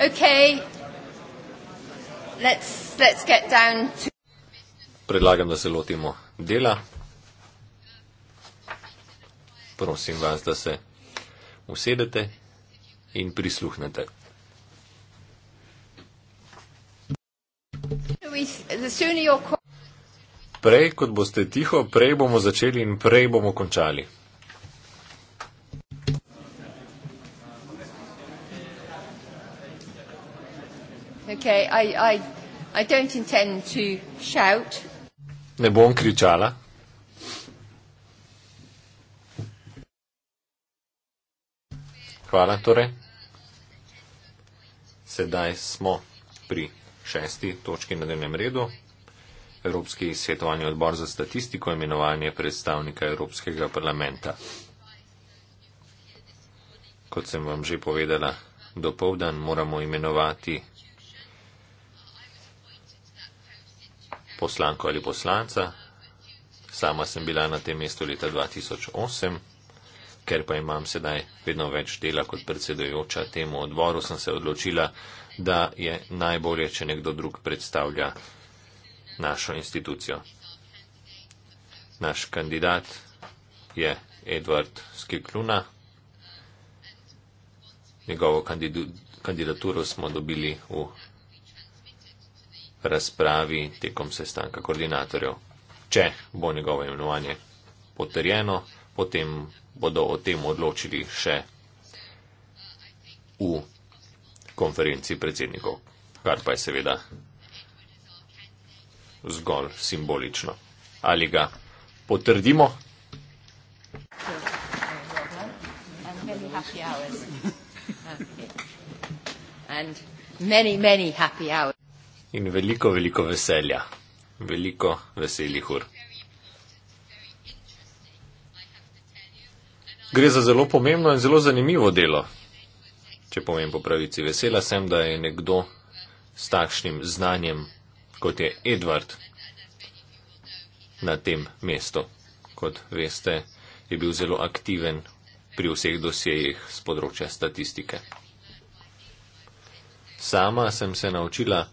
Okay. Let's, let's get down to... Predlagam, da se lotimo dela. Prosim vas, da se usedete in prisluhnete. Prej, kot boste tiho, prej bomo začeli in prej bomo končali. okay. I, I, I don't intend to shout. Ne bom kričala. Hvala, torej. Sedaj smo pri šesti točki na dnevnem redu. Evropski svetovni odbor za statistiko imenovanje predstavnika Evropskega parlamenta. Kot sem vam že povedala, do povdan moramo imenovati poslanko ali poslanca. Sama sem bila na tem mestu leta 2008, ker pa imam sedaj vedno več dela kot predsedojoča temu odboru, sem se odločila, da je najbolje, če nekdo drug predstavlja našo institucijo. Naš kandidat je Edward Skikluna. Njegovo kandidaturo smo dobili v razpravi tekom sestanka koordinatorjev. Če bo njegovo imenovanje potrjeno, potem bodo o tem odločili še v konferenci predsednikov, kar pa je seveda zgolj simbolično. Ali ga potrdimo? Many, many happy hours in veliko, veliko veselja, veliko veselih ur. Gre za zelo pomembno in zelo zanimivo delo. Če povem po pravici, vesela sem, da je nekdo s takšnim znanjem, kot je Edward, na tem mestu. Kot veste, je bil zelo aktiven pri vseh dosjejih z področja statistike. Sama sem se naučila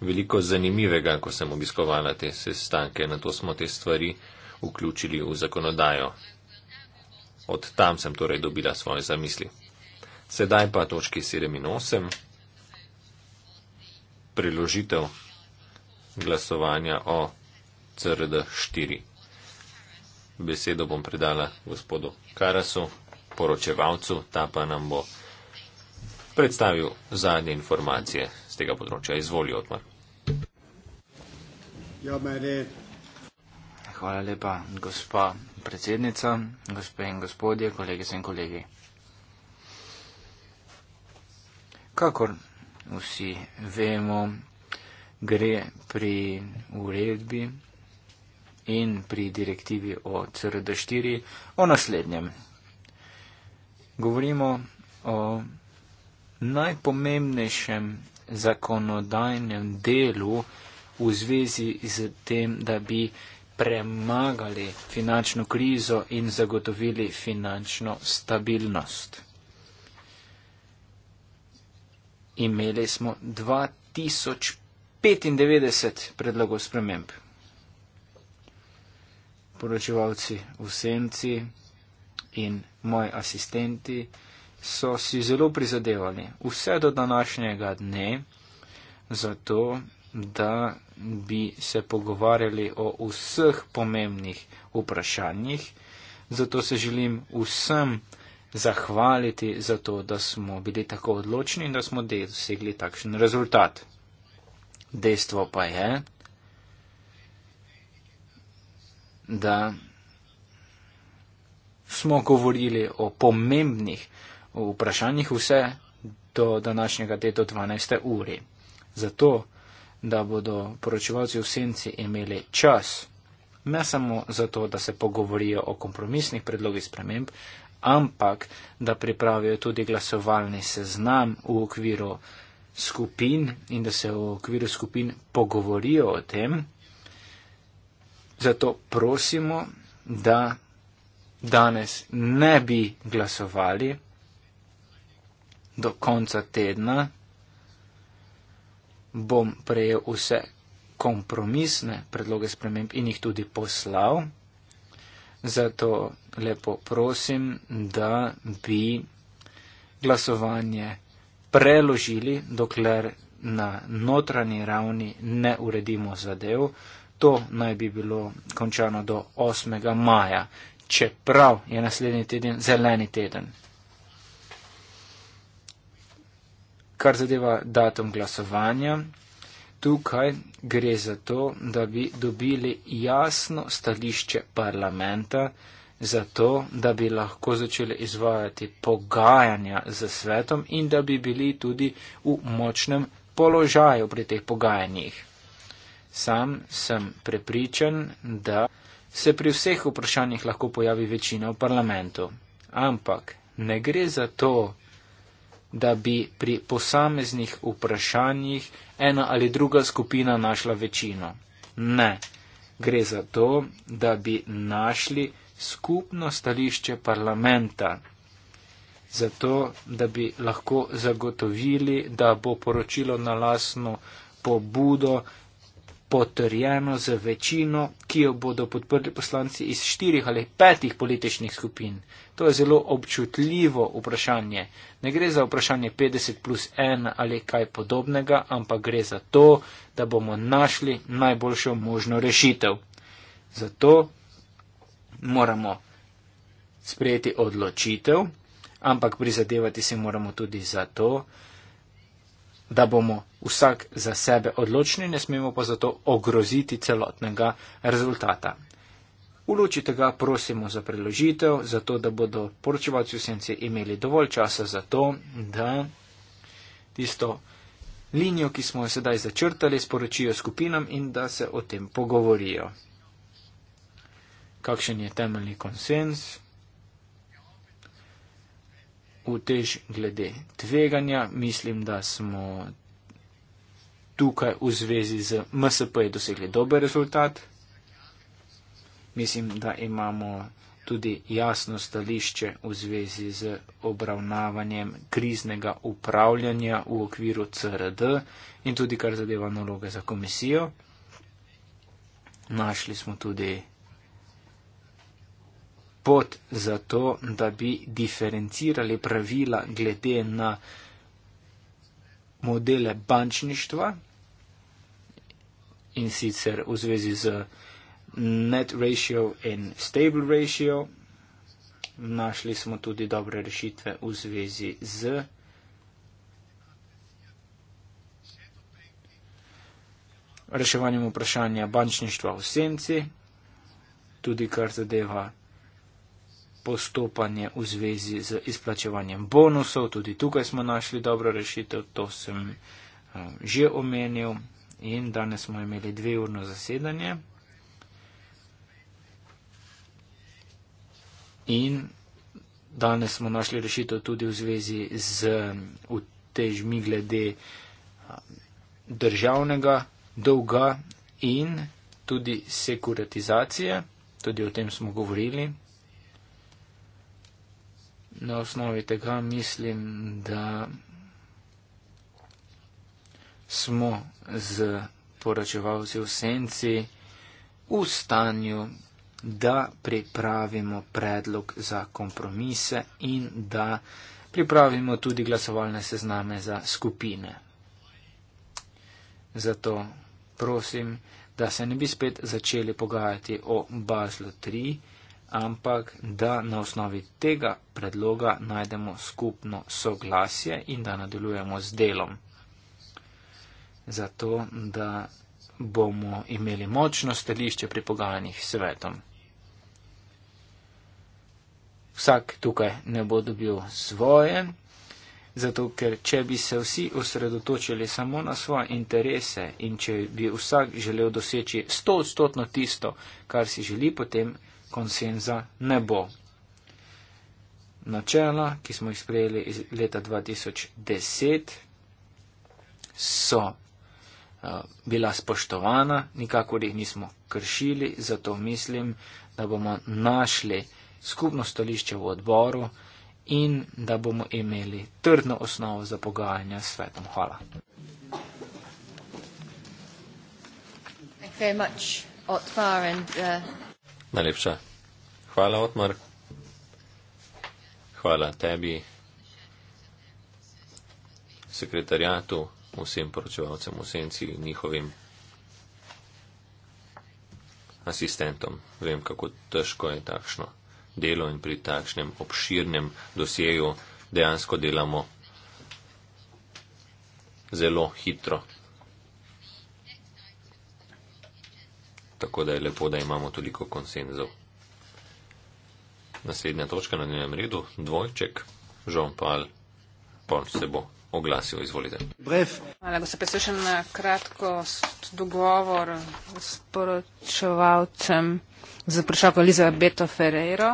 veliko zanimivega, ko sem obiskovala te sestanke, na to smo te stvari vključili v zakonodajo. Od tam sem torej dobila svoje zamisli. Sedaj pa točki 7 in 8. Priložitev glasovanja o CRD 4. Besedo bom predala gospodu Karasu, poročevalcu, ta pa nam bo predstavil zadnje informacije z tega področja. Izvolijo odmah. Ja, Hvala lepa, gospa predsednica, gospe in gospodje, kolegice in kolegi. Kakor vsi vemo, gre pri uredbi in pri direktivi o CRD4 o naslednjem. Govorimo o najpomembnejšem zakonodajnem delu, v zvezi z tem, da bi premagali finančno krizo in zagotovili finančno stabilnost. Imeli smo 2095 predlogov sprememb. Poročevalci v senci in moji asistenti so si zelo prizadevali vse do današnjega dne, zato da bi se pogovarjali o vseh pomembnih vprašanjih. Zato se želim vsem zahvaliti za to, da smo bili tako odločni in da smo dosegli takšen rezultat. Dejstvo pa je, da smo govorili o pomembnih vprašanjih vse do današnjega dne do 12. uri. Zato da bodo poročevalci v senci imeli čas, ne samo zato, da se pogovorijo o kompromisnih predlogih sprememb, ampak da pripravijo tudi glasovalni seznam v okviru skupin in da se v okviru skupin pogovorijo o tem. Zato prosimo, da danes ne bi glasovali do konca tedna, bom prejel vse kompromisne predloge sprememb in jih tudi poslal. Zato lepo prosim, da bi glasovanje preložili, dokler na notranji ravni ne uredimo zadev. To naj bi bilo končano do 8. maja, čeprav je naslednji teden zeleni teden. kar zadeva datum glasovanja, tukaj gre za to, da bi dobili jasno stališče parlamenta, zato da bi lahko začeli izvajati pogajanja z svetom in da bi bili tudi v močnem položaju pri teh pogajanjih. Sam sem prepričan, da se pri vseh vprašanjih lahko pojavi večina v parlamentu. Ampak ne gre za to, da bi pri posameznih vprašanjih ena ali druga skupina našla večino. Ne, gre za to, da bi našli skupno stališče parlamenta, zato da bi lahko zagotovili, da bo poročilo na lasno pobudo potrjeno z večino, ki jo bodo podprli poslanci iz štirih ali petih političnih skupin. To je zelo občutljivo vprašanje. Ne gre za vprašanje 50 plus 1 ali kaj podobnega, ampak gre za to, da bomo našli najboljšo možno rešitev. Zato moramo sprejeti odločitev, ampak prizadevati se moramo tudi za to, da bomo vsak za sebe odločni, ne smemo pa zato ogroziti celotnega rezultata. V luči tega prosimo za preložitev, zato da bodo poročevalci v senci imeli dovolj časa za to, da tisto linijo, ki smo jo sedaj začrtali, sporočijo skupinam in da se o tem pogovorijo. Kakšen je temeljni konsens? utež glede tveganja. Mislim, da smo tukaj v zvezi z MSP dosegli dober rezultat. Mislim, da imamo tudi jasno stališče v zvezi z obravnavanjem kriznega upravljanja v okviru CRD in tudi kar zadeva naloge za komisijo. Našli smo tudi pot za to, da bi diferencirali pravila glede na modele bančništva in sicer v zvezi z net ratio in stable ratio. Našli smo tudi dobre rešitve v zvezi z reševanjem vprašanja bančništva v senci, tudi kar zadeva postopanje v zvezi z izplačevanjem bonusov. Tudi tukaj smo našli dobro rešitev, to sem um, že omenil in danes smo imeli dveurno zasedanje. In danes smo našli rešitev tudi v zvezi z um, utežmi glede um, državnega dolga in tudi sekuratizacije. Tudi o tem smo govorili, na osnovi tega mislim, da smo z poročevalci v senci v stanju, da pripravimo predlog za kompromise in da pripravimo tudi glasovalne sezname za skupine. Zato prosim, da se ne bi spet začeli pogajati o Baslu 3 ampak da na osnovi tega predloga najdemo skupno soglasje in da nadaljujemo z delom. Zato, da bomo imeli močno stališče pri pogajanjih s svetom. Vsak tukaj ne bo dobil svoje, zato ker če bi se vsi osredotočili samo na svoje interese in če bi vsak želel doseči sto odstotno tisto, kar si želi, potem konsenza ne bo. Načela, ki smo jih sprejeli iz leta 2010, so uh, bila spoštovana, nikakor jih nismo kršili, zato mislim, da bomo našli skupno stališče v odboru in da bomo imeli trdno osnovo za pogajanja s svetom. Hvala. Thank you very much, Otmar, and uh, Najlepša. Hvala, Otmar. Hvala tebi, sekretarjatu, vsem poročevalcem v senci, njihovim asistentom. Vem, kako težko je takšno delo in pri takšnem obširnem dosjeju dejansko delamo zelo hitro. tako da je lepo, da imamo toliko konsenzov. Naslednja točka na dnevnem redu, dvojček, Žon Pal, pol se bo oglasil, izvolite. Brev. Hvala, da se presušam na kratko dogovor s poročevalcem za vprašalko Elizabeto Ferreiro,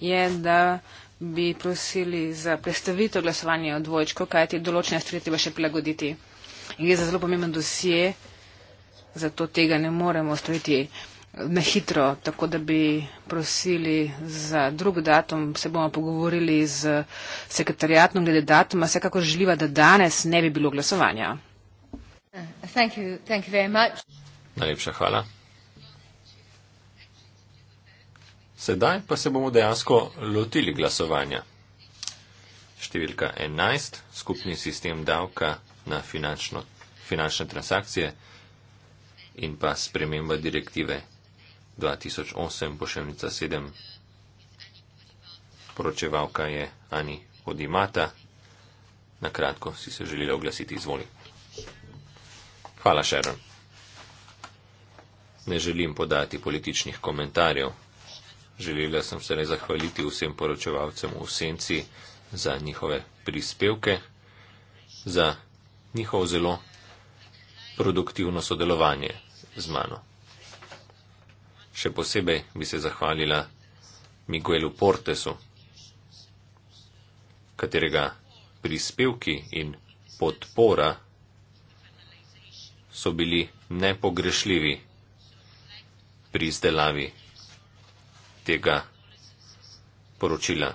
je, da bi prosili za predstavitev glasovanja o dvojčku, kaj ti določene stvari treba še prilagoditi. Gre za zelo pomemben dosje, zato tega ne moremo storiti na hitro, tako da bi prosili za drug datum, se bomo pogovorili z sekretarjatom glede datuma, vsekakor želiva, da danes ne bi bilo glasovanja. Thank you. Thank you Najlepša hvala. Sedaj pa se bomo dejansko lotili glasovanja. Številka 11, skupni sistem davka na finančno, finančne transakcije in pa sprememba direktive 2008 pošeljnica 7. Poročevalka je Ani Odimata. Na kratko si se želela oglasiti, izvoli. Hvala, Sharon. Ne želim podati političnih komentarjev. Želela sem se le zahvaliti vsem poročevalcem v senci za njihove prispevke, za njihov zelo produktivno sodelovanje z mano. Še posebej bi se zahvalila Miguelu Portesu, katerega prispevki in podpora so bili nepogrešljivi pri izdelavi tega poročila.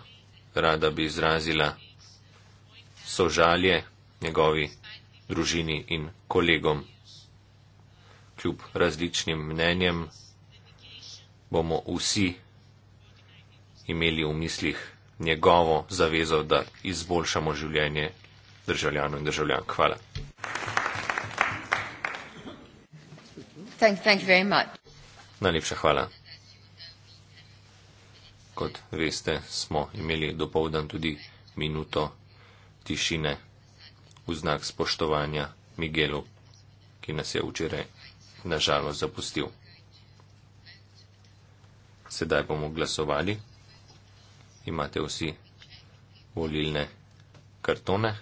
Rada bi izrazila sožalje njegovi družini in kolegom kljub različnim mnenjem, bomo vsi imeli v mislih njegovo zavezo, da izboljšamo življenje državljanov in državljank. Hvala. Thank, thank Najlepša hvala. Kot veste, smo imeli dopoldan tudi minuto tišine v znak spoštovanja Miguelu, ki nas je včeraj na žalost zapustil. Sedaj bomo glasovali. Imate vsi volilne kartone.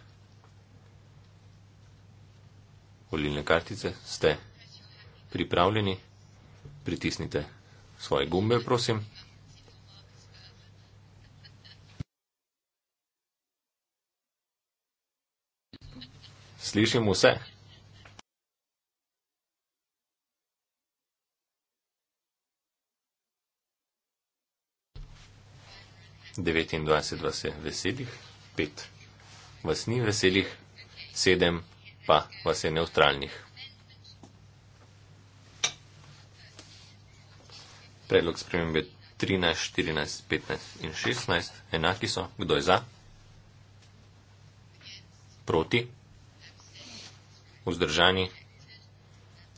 Volilne kartice ste pripravljeni. Pritisnite svoje gumbe, prosim. Slišim vse. 29 vas je veselih, 5 vas ni veselih, 7 pa vas je neutralnih. Predlog spremembe 13, 14, 15 in 16 enaki so. Kdo je za? Proti? Vzdržani?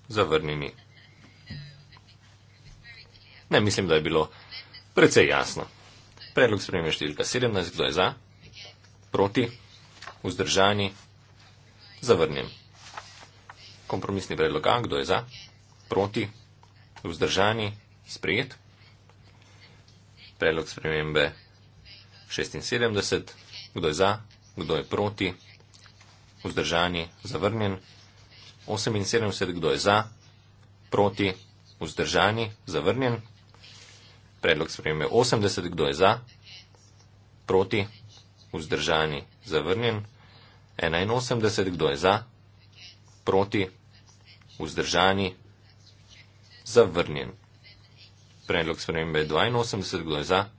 Zavrnjeni? Ne, mislim, da je bilo precej jasno. Predlog spremembe številka 17, kdo je za, proti, vzdržani, zavrnjen. Kompromisni predlog A, kdo je za, proti, vzdržani, sprejet. Predlog spremembe 76, kdo je za, kdo je proti, vzdržani, zavrnjen. 78, kdo je za, proti, vzdržani, zavrnjen predlog sprejme 80, kdo je za, proti, vzdržani, zavrnjen, 81, kdo je za, proti, vzdržani, zavrnjen. Predlog sprejme 82, kdo je za.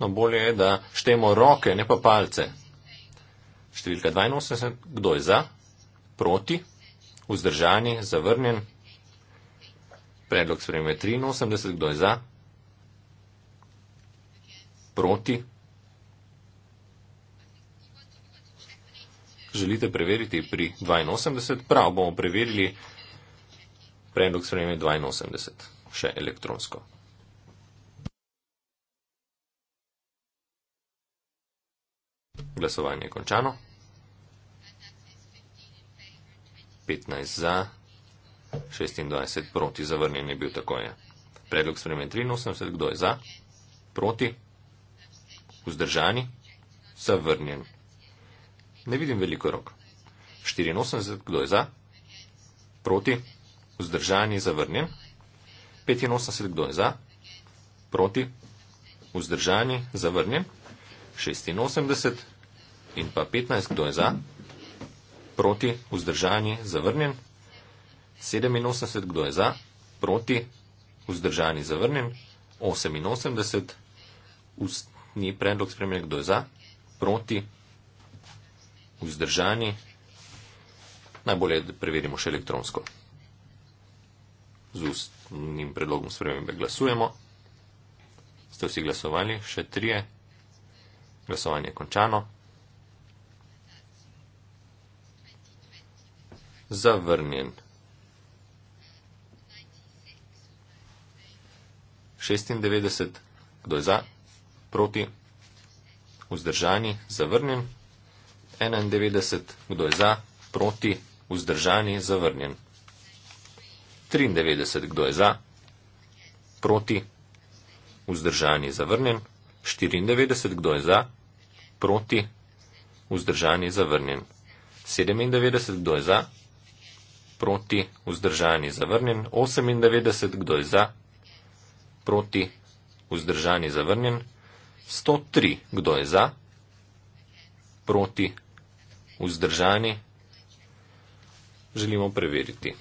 No, bolje je, da štemo roke, ne pa palce. Številka 82, kdo je za? proti, vzdržani, zavrnjen. Predlog sprejme 83, kdo je za? Proti. Želite preveriti pri 82? Prav, bomo preverili predlog sprejme 82, še elektronsko. Glasovanje je končano. 15 za, 26 proti, zavrnjen je bil tako je. Predlog spremen 83, kdo je za, proti, vzdržani, zavrnjen. Ne vidim veliko rok. 84, kdo je za, proti, vzdržani, zavrnjen. 85, kdo je za, proti, vzdržani, zavrnjen. 86 in pa 15, kdo je za, proti, vzdržani, zavrnjen. 87, kdo je za, proti, vzdržani, zavrnjen. 88, ustni predlog spremenja, kdo je za, proti, vzdržani. Najbolje je, da preverimo še elektronsko. Z ustnim predlogom spremembe glasujemo. Ste vsi glasovali? Še trije. Glasovanje je končano. zavrnjen. 96, kdo je za, proti, vzdržani, zavrnjen. 91, kdo je za, proti, vzdržani, zavrnjen. 93, kdo je za, proti, vzdržani, zavrnjen. 94, kdo je za, proti, vzdržani, zavrnjen. 97, kdo je za, proti, proti, vzdržani zavrnjen, 98, kdo je za, proti, vzdržani zavrnjen, 103, kdo je za, proti, vzdržani, želimo preveriti.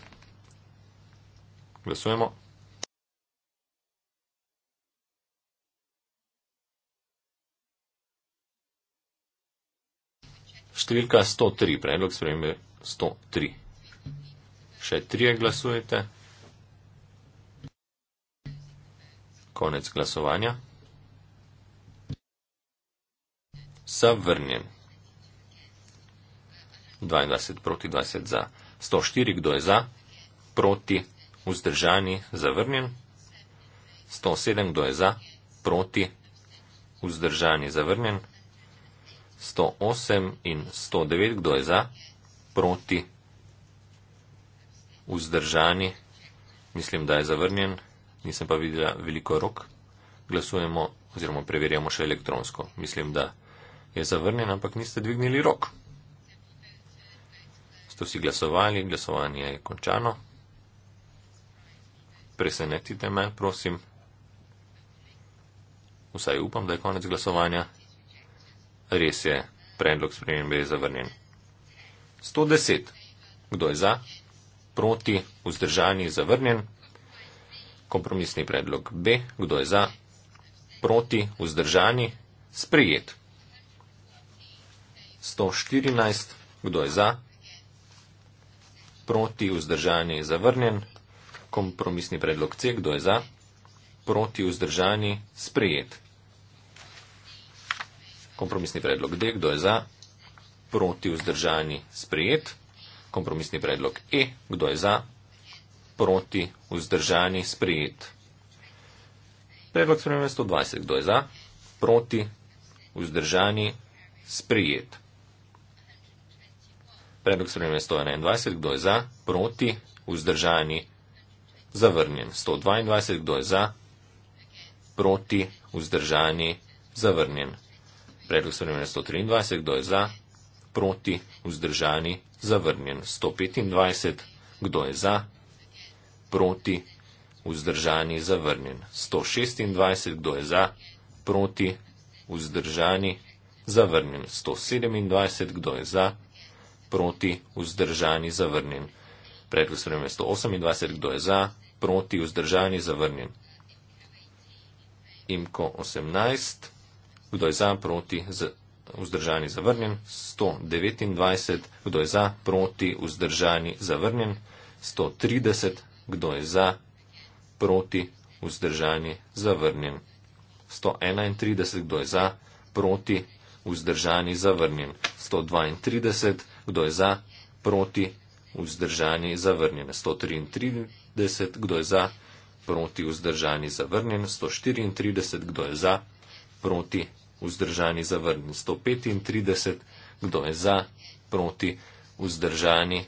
Glasujemo. Številka 103, predlog spremembe 103 še trije glasujete. Konec glasovanja. Zavrnjen. 22 proti 20 za. 104, kdo je za? Proti. Vzdržani. Zavrnjen. 107, kdo je za? Proti. Vzdržani. Zavrnjen. 108 in 109, kdo je za? Proti vzdržani, mislim, da je zavrnjen, nisem pa videla veliko rok, glasujemo oziroma preverjamo še elektronsko. Mislim, da je zavrnjen, ampak niste dvignili rok. Ste vsi glasovali, glasovanje je končano. Presenetite me, prosim. Vsaj upam, da je konec glasovanja. Res je, predlog spremembe je zavrnjen. 110. Kdo je za? proti, vzdržani, zavrnjen. Kompromisni predlog B. Kdo je za, proti, vzdržani, sprejet. 114. Kdo je za, proti, vzdržani, zavrnjen. Kompromisni predlog C. Kdo je za, proti, vzdržani, sprejet. Kompromisni predlog D. Kdo je za, proti, vzdržani, sprejet kompromisni predlog E. Kdo je za? Proti, vzdržani, sprejet. Predlog spremembe 120. Kdo je za? Proti, vzdržani, sprejet. Predlog spremembe 121. Kdo je za? Proti, vzdržani, zavrnjen. 122. Kdo je za? Proti, vzdržani, zavrnjen. Predlog spremembe 123. Kdo je za? Proti, vzdržani, zavrnjen 125, kdo je za, proti, vzdržani, zavrnjen 126, kdo je za, proti, vzdržani, zavrnjen 127, kdo je za, proti, vzdržani, zavrnjen. Predlog spremembe 128, kdo je za, proti, vzdržani, zavrnjen. Imko 18, kdo je za, proti, z, vzdržani zavrnjen, 129, kdo je za, proti, vzdržani zavrnjen, 130, kdo je za, proti, vzdržani zavrnjen, 131, kdo je za, proti, vzdržani zavrnjen, 132, kdo je za, proti, vzdržani zavrnjen, 133, kdo je za, proti, vzdržani zavrnjen, 134, kdo je za, proti, vzdržani zavrnili. 135, kdo je za, proti, vzdržani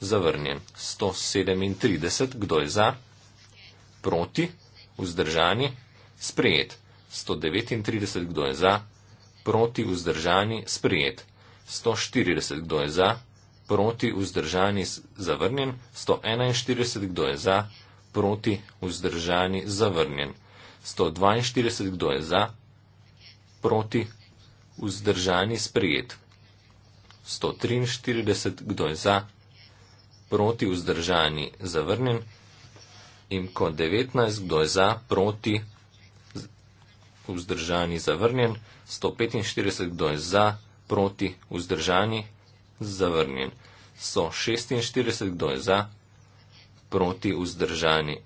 zavrnjen. 137, kdo je za, proti, vzdržani, sprejet. 139, kdo je za, proti, vzdržani, sprejet. 140, kdo je za, proti, vzdržani, zavrnjen. 141, kdo je za, proti, vzdržani, zavrnjen. 142, kdo je za, proti, vzdržani sprejet. 143, kdo je za, proti, vzdržani zavrnjen. In ko 19, kdo je za, proti, vzdržani zavrnjen. 145, kdo je za, proti, vzdržani zavrnjen. So 46, kdo je za, proti, vzdržani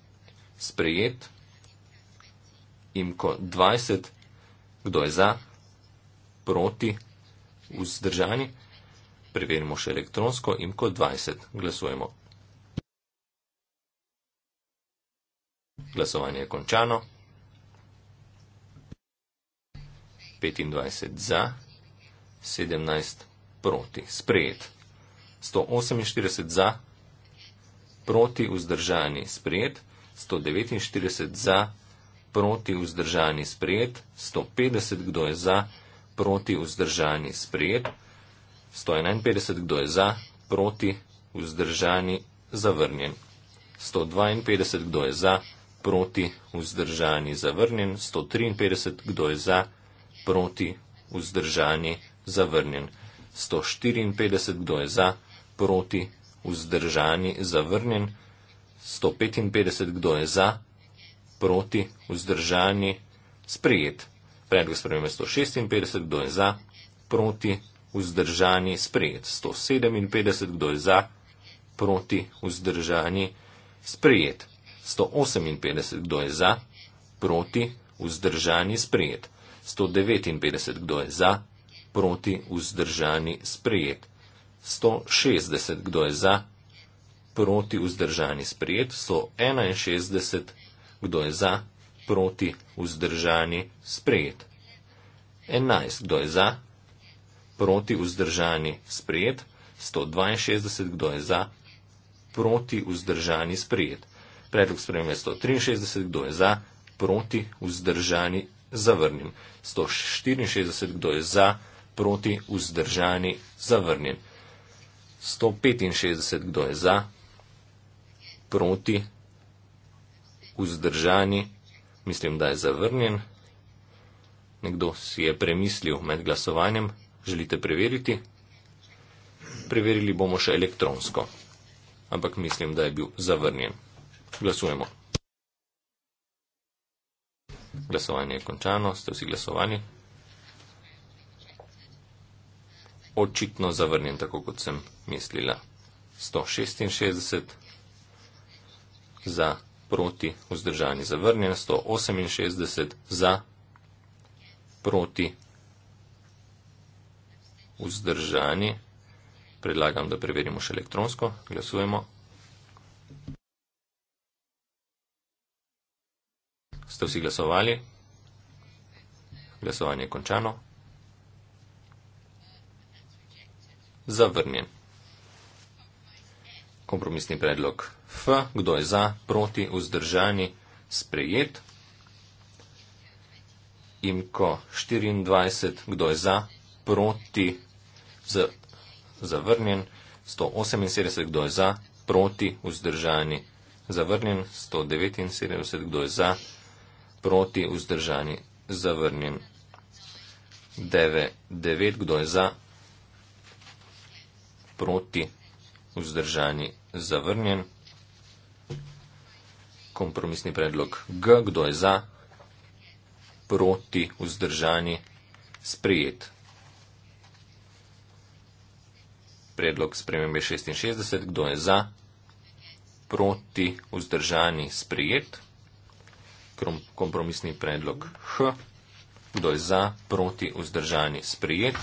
sprejet. In ko 20, Kdo je za? Proti? Vzdržani? Preverimo še elektronsko in kot 20 glasujemo. Glasovanje je končano. 25 za, 17 proti. Sprejet. 148 za, proti, vzdržani. Sprejet. 149 za, proti vzdržani sprejet, 150 kdo je za, proti vzdržani sprejet, 151 kdo je za, proti vzdržani zavrnjen, 152 kdo je za, proti vzdržani zavrnjen, 153 kdo je za, proti vzdržani zavrnjen, 154 kdo je za, proti vzdržani zavrnjen, 155 kdo je za, proti, vzdržani, sprejet. Predlog spremembe 156, kdo je za, proti, vzdržani, sprejet. 157, kdo je za, proti, vzdržani, sprejet. 158, kdo je za, proti, vzdržani, sprejet. 159, kdo je za, proti, vzdržani, sprejet. 160, kdo je za, proti, vzdržani, sprejet. 161, kdo je za kdo je za, proti, vzdržani, sprejet. 11. Kdo je za, proti, vzdržani, sprejet. 162. Kdo je za, proti, vzdržani, sprejet. Predlog sprejem je 163. Kdo je za, proti, vzdržani, zavrnjen. 164. Kdo je za, proti, vzdržani, zavrnjen. 165. Kdo je za, proti, vzdržani, mislim, da je zavrnjen. Nekdo si je premislil med glasovanjem, želite preveriti? Preverili bomo še elektronsko, ampak mislim, da je bil zavrnjen. Glasujemo. Glasovanje je končano, ste vsi glasovali? Očitno zavrnjen, tako kot sem mislila. 166 za proti, vzdržani zavrnjen, 168 za, proti, vzdržani. Predlagam, da preverimo še elektronsko. Glasujemo. Ste vsi glasovali? Glasovanje je končano. Zavrnjen kompromisni predlog F, kdo je za, proti, vzdržani, sprejet. Imko 24, kdo je za, proti, z, zavrnjen. 178, kdo je za, proti, vzdržani, zavrnjen. 179, kdo je za, proti, vzdržani, zavrnjen. 9, 9, kdo je za, proti, vzdržani zavrnjen. Kompromisni predlog G, kdo je za, proti, vzdržani, sprejet. Predlog spremembe 66, kdo je za, proti, vzdržani, sprejet. Kompromisni predlog H, kdo je za, proti, vzdržani, sprejet.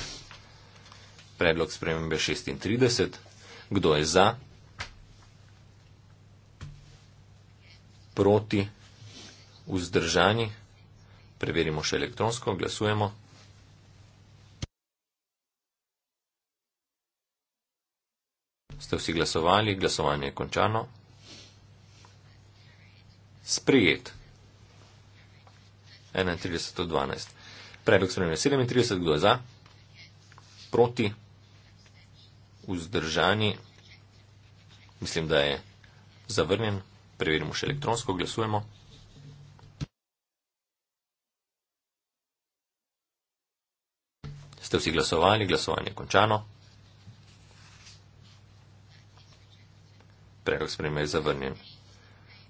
Predlog spremembe 36, Kdo je za? Proti? Vzdržani? Preverimo še elektronsko, glasujemo. Ste vsi glasovali, glasovanje je končano. Sprijet. 31.12. Predlog spremenja 37, kdo je za? Proti? vzdržani. Mislim, da je zavrnjen. Preverimo še elektronsko, glasujemo. Ste vsi glasovali, glasovanje je končano. Predlog sprejme je zavrnjen.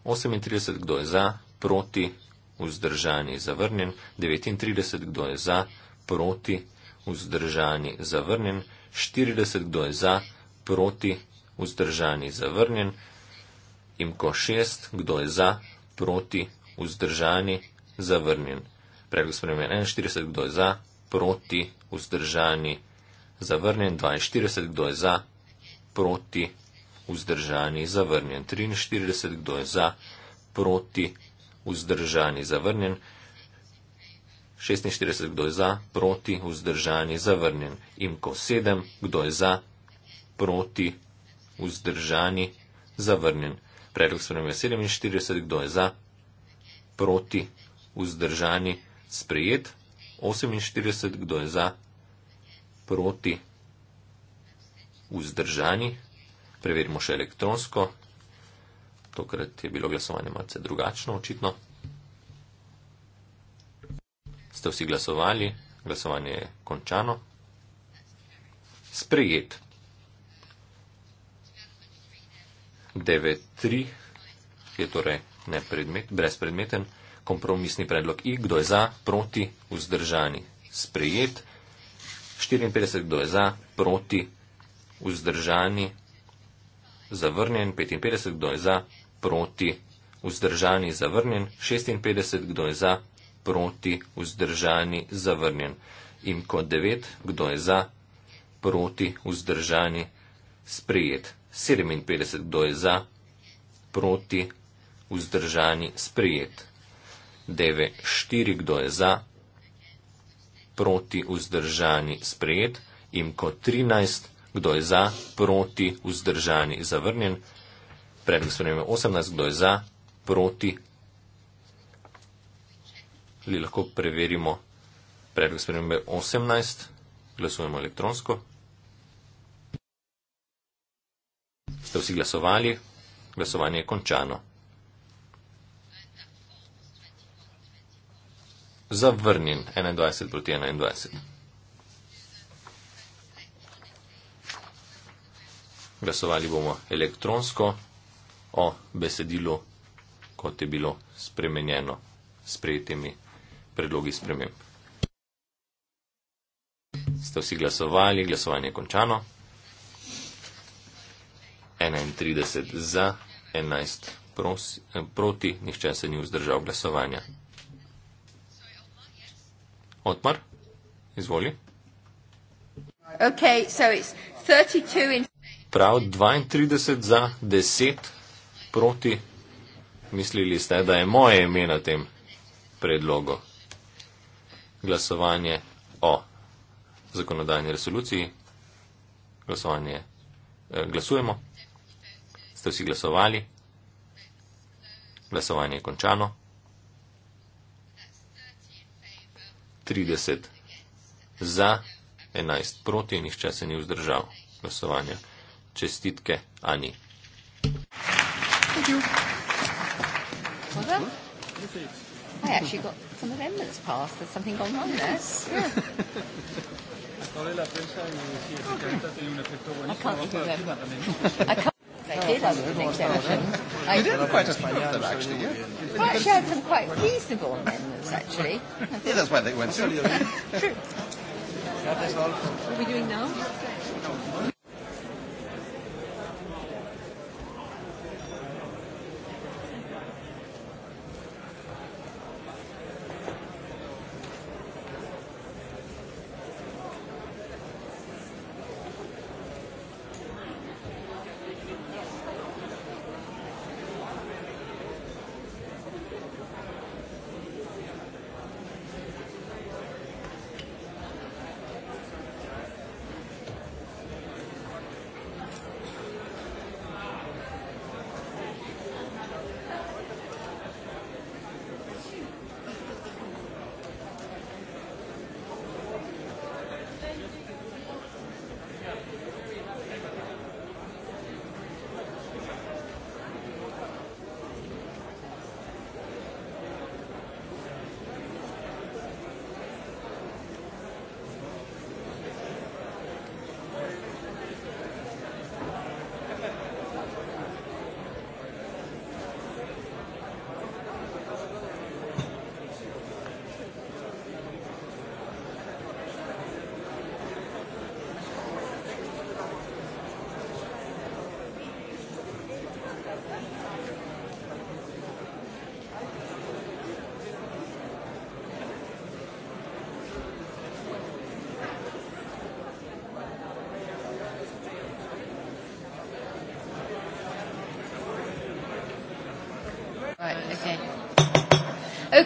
38, kdo je za, proti, vzdržani, zavrnjen. 39, kdo je za, proti, vzdržani, zavrnjen. 40 kdo je za, proti, vzdržani, zavrnjen, imko 6, kdo je za, proti, vzdržani, zavrnjen. Predlog spremenjen 41, kdo je za, proti, vzdržani, zavrnjen, 42, kdo je za, proti, vzdržani, zavrnjen, 43, kdo je za, proti, vzdržani, zavrnjen. 43, 46, kdo je za, proti, vzdržani, zavrnjen. Imko 7, kdo je za, proti, vzdržani, zavrnjen. Predlog spremembe 47, kdo je za, proti, vzdržani, sprejet. 48, kdo je za, proti, vzdržani. Preverimo še elektronsko. Tokrat je bilo glasovanje malce drugačno, očitno. Ste vsi glasovali? Glasovanje je končano. Sprejet. 9.3 je torej nepredmet, brezpredmeten kompromisni predlog I. Kdo je za, proti, vzdržani? Sprejet. 54. Kdo je za, proti, vzdržani? Zavrnjen. 55. Kdo je za, proti, vzdržani? Zavrnjen. 56. Kdo je za, proti, vzdržani, zavrnjen. In kot devet, kdo je za, proti, vzdržani, sprejet. 57, kdo je za, proti, vzdržani, sprejet. 94, kdo je za, proti, vzdržani, sprejet. In kot 13, kdo je za, proti, vzdržani, zavrnjen. Predlog spremembe 18, kdo je za, proti, ali lahko preverimo predlog spremembe 18. Glasujemo elektronsko. Ste vsi glasovali? Glasovanje je končano. Zavrnjen 21 proti 21. Glasovali bomo elektronsko o besedilu, kot je bilo spremenjeno s prijetimi predlogi sprememb. Ste vsi glasovali, glasovanje je končano. 31 za, 11 prosi, eh, proti, nihče se ni vzdržal glasovanja. Otmar, izvoli. Okay, so it's 32 in... Prav 32 za 10 proti. Mislili ste, da je moje ime na tem predlogu glasovanje o zakonodajni resoluciji. Glasovanje, eh, glasujemo. Ste vsi glasovali? Glasovanje je končano. 30 za, 11 proti, nihče se ni vzdržal glasovanja. Čestitke, Ani. Thank you. Well, from the remnants past. There's something going on there. Yes. Yeah. I can't even remember. I can't I did, I was quite a few of them, actually, yeah. Well, actually, I had some quite reasonable amendments, actually. yeah, that's why they went through. True. Are we doing now?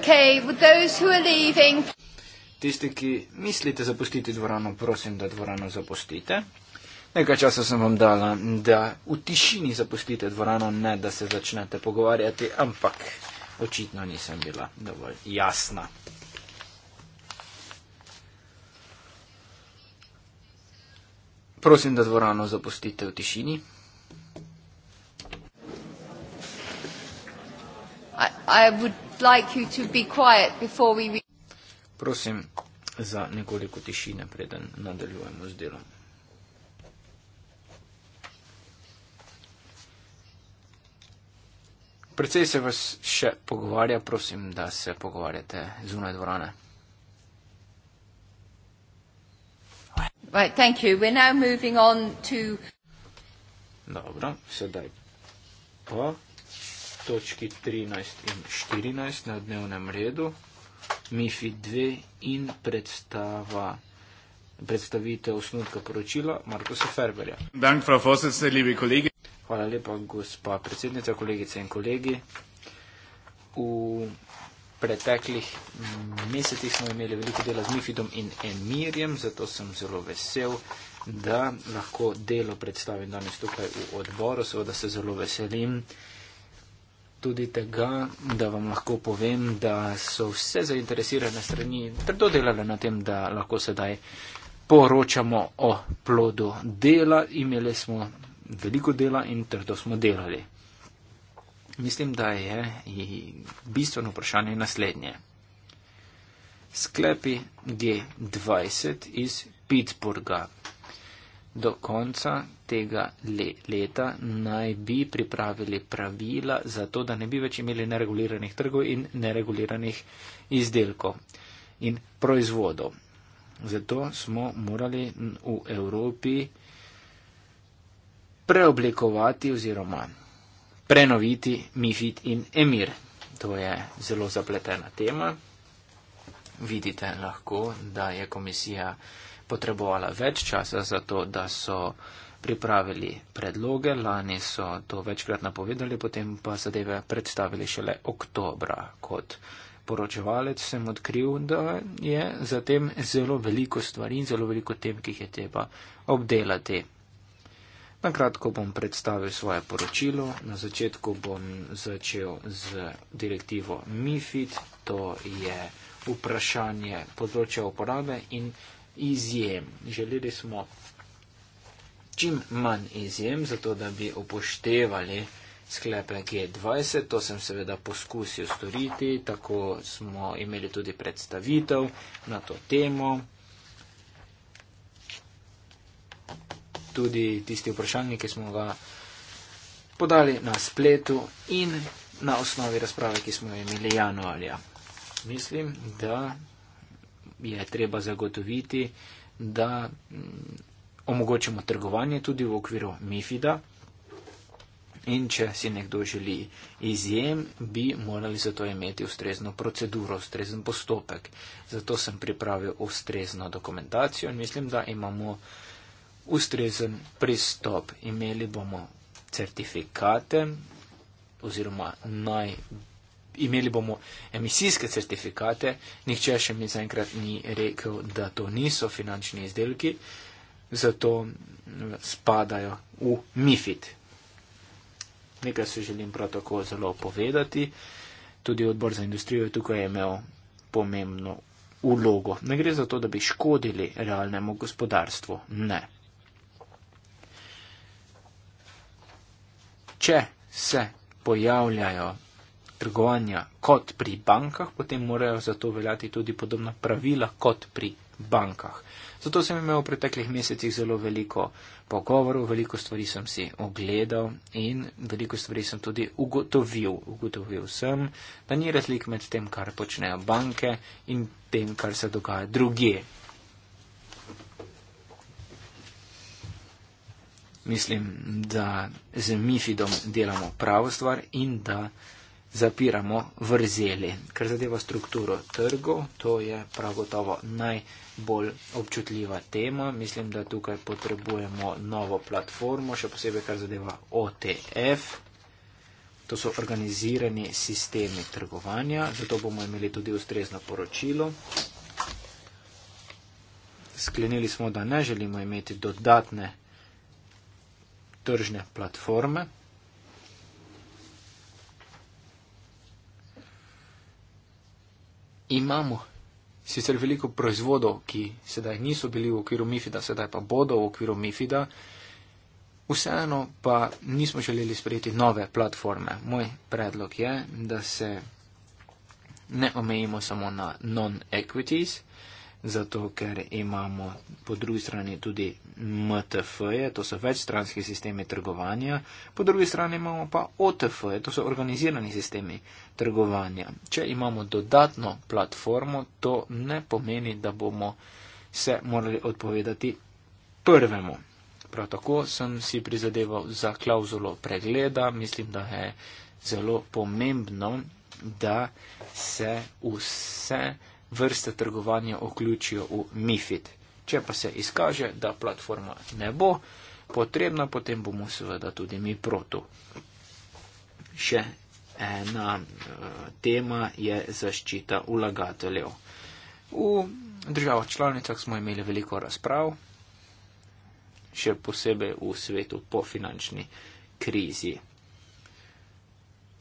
okay with those who are leaving. Tisti, ki mislite zapustiti dvorano, prosim, da dvorano zapustite. Nekaj časa sem vam dala, da v tišini zapustite dvorano, ne da se začnete pogovarjati, ampak očitno nisem bila dovolj jasna. Prosim, da dvorano zapustite v tišini. I, I would like you to be quiet before we Prosim za nekoliko tišine preden nadaljujemo z delom. Predvsej se vas še pogovarja, prosim, da se pogovarjate zunaj dvorane. Right, thank you. We're now moving on to... Dobro, sedaj pa. Po točki 13 in 14 na dnevnem redu, MIFI 2 in predstava. Predstavitev osnutka poročila Markoša Ferberja. Dank, frau Fosse, Hvala lepa, gospa predsednica, kolegice in kolegi. V preteklih mesecih smo imeli veliko dela z Mifidom in Emirjem, zato sem zelo vesel, da lahko delo predstavim danes tukaj v odboru. Seveda se zelo veselim, uh, tudi tega, da vam lahko povem, da so vse zainteresirane strani trdo delale na tem, da lahko sedaj poročamo o plodu dela. Imeli smo veliko dela in trdo smo delali. Mislim, da je bistveno vprašanje naslednje. Sklepi G20 iz Pittsburgha. Do konca tega le leta naj bi pripravili pravila za to, da ne bi več imeli nereguliranih trgov in nereguliranih izdelkov in proizvodov. Zato smo morali v Evropi preoblikovati oziroma prenoviti MIFID in EMIR. To je zelo zapletena tema. Vidite lahko, da je komisija potrebovala več časa za to, da so pripravili predloge. Lani so to večkrat napovedali, potem pa zadeve predstavili šele oktobra. Kot poročevalec sem odkril, da je zatem zelo veliko stvari in zelo veliko tem, ki jih je treba obdelati. Na kratko bom predstavil svoje poročilo. Na začetku bom začel z direktivo MIFID, to je vprašanje področja uporabe in izjem. Želeli smo čim manj izjem, zato da bi upoštevali sklepe G20. To sem seveda poskusil storiti, tako smo imeli tudi predstavitev na to temo. Tudi tisti vprašalnik, ki smo ga podali na spletu in na osnovi razprave, ki smo jo imeli januarja. Mislim, da je treba zagotoviti, da mm, omogočimo trgovanje tudi v okviru MIFID-a. In če si nekdo želi izjem, bi morali za to imeti ustrezno proceduro, ustrezen postopek. Zato sem pripravil ustrezno dokumentacijo in mislim, da imamo ustrezen pristop. Imeli bomo certifikate oziroma najbolj imeli bomo emisijske certifikate, nihče še mi zaenkrat ni rekel, da to niso finančni izdelki, zato spadajo v MIFID. Nekaj se želim prav tako zelo povedati. Tudi odbor za industrijo je tukaj imel pomembno ulogo. Ne gre za to, da bi škodili realnemu gospodarstvu. Ne. Če se pojavljajo trgovanja kot pri bankah, potem morajo za to veljati tudi podobna pravila kot pri bankah. Zato sem imel v preteklih mesecih zelo veliko pogovorov, veliko stvari sem si ogledal in veliko stvari sem tudi ugotovil. Ugotovil sem, da ni razlik med tem, kar počnejo banke in tem, kar se dogaja druge. Mislim, da z Mifidom delamo pravo stvar in da zapiramo vrzeli. Kar zadeva strukturo trgov, to je prav gotovo najbolj občutljiva tema. Mislim, da tukaj potrebujemo novo platformo, še posebej kar zadeva OTF. To so organizirani sistemi trgovanja, zato bomo imeli tudi ustrezno poročilo. Sklenili smo, da ne želimo imeti dodatne tržne platforme. imamo sicer veliko proizvodov, ki sedaj niso bili v okviru MIFID-a, sedaj pa bodo v okviru MIFID-a, vseeno pa nismo želeli sprejeti nove platforme. Moj predlog je, da se ne omejimo samo na non-equities, zato ker imamo po drugi strani tudi MTF-je, to so večstranski sistemi trgovanja, po drugi strani imamo pa OTF-je, to so organizirani sistemi trgovanja. Če imamo dodatno platformo, to ne pomeni, da bomo se morali odpovedati prvemu. Prav tako sem si prizadeval za klauzulo pregleda, mislim, da je zelo pomembno, da se vse vrste trgovanja vključijo v MIFID. Če pa se izkaže, da platforma ne bo potrebna, potem bomo seveda tudi mi proti. Še ena eh, tema je zaščita ulagateljev. V državah članicah smo imeli veliko razprav, še posebej v svetu po finančni krizi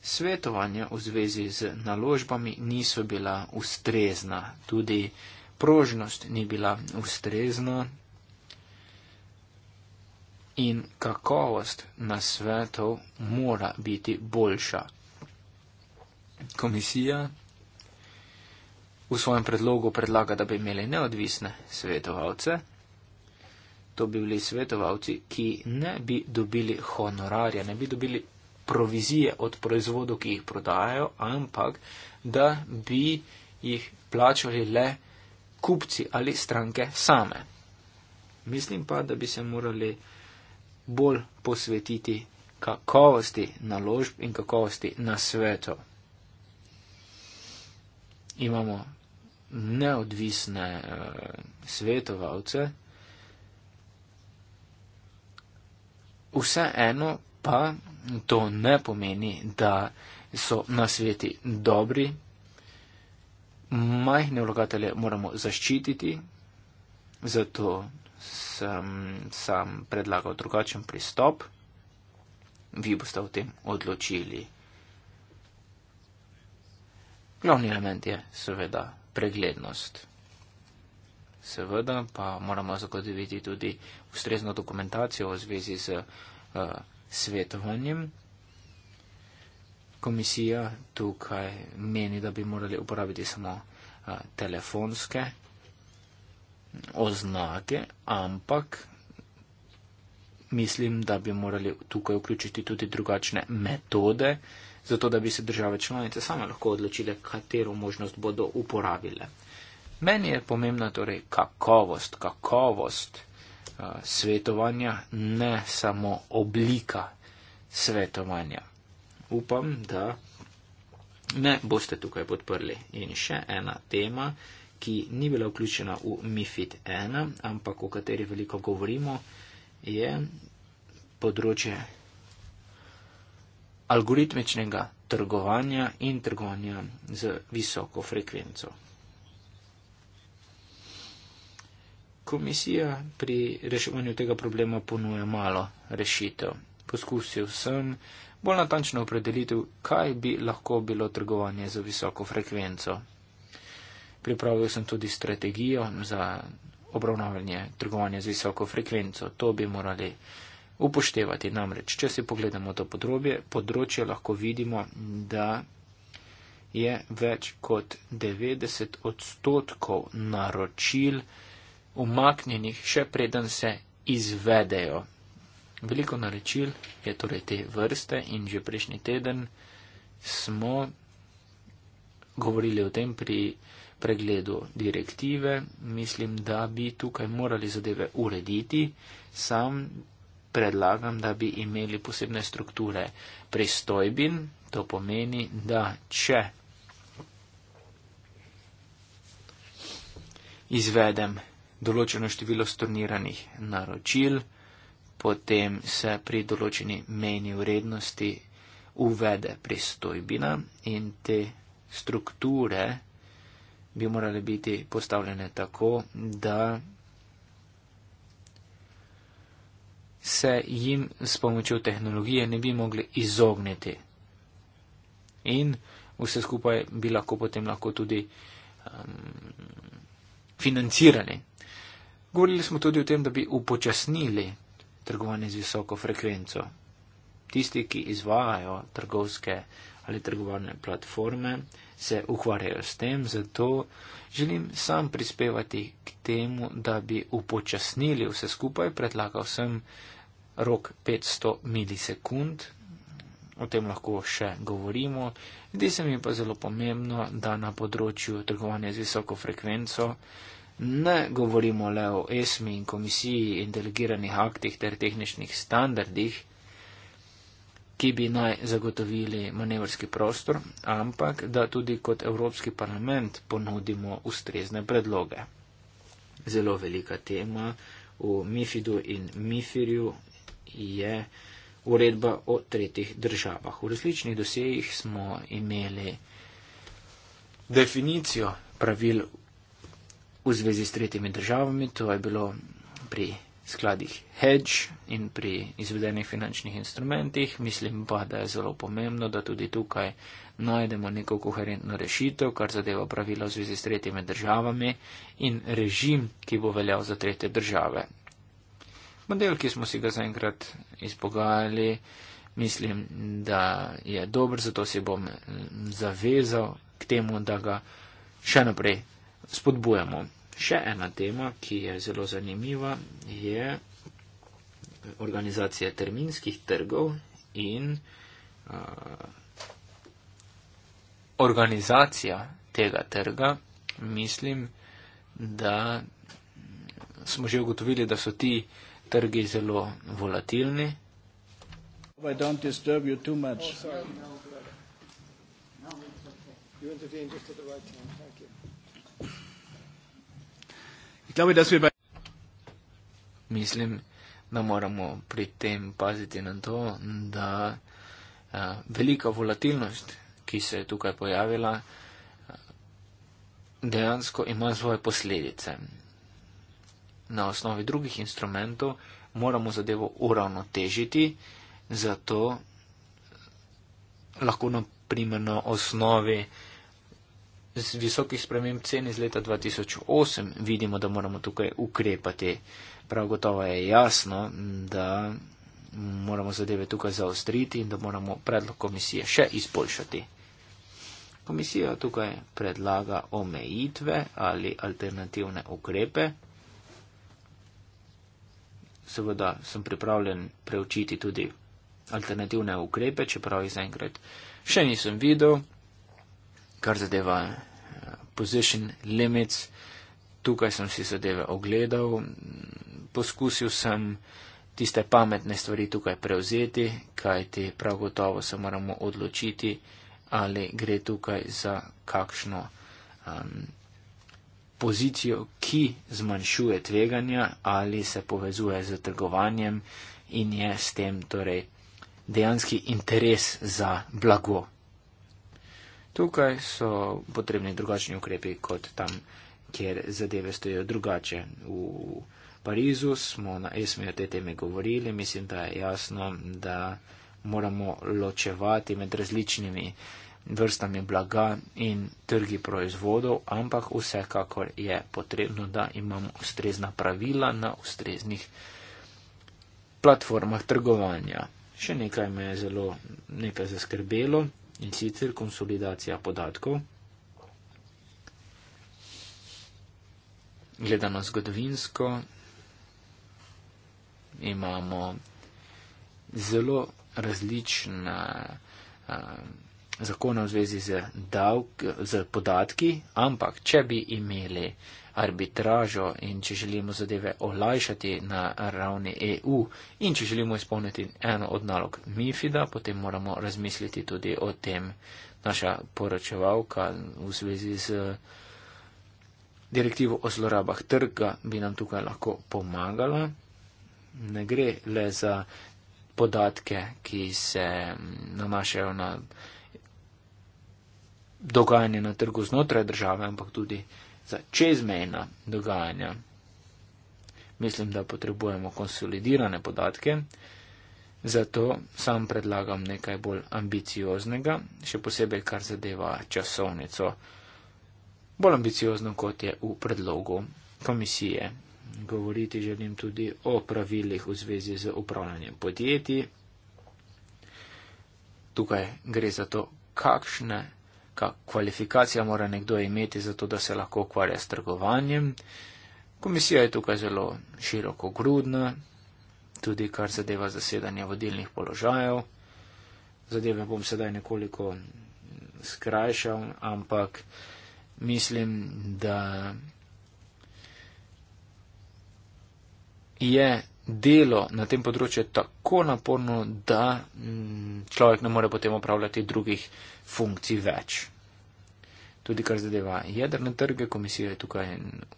svetovanja v zvezi z naložbami niso bila ustrezna, tudi prožnost ni bila ustrezna in kakovost na svetov mora biti boljša. Komisija v svojem predlogu predlaga, da bi imeli neodvisne svetovalce. To bi bili svetovalci, ki ne bi dobili honorarja, ne bi dobili provizije od proizvodov, ki jih prodajajo, ampak da bi jih plačali le kupci ali stranke same. Mislim pa, da bi se morali bolj posvetiti kakovosti naložb in kakovosti na svetu. Imamo neodvisne uh, svetovalce, vse eno pa to ne pomeni, da so na sveti dobri. Majhne vlagatelje moramo zaščititi, zato sem sam predlagal drugačen pristop. Vi boste o tem odločili. Glavni element je seveda preglednost. Seveda pa moramo zagotoviti tudi ustrezno dokumentacijo v zvezi z uh, svetovanjem. Komisija tukaj meni, da bi morali uporabiti samo a, telefonske oznake, ampak mislim, da bi morali tukaj vključiti tudi drugačne metode, zato da bi se države članice same lahko odločile, katero možnost bodo uporabile. Meni je pomembna torej kakovost, kakovost. Eh, svetovanja, ne samo oblika svetovanja. Upam, da me boste tukaj podprli. In še ena tema, ki ni bila vključena v MIFID 1, ampak o kateri veliko govorimo, je področje algoritmičnega trgovanja in trgovanja z visoko frekvenco. komisija pri reševanju tega problema ponuja malo rešitev. Poskusil sem bolj natančno opredelitev, kaj bi lahko bilo trgovanje za visoko frekvenco. Pripravil sem tudi strategijo za obravnavanje trgovanja z visoko frekvenco. To bi morali upoštevati. Namreč, če si pogledamo to podrobje, področje, lahko vidimo, da je več kot 90 odstotkov naročil, umaknjenih, še preden se izvedejo. Veliko naročil je torej te vrste in že prejšnji teden smo govorili o tem pri pregledu direktive. Mislim, da bi tukaj morali zadeve urediti. Sam predlagam, da bi imeli posebne strukture pristojbin. To pomeni, da če izvedem določeno število storniranih naročil, potem se pri določeni mejni vrednosti uvede pristojbina in te strukture bi morale biti postavljene tako, da se jim s pomočjo tehnologije ne bi mogli izogniti. In vse skupaj bi lahko potem lahko tudi um, financirali. Govorili smo tudi o tem, da bi upočasnili trgovanje z visoko frekvenco. Tisti, ki izvajajo trgovske ali trgovalne platforme, se ukvarjajo s tem, zato želim sam prispevati k temu, da bi upočasnili vse skupaj, predlagal sem rok 500 milisekund, o tem lahko še govorimo. Zdi se mi pa zelo pomembno, da na področju trgovanja z visoko frekvenco ne govorimo le o ESMI in komisiji in delegiranih aktih ter tehničnih standardih, ki bi naj zagotovili manevrski prostor, ampak da tudi kot Evropski parlament ponudimo ustrezne predloge. Zelo velika tema v MIFID-u in MIFIR-ju je uredba o tretjih državah. V različnih dosejih smo imeli definicijo pravil v zvezi s tretjimi državami. To je bilo pri skladih hedge in pri izvedenih finančnih instrumentih. Mislim pa, da je zelo pomembno, da tudi tukaj najdemo neko koherentno rešitev, kar zadeva pravila v zvezi s tretjimi državami in režim, ki bo veljal za tretje države. Model, ki smo si ga zaenkrat izpogajali, mislim, da je dober, zato si bom mm, zavezal k temu, da ga še naprej spodbujamo. Še ena tema, ki je zelo zanimiva, je organizacija terminskih trgov in uh, organizacija tega trga. Mislim, da smo že ugotovili, da so ti trgi zelo volatilni. Oh, Ich glaube, dass wir bei Mislim, da moramo pri tem paziti na to, da a, velika volatilnost, ki se je tukaj pojavila, a, dejansko ima svoje posledice. Na osnovi drugih instrumentov moramo zadevo uravnotežiti, zato lahko na primer na osnovi a, z visokih sprememb cen iz leta 2008 vidimo, da moramo tukaj ukrepati. Prav gotovo je jasno, da moramo zadeve tukaj zaostriti in da moramo predlog komisije še izboljšati. Komisija tukaj predlaga omejitve ali alternativne ukrepe. Seveda sem pripravljen preučiti tudi alternativne ukrepe, čeprav jih zaenkrat še nisem videl kar zadeva eh, position limits. Tukaj sem si zadeve ogledal, poskusil sem tiste pametne stvari tukaj prevzeti, kajti prav gotovo se moramo odločiti, ali gre tukaj za kakšno um, pozicijo, ki zmanjšuje tveganja ali se povezuje z trgovanjem in je s tem torej dejanski interes za blago. Tukaj so potrebni drugačni ukrepi kot tam, kjer zadeve stojijo drugače. V Parizu smo na esmi o tej temi govorili, mislim, da je jasno, da moramo ločevati med različnimi vrstami blaga in trgi proizvodov, ampak vsekakor je potrebno, da imamo ustrezna pravila na ustreznih platformah trgovanja. Še nekaj me je zelo nekaj zaskrbelo in sicer konsolidacija podatkov, gledano zgodovinsko, imamo zelo različna eh, zakona v zvezi z, davk, z podatki, ampak če bi imeli arbitražo in če želimo zadeve olajšati na ravni EU in če želimo izpolniti eno od nalog MIFID-a, potem moramo razmisliti tudi o tem naša poročevalka v zvezi z eh, direktivo o zlorabah trga bi nam tukaj lahko pomagala. Ne gre le za podatke, ki se mm, nanašajo na dogajanje na trgu znotraj države, ampak tudi za čezmejna dogajanja. Mislim, da potrebujemo konsolidirane podatke, zato sam predlagam nekaj bolj ambicioznega, še posebej kar zadeva časovnico. Bolj ambiciozno, kot je v predlogu komisije. Govoriti želim tudi o pravilih v zvezi z upravljanjem podjetij. Tukaj gre za to, kakšne kvalifikacija mora nekdo imeti, zato da se lahko ukvarja s trgovanjem. Komisija je tukaj zelo široko grudna, tudi kar zadeva zasedanje vodilnih položajev. Zadeve bom sedaj nekoliko skrajšal, ampak mislim, da je delo na tem področju je tako naporno, da mm, človek ne more potem upravljati drugih funkcij več. Tudi kar zadeva jedrne trge, komisija je tukaj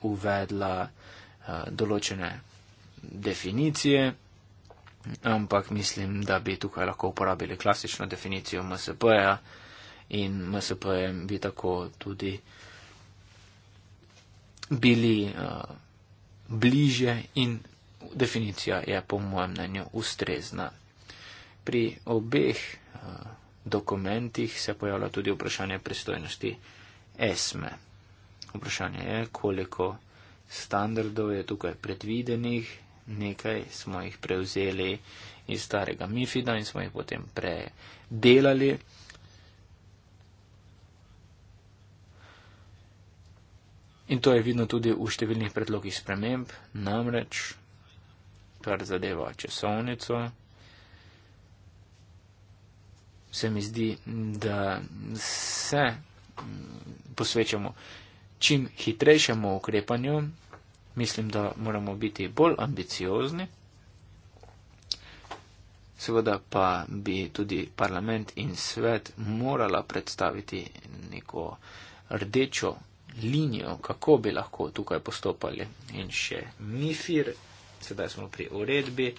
uvedla eh, določene definicije, ampak mislim, da bi tukaj lahko uporabili klasično definicijo MSP-ja in MSP bi tako tudi bili uh, eh, bliže in definicija je po mojem mnenju ustrezna. Pri obeh eh, dokumentih se pojavlja tudi vprašanje pristojnosti esme. Vprašanje je, koliko standardov je tukaj predvidenih, nekaj smo jih prevzeli iz starega Mifida in smo jih potem predelali. In to je vidno tudi v številnih predlogih sprememb, namreč kar zadeva časovnico, se mi zdi, da se mm, posvečamo čim hitrejšemu ukrepanju. Mislim, da moramo biti bolj ambiciozni. Seveda pa bi tudi parlament in svet morala predstaviti neko rdečo linijo, kako bi lahko tukaj postopali. In še mifir sedaj smo pri uredbi.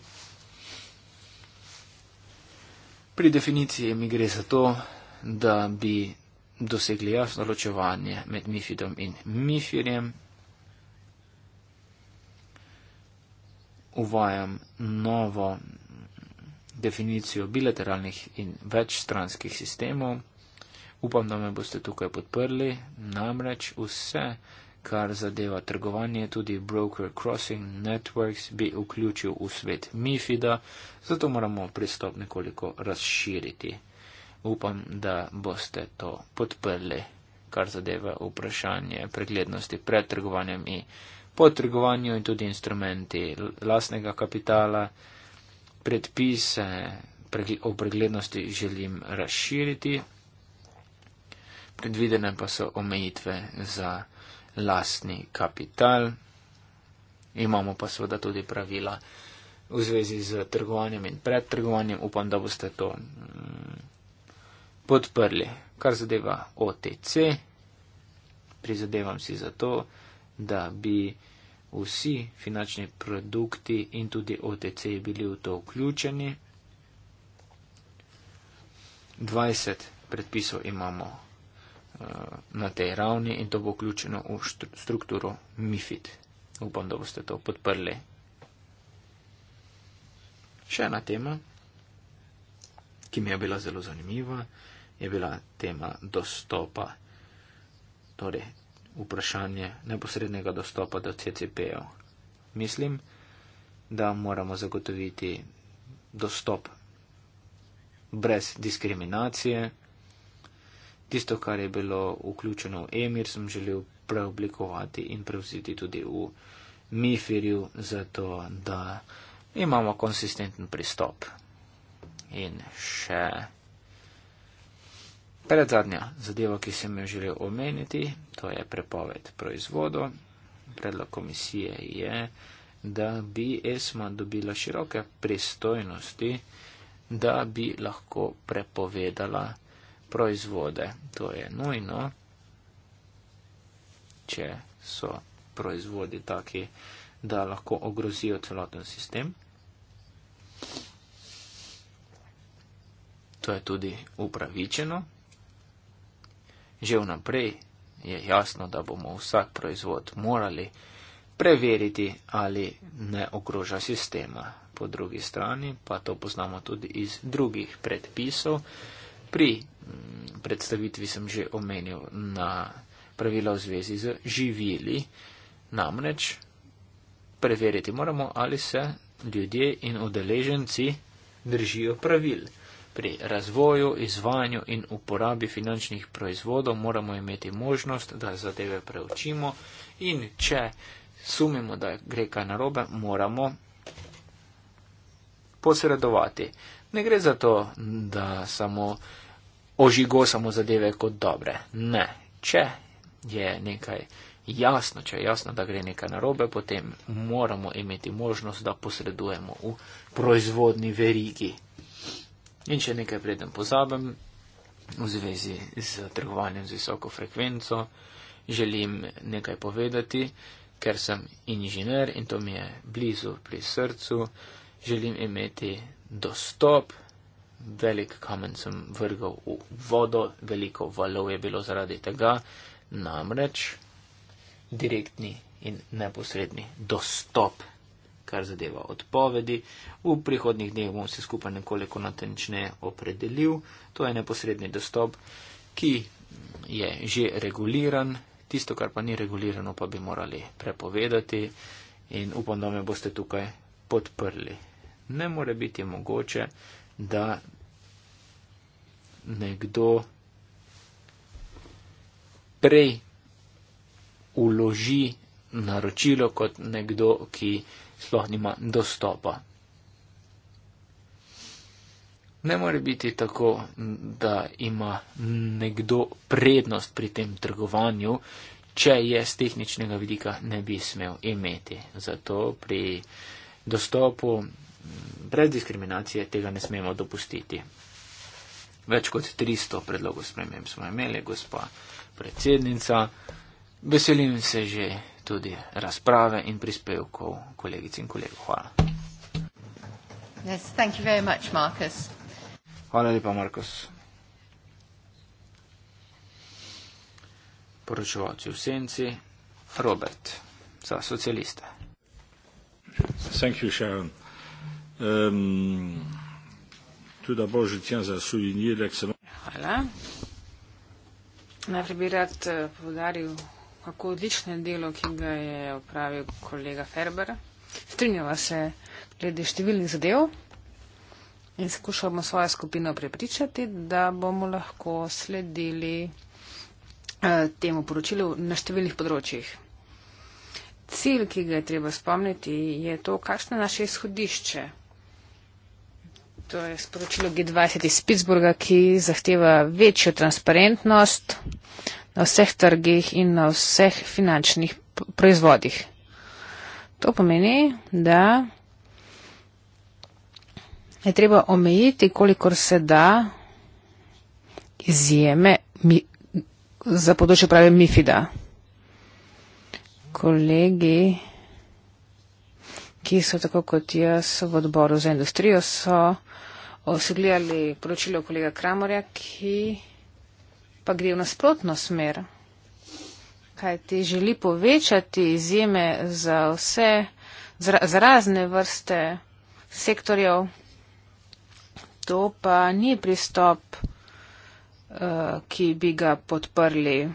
Pri definiciji mi gre za to, da bi dosegli jasno ločevanje med Mifidom in Mifirjem. Uvajam novo definicijo bilateralnih in večstranskih sistemov. Upam, da me boste tukaj podprli. Namreč vse kar zadeva trgovanje, tudi broker crossing networks bi vključil v svet MIFID-a, zato moramo pristop nekoliko razširiti. Upam, da boste to podprli, kar zadeva vprašanje preglednosti pred trgovanjem in po trgovanju in tudi instrumenti lastnega kapitala, predpise o preglednosti želim razširiti. Predvidene pa so omejitve za lastni kapital. Imamo pa seveda tudi pravila v zvezi z trgovanjem in predtrgovanjem. Upam, da boste to mm, podprli. Kar zadeva OTC, prizadevam si za to, da bi vsi finančni produkti in tudi OTC bili v to vključeni. 20 predpisov imamo Eh, na tej ravni in to bo vključeno v strukturo MIFID. Upam, da boste to podprli. Še ena tema, ki mi je bila zelo zanimiva, je bila tema dostopa, torej vprašanje neposrednega dostopa do CCP-jev. Mislim, da moramo zagotoviti dostop brez diskriminacije tisto, kar je bilo vključeno v Emir, sem želel preoblikovati in prevziti tudi v Mifirju, zato da imamo konsistenten pristop. In še predzadnja zadeva, ki sem jo želel omeniti, to je prepoved proizvodo. Predlog komisije je, da bi ESMA dobila široke pristojnosti, da bi lahko prepovedala proizvode. To je nujno, če so proizvodi taki, da lahko ogrozijo celoten sistem. To je tudi upravičeno. Že vnaprej je jasno, da bomo vsak proizvod morali preveriti, ali ne ogroža sistema. Po drugi strani pa to poznamo tudi iz drugih predpisov, pri mm, predstavitvi sem že omenil na pravila v zvezi z živili. Namreč preveriti moramo, ali se ljudje in udeleženci držijo pravil. Pri razvoju, izvajanju in uporabi finančnih proizvodov moramo imeti možnost, da zadeve preučimo in če sumimo, da gre kaj narobe, moramo posredovati. Ne gre za to, da samo ožigo samo zadeve kot dobre. Ne. Če je nekaj jasno, če je jasno, da gre nekaj narobe, potem moramo imeti možnost, da posredujemo v proizvodni verigi. In če nekaj preden pozabem v zvezi z trgovanjem z visoko frekvenco, želim nekaj povedati, ker sem inženir in to mi je blizu pri srcu, želim imeti dostop, velik kamen sem vrgal v vodo, veliko valov je bilo zaradi tega, namreč direktni in neposredni dostop, kar zadeva odpovedi. V prihodnih dneh bom se skupaj nekoliko natančneje opredelil, to je neposredni dostop, ki je že reguliran, tisto, kar pa ni regulirano, pa bi morali prepovedati in upam, da me boste tukaj podprli ne more biti mogoče, da nekdo prej uloži naročilo kot nekdo, ki sploh nima dostopa. Ne more biti tako, da ima nekdo prednost pri tem trgovanju, če je z tehničnega vidika ne bi smel imeti. Zato pri dostopu brez diskriminacije tega ne smemo dopustiti. Več kot 300 predlogov spremem smo imeli, gospa predsednica. Veselim se že tudi razprave in prispevkov kolegic in kolegov. Hvala. Yes, thank you very much, Marcus. Hvala lepa, Markus. Poročevalci v senci, Robert, za socialiste. Thank you, Sharon. Euh, tout d'abord, je tiens à souligner l'excellent. Voilà. Najprej bi rad euh, povdaril, kako odlično je delo, ki ga je opravil kolega Ferber. Strinjava se glede številnih zadev in skušamo svojo skupino prepričati, da bomo lahko sledili eh, temu poročilu na številnih področjih. Cilj, ki ga je treba spomniti, je to, kakšno je naše izhodišče. To je sporočilo G20 iz Pittsburgha, ki zahteva večjo transparentnost na vseh trgih in na vseh finančnih proizvodih. To pomeni, da je treba omejiti, kolikor se da izjeme mi, za področje prave MIFIDA. Kolegi, ki so tako kot jaz v odboru za industrijo, so so gledali poročilo kolega Kramorja, ki pa gre v nasprotno smer, kaj ti želi povečati izjeme za vse, za, za razne vrste sektorjev. To pa ni pristop, uh, ki bi ga podprli.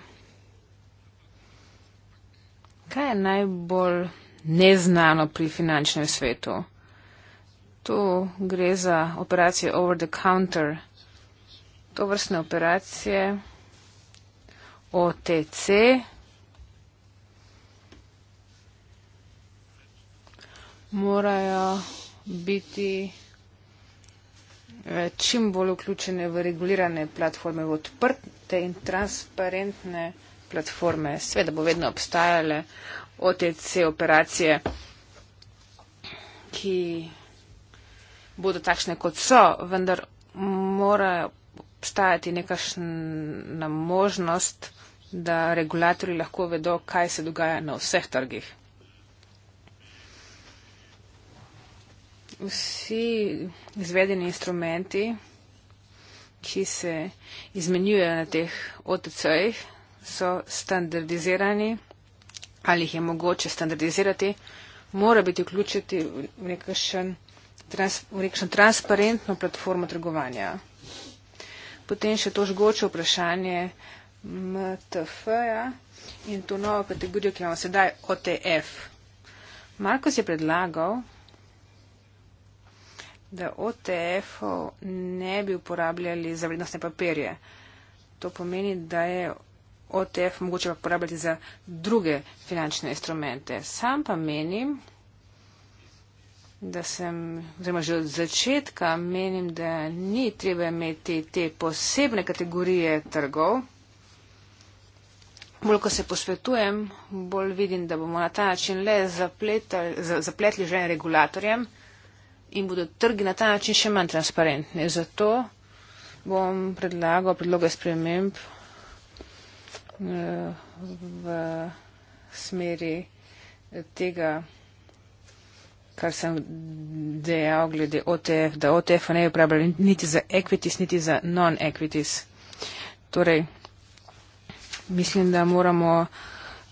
Kaj je najbolj neznano pri finančnem svetu? Tu gre za operacije over the counter. To vrstne operacije OTC morajo biti eh, čim bolj vključene v regulirane platforme, v odprte in transparentne platforme. Sveda bo vedno obstajale OTC operacije, ki bodo takšne, kot so, vendar mora obstajati nekašna možnost, da regulatori lahko vedo, kaj se dogaja na vseh trgih. Vsi izvedeni instrumenti, ki se izmenjujejo na teh OTC-jih, so standardizirani ali jih je mogoče standardizirati, mora biti vključiti v nekašen rečem, transparentno platformo trgovanja. Potem še to žgoče vprašanje MTF-ja in to novo kategorijo, ki imamo sedaj OTF. Markus je predlagal, da OTF-ov ne bi uporabljali za vrednostne papirje. To pomeni, da je OTF mogoče uporabljati za druge finančne instrumente. Sam pa menim, da sem, oziroma že od začetka menim, da ni treba imeti te posebne kategorije trgov. Bolj, ko se posvetujem, bolj vidim, da bomo na ta način le zapletali, zapletli že regulatorjem in bodo trgi na ta način še manj transparentni. Zato bom predlagal predloge sprememb eh, v smeri tega kar sem dejal glede OTF, da OTF-a ne uporabljali niti za equities, niti za non-equities. Torej, mislim, da moramo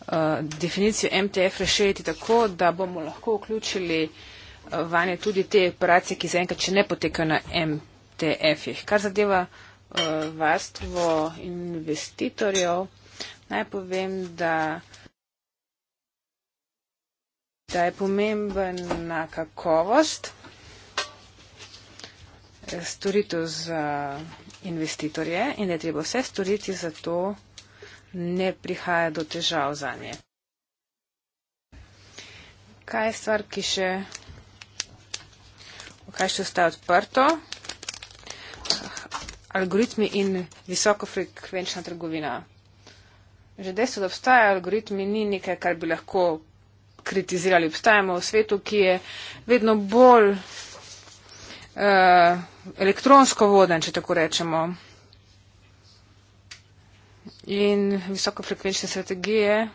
uh, definicijo MTF rešiti tako, da bomo lahko vključili uh, vanje tudi te operacije, ki zaenkrat še ne potekajo na MTF-ih. Kar zadeva uh, varstvo investitorjev, naj povem, da da je pomembna kakovost eh, storitev za investitorje in da je treba vse storiti, zato ne prihaja do težav za nje. Kaj je stvar, ki še, kaj še ostaje odprto? Algoritmi in visokofrekvenčna trgovina. Že dejstvo, da obstajajo algoritmi, ni nekaj, kar bi lahko kritizirali. Obstajamo v svetu, ki je vedno bolj uh, elektronsko voden, če tako rečemo. In visokofrekvenčne strategije.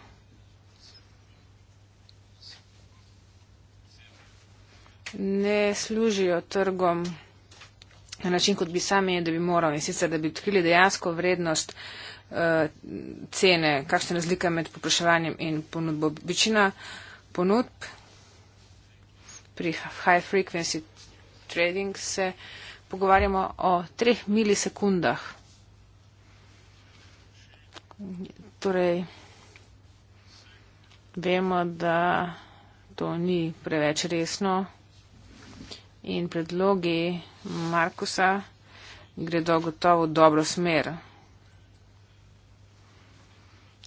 ne služijo trgom na način, kot bi sami, da bi morali, in sicer, da bi odkrili dejansko vrednost uh, cene, kakšna razlika med popraševanjem in ponudbo. Večina uh, ponudb. Pri high frequency trading se pogovarjamo o 3 milisekundah. Torej, vemo, da to ni preveč resno in predlogi Markusa gredo gotovo v dobro smer.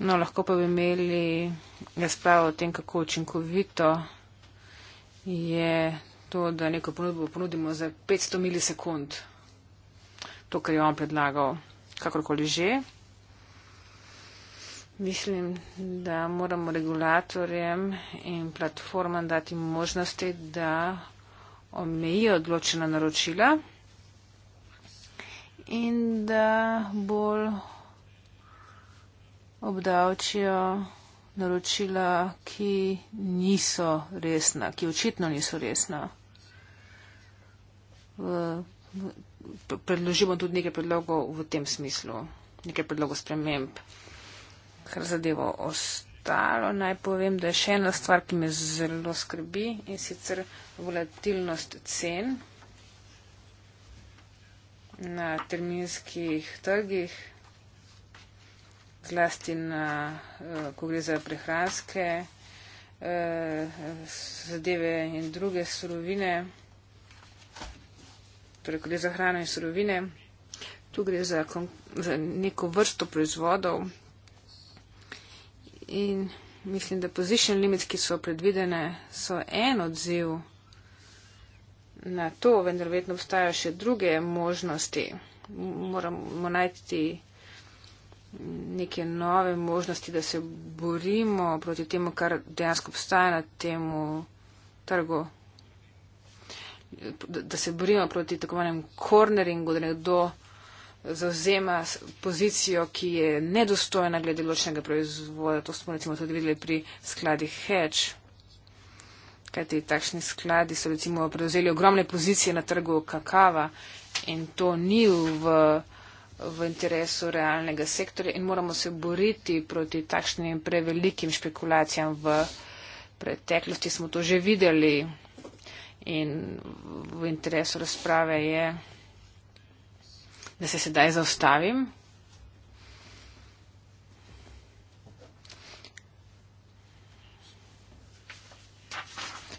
No, lahko pa bi imeli razprava o tem, kako učinkovito je to, da neko ponudbo ponudimo za 500 milisekund. To, kar je on predlagal, kakorkoli že. Mislim, da moramo regulatorjem in platformam dati možnosti, da omejijo odločena naročila in da bolj obdavčijo naročila, ki niso resna, ki očitno niso resna. Predložimo tudi nekaj predlogov v tem smislu, nekaj predlogov sprememb. Kar zadevo ostalo, naj povem, da je še ena stvar, ki me zelo skrbi in sicer volatilnost cen na terminskih trgih zlasti na, eh, ko gre za prehranske eh, zadeve in druge surovine, torej, ko gre za hrano in surovine. Tu gre za, za neko vrsto proizvodov in mislim, da position limits, ki so predvidene, so en odziv na to, vendar vedno obstajajo še druge možnosti. Moramo najti neke nove možnosti, da se borimo proti temu, kar dejansko obstaja na tem trgu. Da se borimo proti tako manjem korneringu, da nekdo zauzema pozicijo, ki je nedostojna glede ločnega proizvoda. To smo recimo tudi videli pri skladi Hedge. Kajti takšni skladi so recimo prevzeli ogromne pozicije na trgu kakava in to ni v v interesu realnega sektorja in moramo se boriti proti takšnim prevelikim špekulacijam v preteklosti. Smo to že videli in v interesu razprave je, da se sedaj zaustavim.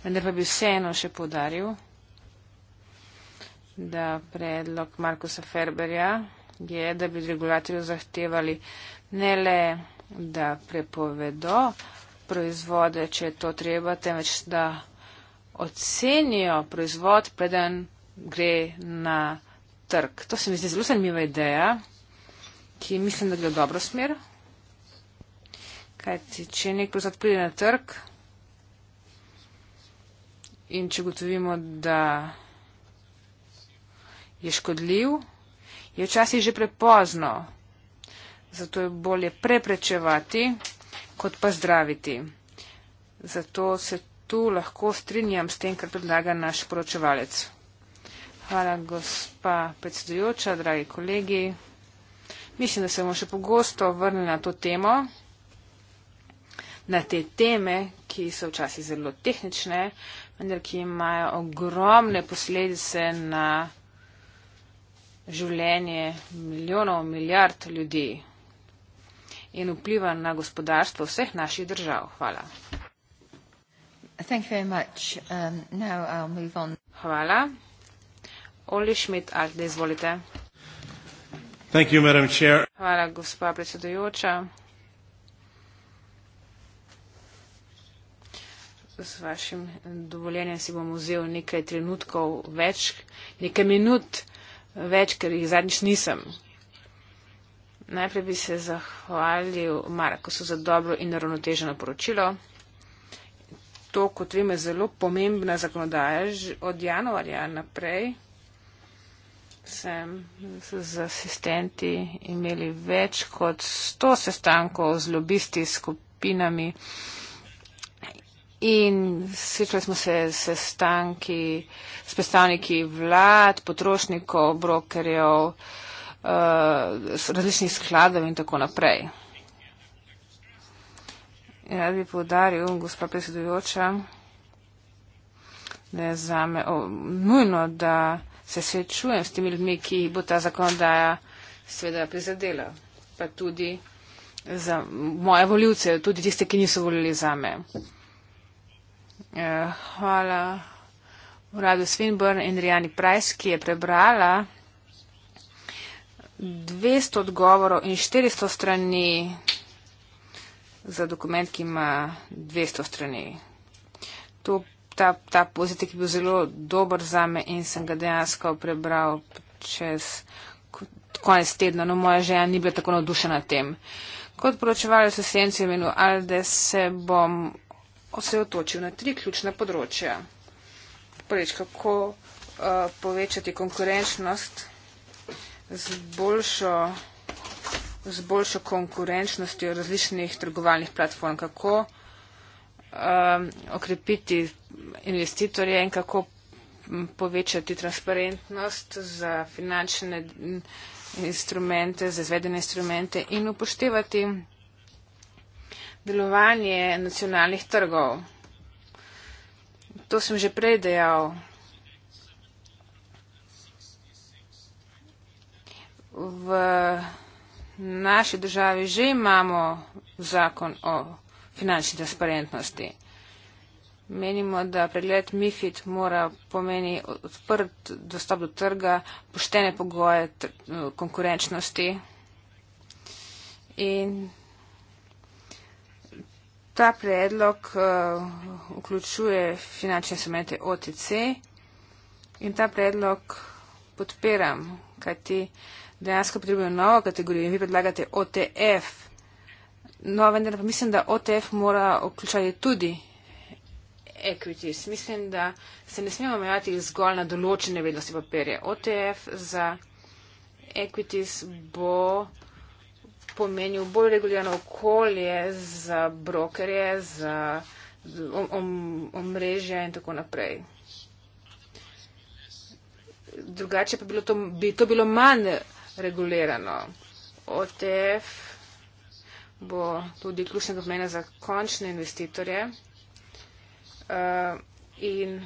Vendar pa bi vseeno še podaril, da predlog Markusa Ferberja je, da bi regulatorji zahtevali ne le, da prepovedo proizvode, če je to treba, temveč da ocenijo proizvod, preden gre na trg. To se mi zdi zelo zanimiva ideja, ki mislim, da gre v dobro smer. Kajti, če nek proizvod pride na trg in če gotovimo, da je škodljiv, je včasih že prepozno, zato je bolje preprečevati, kot pa zdraviti. Zato se tu lahko strinjam s tem, kar predlaga naš poročevalec. Hvala, gospa predsedujoča, dragi kolegi. Mislim, da se bomo še pogosto vrnili na to temo, na te teme, ki so včasih zelo tehnične, vendar ki imajo ogromne posledice na življenje milijonov, milijard ljudi in vpliva na gospodarstvo vseh naših držav. Hvala. Um, Hvala. Oli Schmidt, Alde, izvolite. You, Hvala, gospa predsedujoča. S vašim dovoljenjem si bom vzel nekaj trenutkov več, nekaj minut več, ker jih zadnjič nisem. Najprej bi se zahvalil Markusu za dobro in naravnoteženo poročilo. To, kot vem, je zelo pomembna zakonodaja. Od januarja naprej sem z asistenti imeli več kot 100 sestankov z lobisti skupinami, In srečali smo se s stanki, s predstavniki vlad, potrošnikov, brokerjev, uh, različnih skladov in tako naprej. In rad bi povdaril, gospa predsedujoča, da je za me nujno, da se srečujem s temi ljudmi, ki jih bo ta zakonodaja seveda prizadela, pa tudi za moje voljivce, tudi tiste, ki niso volili za me. Eh, hvala uradu Svinburn in Rijani Price, ki je prebrala 200 odgovorov in 400 strani za dokument, ki ima 200 strani. To, ta, ta pozitek je bil zelo dober za me in sem ga dejansko prebral čez konec tedna, no moja žena ni bila tako navdušena tem. Kot poročevalec v senci imenu Alde se bom osredotočil na tri ključna področja. Prvič, kako uh, povečati konkurenčnost z boljšo, z boljšo konkurenčnostjo različnih trgovalnih platform, kako um, okrepiti investitorje in kako povečati transparentnost za finančne instrumente, za izvedene instrumente in upoštevati delovanje nacionalnih trgov. To sem že prej dejal. V naši državi že imamo zakon o finančni transparentnosti. Menimo, da pregled MIFID mora pomeni odprt dostop do trga, poštene pogoje konkurenčnosti in Ta predlog uh, vključuje finančne instrumente OTC in ta predlog podpiram, kajti dejansko potrebujemo novo kategorijo in vi predlagate OTF. No, vendar pa mislim, da OTF mora vključati tudi equities. Mislim, da se ne smemo omejati zgolj na določene vrednosti papirja. OTF za equities bo pomenil bolj regulirano okolje za brokerje, za omrežje in tako naprej. Drugače pa bilo to, bi to bilo manj regulirano. OTF bo tudi ključnega pomena za končne investitorje. Uh, in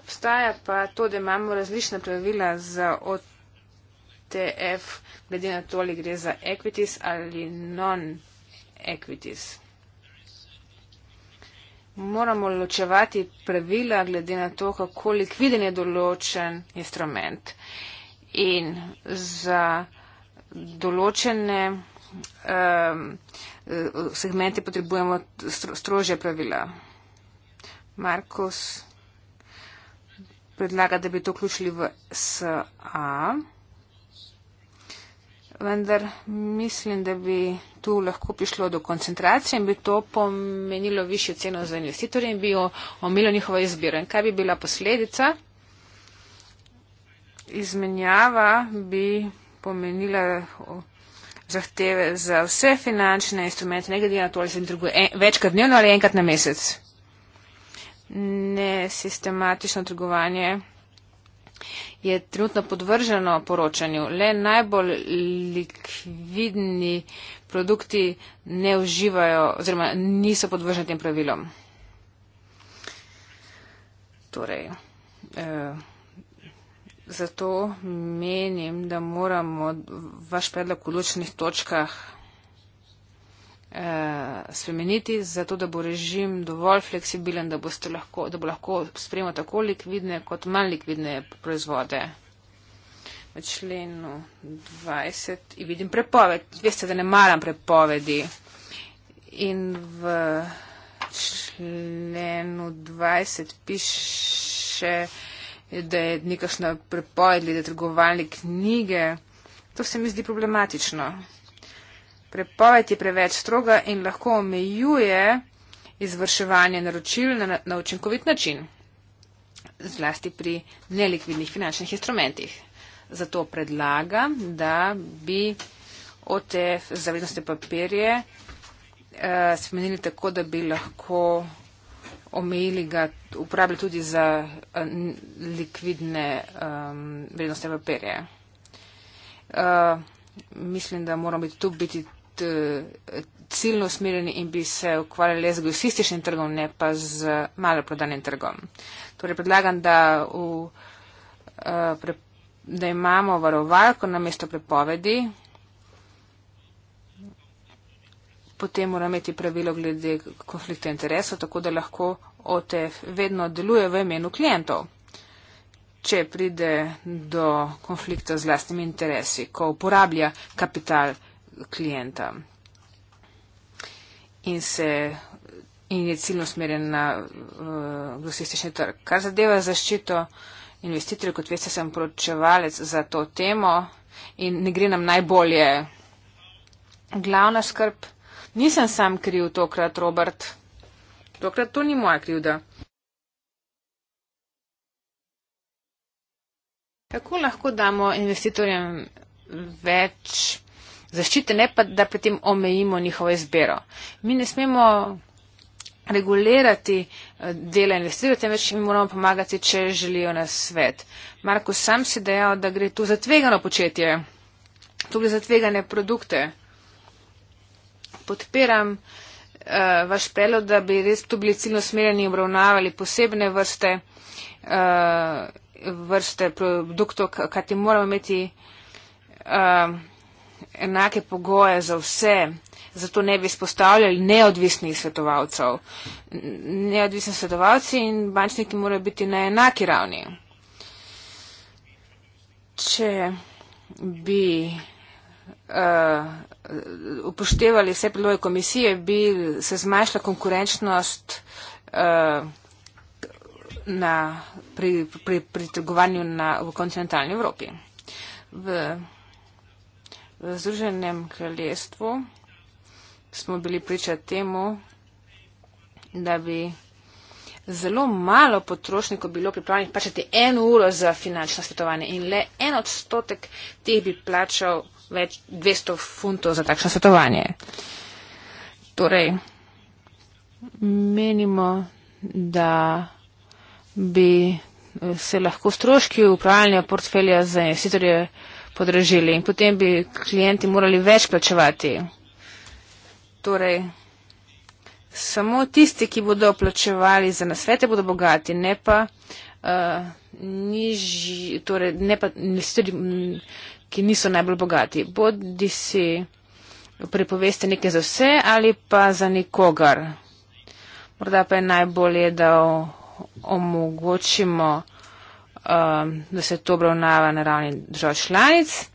obstaja pa to, da imamo različna pravila za OTF. ETF, glede na to, ali gre za equities ali non-equities. Moramo ločevati pravila glede na to, kako likviden je določen instrument. In za določene um, segmente potrebujemo stro, strožje pravila. Markus predlaga, da bi to vključili v SA vendar mislim, da bi tu lahko prišlo do koncentracije in bi to pomenilo višjo ceno za investitorje in bi omilo njihovo izbiro. In kaj bi bila posledica? Izmenjava bi pomenila zahteve za vse finančne instrumente, ne glede na to, ali se trguje večkrat dnevno ali enkrat na mesec. Nesistematično trgovanje je trenutno podvrženo poročanju. Le najbolj likvidni produkti ne uživajo oziroma niso podvrženi tem pravilom. Torej, eh, zato menim, da moramo vaš predlog v ločenih točkah. Eh, spremeniti, zato da bo režim dovolj fleksibilen, da, lahko, da bo lahko spremljal tako likvidne kot manj likvidne proizvode. V členu 20 vidim prepoved. Veste, da ne maram prepovedi. In v členu 20 piše, da je nekakšna prepoved, da je trgovalnik knjige. To se mi zdi problematično. Prepoved je preveč stroga in lahko omejuje izvrševanje naročil na, na učinkovit način, zlasti pri nelikvidnih finančnih instrumentih. Zato predlagam, da bi OTF zavednostne papirje eh, spremenili tako, da bi lahko omejili ga, uporabili tudi za eh, likvidne eh, vrednostne papirje. Eh, mislim, da moramo biti tu biti biti eh, ciljno usmerjeni in bi se ukvarjali z grosističnim trgom, ne pa z maloprodanim trgom. Torej predlagam, da, v, eh, da imamo varovalko na mesto prepovedi, potem mora imeti pravilo glede konflikta interesov, tako da lahko OTF vedno deluje v imenu klientov. Če pride do konflikta z lastnimi interesi, ko uporablja kapital, klijenta. In se in je ciljno smerjen na uh, eh, grosistični trg. Kar zadeva zaščito investitorjev, kot veste, sem poročevalec za to temo in ne gre nam najbolje. Glavna skrb, nisem sam kriv tokrat, Robert. Tokrat to ni moja krivda. Kako lahko damo investitorjem več zaščite, ne pa da potem omejimo njihovo izbiro. Mi ne smemo regulirati eh, dela investitorjev, temveč jim moramo pomagati, če želijo na svet. Marko sam si dejal, da gre tu za tvegano početje, tu gre za tvegane produkte. Podpiram uh, vaš predlog, da bi res tu bili ciljno smerjeni in obravnavali posebne vrste, uh, vrste produktov, kaj ti moramo imeti. Uh, enake pogoje za vse, zato ne bi spostavljali neodvisnih svetovalcev. Neodvisni svetovalci in bančniki morajo biti na enaki ravni. Če bi uh, upoštevali vse priloge komisije, bi se zmanjšala konkurenčnost uh, na, pri, pri, pri trgovanju na, v kontinentalni Evropi. V, V Združenem kraljestvu smo bili priča temu, da bi zelo malo potrošnikov bilo pripravljenih plačati eno uro za finančno svetovanje in le en odstotek teh bi plačal več 200 funtov za takšno svetovanje. Torej, menimo, da bi se lahko stroški upravljanja portfelja za investitorje podražili in potem bi klijenti morali več plačevati. Torej, samo tisti, ki bodo plačevali za nasvete, bodo bogati, ne pa uh, nižji, torej ne pa tisti, ki niso najbolj bogati. Bodi si pripoveste nekaj za vse ali pa za nikogar. Morda pa je najbolje, da omogočimo um, da se to obravnava na ravni držav članic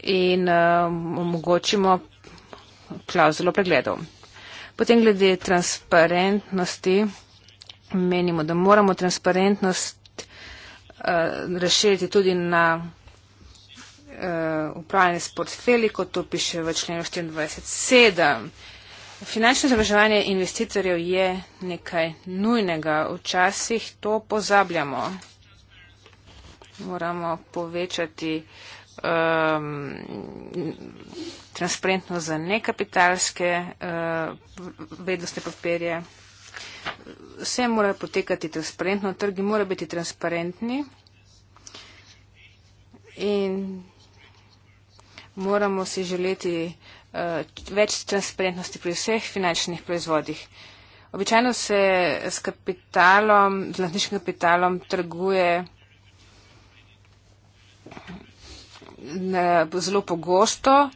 in um, omogočimo klauzulo pregledov. Potem glede transparentnosti, menimo, da moramo transparentnost uh, razširiti tudi na uh, upravljanje s portfeli, kot to piše v členu 24.7. Finančno zavrževanje investitorjev je nekaj nujnega, včasih to pozabljamo moramo povečati um, transparentnost za nekapitalske uh, vednostne papirje. Vse mora potekati transparentno, trgi mora biti transparentni in moramo si želeti uh, več transparentnosti pri vseh finančnih proizvodih. Običajno se s kapitalom, z lastniškim kapitalom trguje ne, zelo pogosto,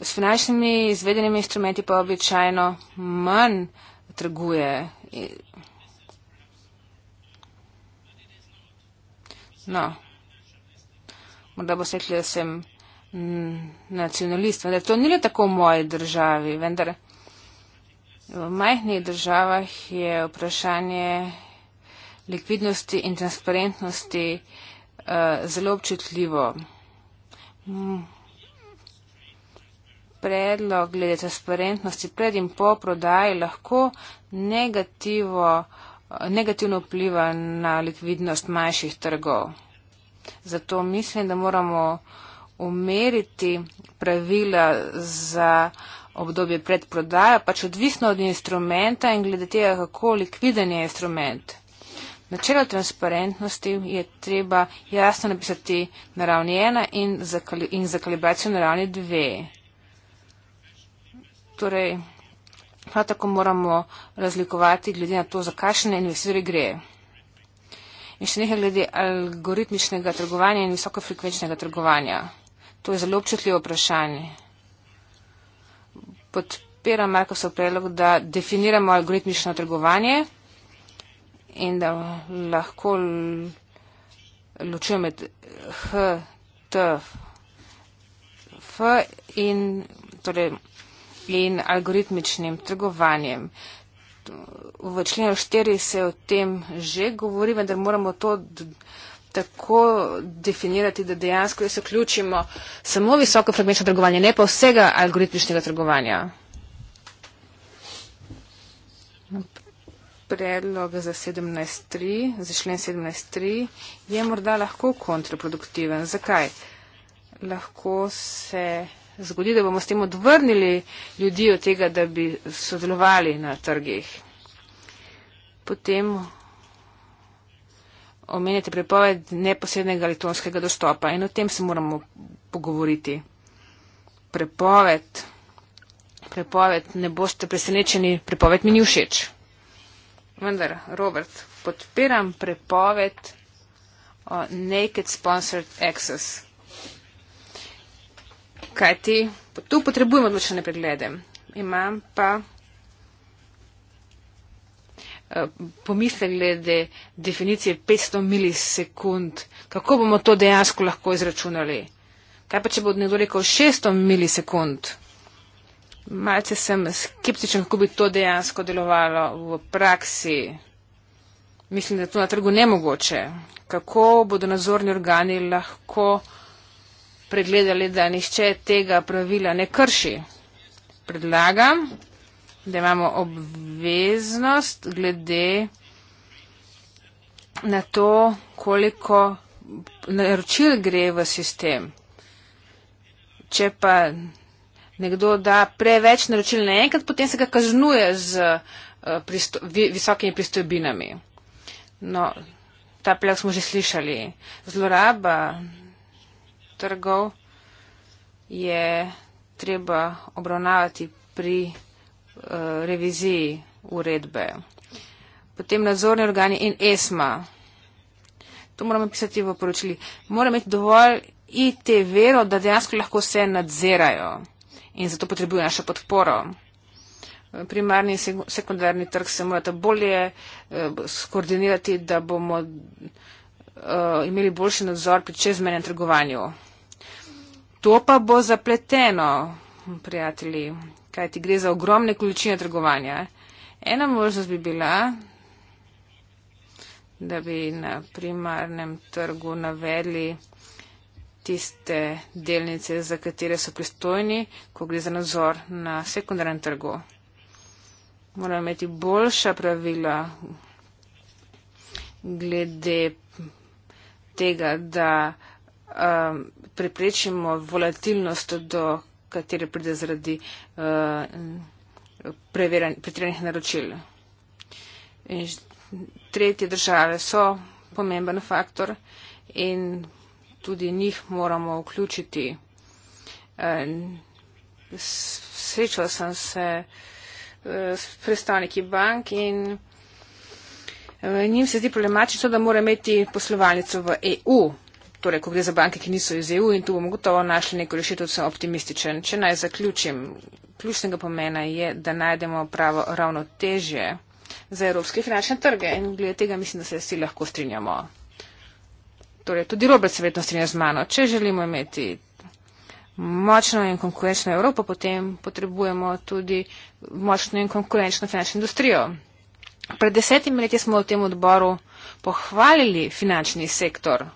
s finančnimi izvedenimi instrumenti pa običajno manj trguje. No, morda bo se rekli, da sem nacionalist, vendar to ni tako v moji državi, vendar v majhnih državah je vprašanje likvidnosti in transparentnosti eh, uh, zelo občutljivo. Mm. Predlog glede transparentnosti pred in po prodaji lahko negativo, eh, negativno vpliva na likvidnost manjših trgov. Zato mislim, da moramo umeriti pravila za obdobje pred prodajo, pač odvisno od instrumenta in glede tega, kako likviden je instrument. Načelo transparentnosti je treba jasno napisati na ravni 1 in, in za kalibracijo na ravni 2. Torej, prav tako moramo razlikovati glede na to, za kakšne investitorje gre. In še nekaj glede algoritmičnega trgovanja in visokofrekvenčnega trgovanja. To je zelo občutljivo vprašanje. Podpiram Markosov predlog, da definiramo algoritmično trgovanje in da lahko ločujem med H, T, F in, torej, in algoritmičnim trgovanjem. V členu 4 se o tem že govori, vendar moramo to tako definirati, da dejansko se vključimo samo visoko frekvenčno trgovanje, ne pa vsega algoritmičnega trgovanja. predlog za 17.3, za člen 17.3 je morda lahko kontraproduktiven. Zakaj? Lahko se zgodi, da bomo s tem odvrnili ljudi od tega, da bi sodelovali na trgih. Potem omenjate prepoved neposrednega elektronskega dostopa in o tem se moramo pogovoriti. Prepoved, prepoved, ne boste presenečeni, prepoved mi ni všeč. Vendar, Robert, podpiram prepoved o naked sponsored access. Kaj ti? Tu potrebujemo odločene preglede. Imam pa e, pomisle glede definicije 500 milisekund. Kako bomo to dejansko lahko izračunali? Kaj pa, če bo nekdo rekel 600 milisekund? Malce sem skeptičen, kako bi to dejansko delovalo v praksi. Mislim, da je to na trgu nemogoče. Kako bodo nadzorni organi lahko pregledali, da nišče tega pravila ne krši? Predlagam, da imamo obveznost glede na to, koliko naročil gre v sistem. Če pa nekdo da preveč naročil naenkrat, potem se ga kaznuje z eh, pristo, visokimi pristojbinami. No, ta plek smo že slišali. Zloraba trgov je treba obravnavati pri eh, reviziji uredbe. Potem nadzorni organi in ESMA. To moramo pisati v poročili. Moramo imeti dovolj IT vero, da dejansko lahko vse nadzirajo in zato potrebuje našo podporo. Primarni in sekundarni trg se morata bolje eh, skoordinirati, da bomo eh, imeli boljši nadzor pri čezmenjem trgovanju. To pa bo zapleteno, prijatelji, kaj ti gre za ogromne količine trgovanja. Ena možnost bi bila, da bi na primarnem trgu navedli tiste delnice, za katere so pristojni, ko gre za nadzor na sekundarnem trgu. Moramo imeti boljša pravila glede tega, da um, preprečimo volatilnost, do katere pride zaradi uh, pretiranih naročil. In tretje države so pomemben faktor in tudi njih moramo vključiti. E, srečala sem se e, s predstavniki bank in e, njim se zdi problematično, da mora imeti poslovalnico v EU. Torej, ko gre za banke, ki niso iz EU in tu bomo gotovo našli neko rešitev, sem optimističen. Če naj zaključim, ključnega pomena je, da najdemo pravo ravnotežje za evropske finančne trge in glede tega mislim, da se vsi lahko strinjamo torej tudi Robert se vedno strinja z mano, če želimo imeti močno in konkurenčno Evropo, potem potrebujemo tudi močno in konkurenčno finančno industrijo. Pred desetimi leti smo v tem odboru pohvalili finančni sektor,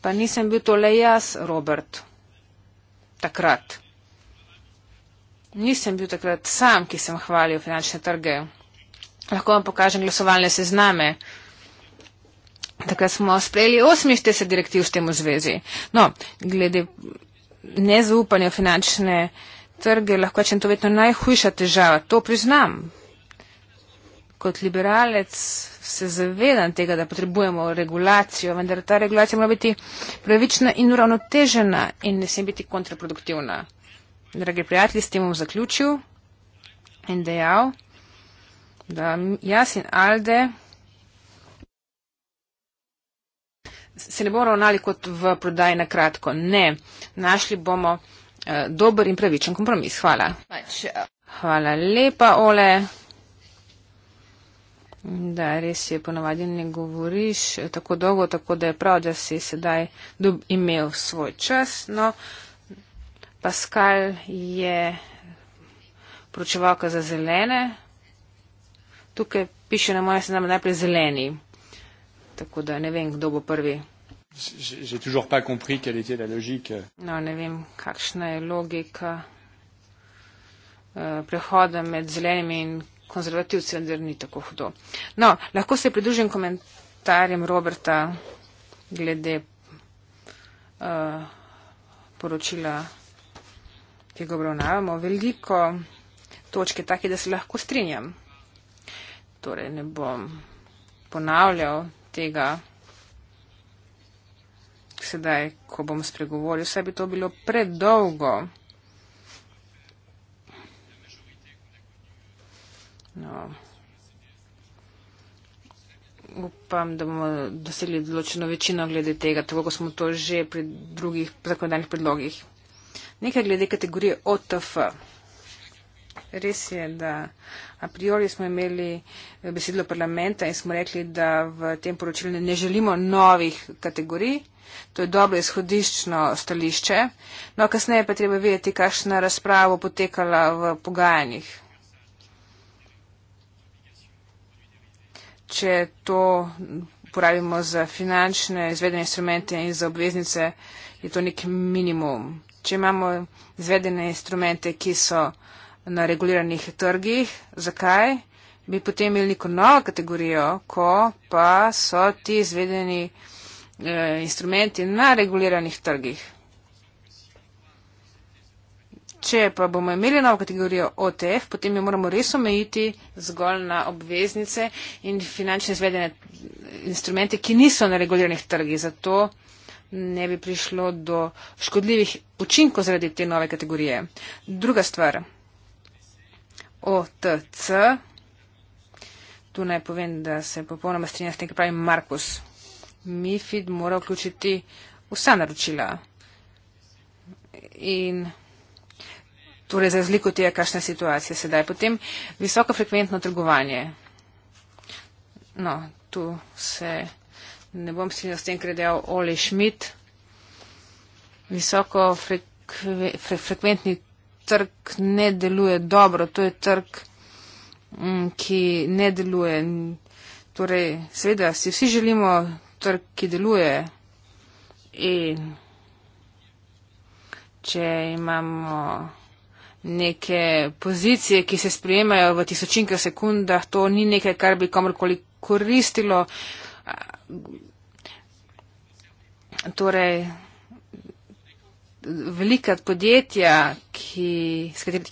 pa nisem bil to le jaz, Robert, takrat. Nisem bil takrat sam, ki sem hvalil finančne trge. Lahko vam pokažem glasovalne sezname takrat smo sprejeli 48 direktiv s tem v zvezi. No, glede nezaupanja v finančne trge, lahko rečem, to je vedno najhujša težava. To priznam. Kot liberalec se zavedam tega, da potrebujemo regulacijo, vendar ta regulacija mora biti pravična in uravnotežena in ne sem biti kontraproduktivna. Dragi prijatelji, s tem bom zaključil in dejal, da jaz in Alde. se ne bomo ravnali kot v prodaji na kratko. Ne, našli bomo uh, dober in pravičen kompromis. Hvala. Hvala lepa, Ole. Da, res je, ponavadi ne govoriš eh, tako dolgo, tako da je prav, da si sedaj imel svoj čas. No, Pascal je pročevalka za zelene. Tukaj piše na moje seznam najprej zeleni. Tako da ne vem, kdo bo prvi. J'ai toujours pas compris quelle était la logique. Euh. No, ne vem, kakšna je logika eh, prehoda med zelenimi in konzervativci, vendar ni tako hudo. No, lahko se pridružim komentarjem Roberta glede uh, poročila, ki ga obravnavamo. Veliko točke take, da se lahko strinjam. Torej, ne bom ponavljal tega sedaj, ko bom spregovoril, vse bi to bilo predolgo. No. Upam, da bomo dosegli določeno večino glede tega, tako kot smo to že pri drugih zakonodajnih predlogih. Nekaj glede kategorije OTF. Res je, da a priori smo imeli eh, besedilo parlamenta in smo rekli, da v tem poročilu ne želimo novih kategorij. To je dobro izhodiščno stališče. No, kasneje pa treba vedeti, kakšna razprava potekala v pogajanjih. Če to uporabimo za finančne izvedene instrumente in za obveznice, je to nek minimum. Če imamo izvedene instrumente, ki so uh, na reguliranih trgih. Zakaj? Bi potem imeli neko novo kategorijo, ko pa so ti izvedeni eh, instrumenti na reguliranih trgih. Če pa bomo imeli novo kategorijo OTF, potem jo moramo res omejiti zgolj na obveznice in finančne izvedene eh, instrumente, ki niso na reguliranih trgih. Zato ne bi prišlo do škodljivih učinkov zaradi te nove kategorije. Druga stvar. OTC. Tu naj povem, da se popolnoma strinja s tem, kar pravi Markus. MIFID mora vključiti vsa naročila. In torej za razliko tega, kakšna situacija sedaj. Potem visokofrekventno trgovanje. No, tu se ne bom strinjal s tem, kar je dejal Oli Schmidt. Visokofrekventni frekve, frekventni trg ne deluje dobro, to je trg, mm, ki ne deluje. Torej, seveda, si vsi želimo trg, ki deluje in če imamo neke pozicije, ki se sprijemajo v tisočinkah sekundah, to ni nekaj, kar bi komorkoli koristilo. Torej, velika podjetja, ki, s, kateri,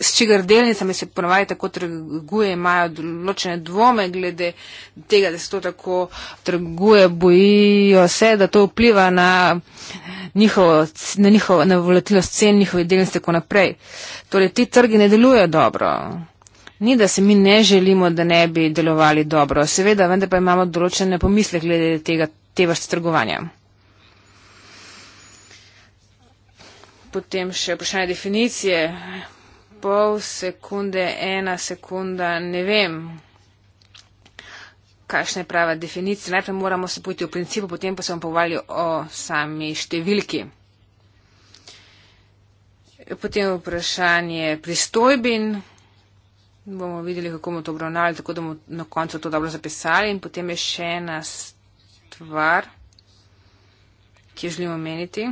s čigar delnicami se ponovadi tako trguje, imajo določene dvome glede tega, da se to tako trguje, bojijo se, da to vpliva na njihovo, na njihovo na volatilnost cen njihove delnice in tako naprej. Torej, ti trgi ne delujejo dobro. Ni, da se mi ne želimo, da ne bi delovali dobro. Seveda, vendar pa imamo določene pomisle glede tega, te vrste trgovanja. Potem še vprašanje definicije. Pol sekunde, ena sekunda, ne vem, kakšna je prava definicija. Najprej moramo se pojti v principu, potem pa se vam povali o sami številki. Potem vprašanje pristojbin. Bomo videli, kako bomo to obravnali, tako da bomo na koncu to dobro zapisali. In potem je še ena stvar, ki jo želimo meniti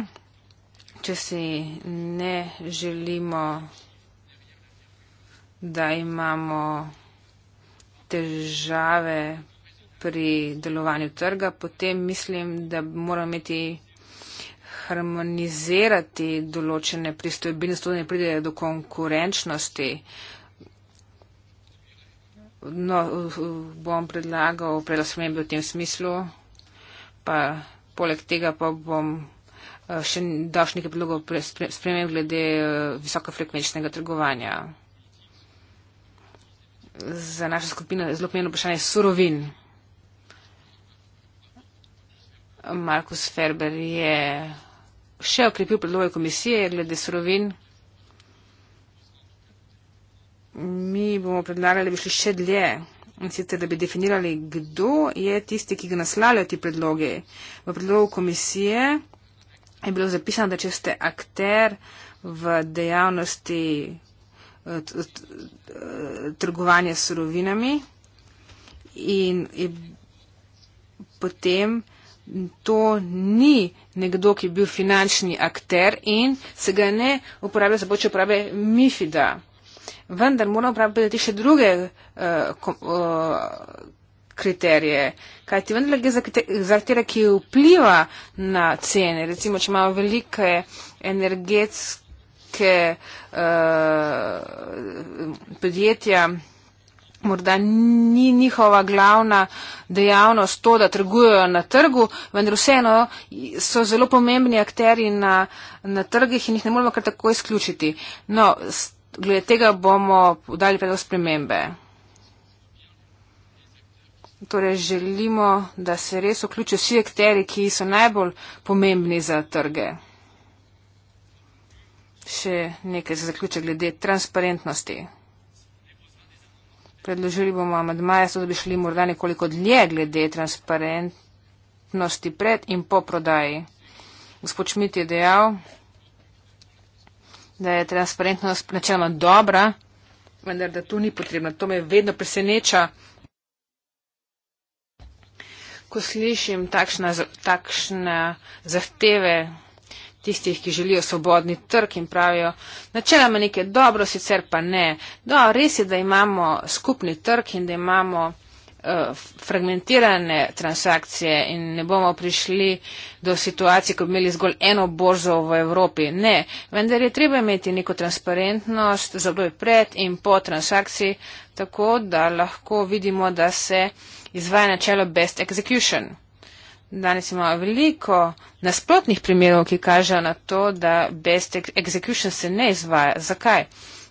če si ne želimo, da imamo težave pri delovanju trga, potem mislim, da moramo imeti harmonizirati določene pristojbine, zato ne pride do konkurenčnosti. No, bom predlagal predlag spremembe v tem smislu, pa poleg tega pa bom Eh, še daš nekaj predlogov sprememb glede eh, visokofrekvenčnega trgovanja. Za našo skupino je zelo pomembno vprašanje surovin. Markus Ferber je še okrepil predloge komisije glede surovin. Mi bomo predlagali, da bi šli še dlje. In sicer, da bi definirali, kdo je tisti, ki ga naslavlja ti predloge. V predlogu komisije je bilo zapisano, da če ste akter v dejavnosti eh, eh, trgovanja s surovinami in je potem to ni nekdo, ki je bil finančni akter in se ga ne uporablja za boče uporabe MIFIDA. Vendar moramo uporabljati še druge uh, kom, uh, kriterije, kaj ti vendar gre za kriterije, ki vpliva na cene. Recimo, če imamo velike energetske uh, podjetja, morda ni njihova glavna dejavnost to, da trgujejo na trgu, vendar vseeno so zelo pomembni akteri na, na trgih in jih ne moremo kar tako izključiti. No, glede tega bomo dali predlog spremembe torej želimo, da se res vključijo vsi akteri, ki so najbolj pomembni za trge. Še nekaj za zaključek glede transparentnosti. Predložili bomo amadmaja, so da bi šli morda nekoliko dlje glede transparentnosti pred in po prodaji. Gospod Šmit je dejal, da je transparentnost načeloma dobra, vendar da tu ni potrebna. To me vedno preseneča ko slišim takšna, takšna zahteve tistih, ki želijo svobodni trg in pravijo, načeloma nekaj dobro, sicer pa ne. No, res je, da imamo skupni trg in da imamo eh, fragmentirane transakcije in ne bomo prišli do situacije, ko bi imeli zgolj eno borzo v Evropi. Ne, vendar je treba imeti neko transparentnost za obdobje pred in po transakciji, tako da lahko vidimo, da se izvaja načelo best execution. Danes imamo veliko nasprotnih primerov, ki kažejo na to, da best execution se ne izvaja. Zakaj?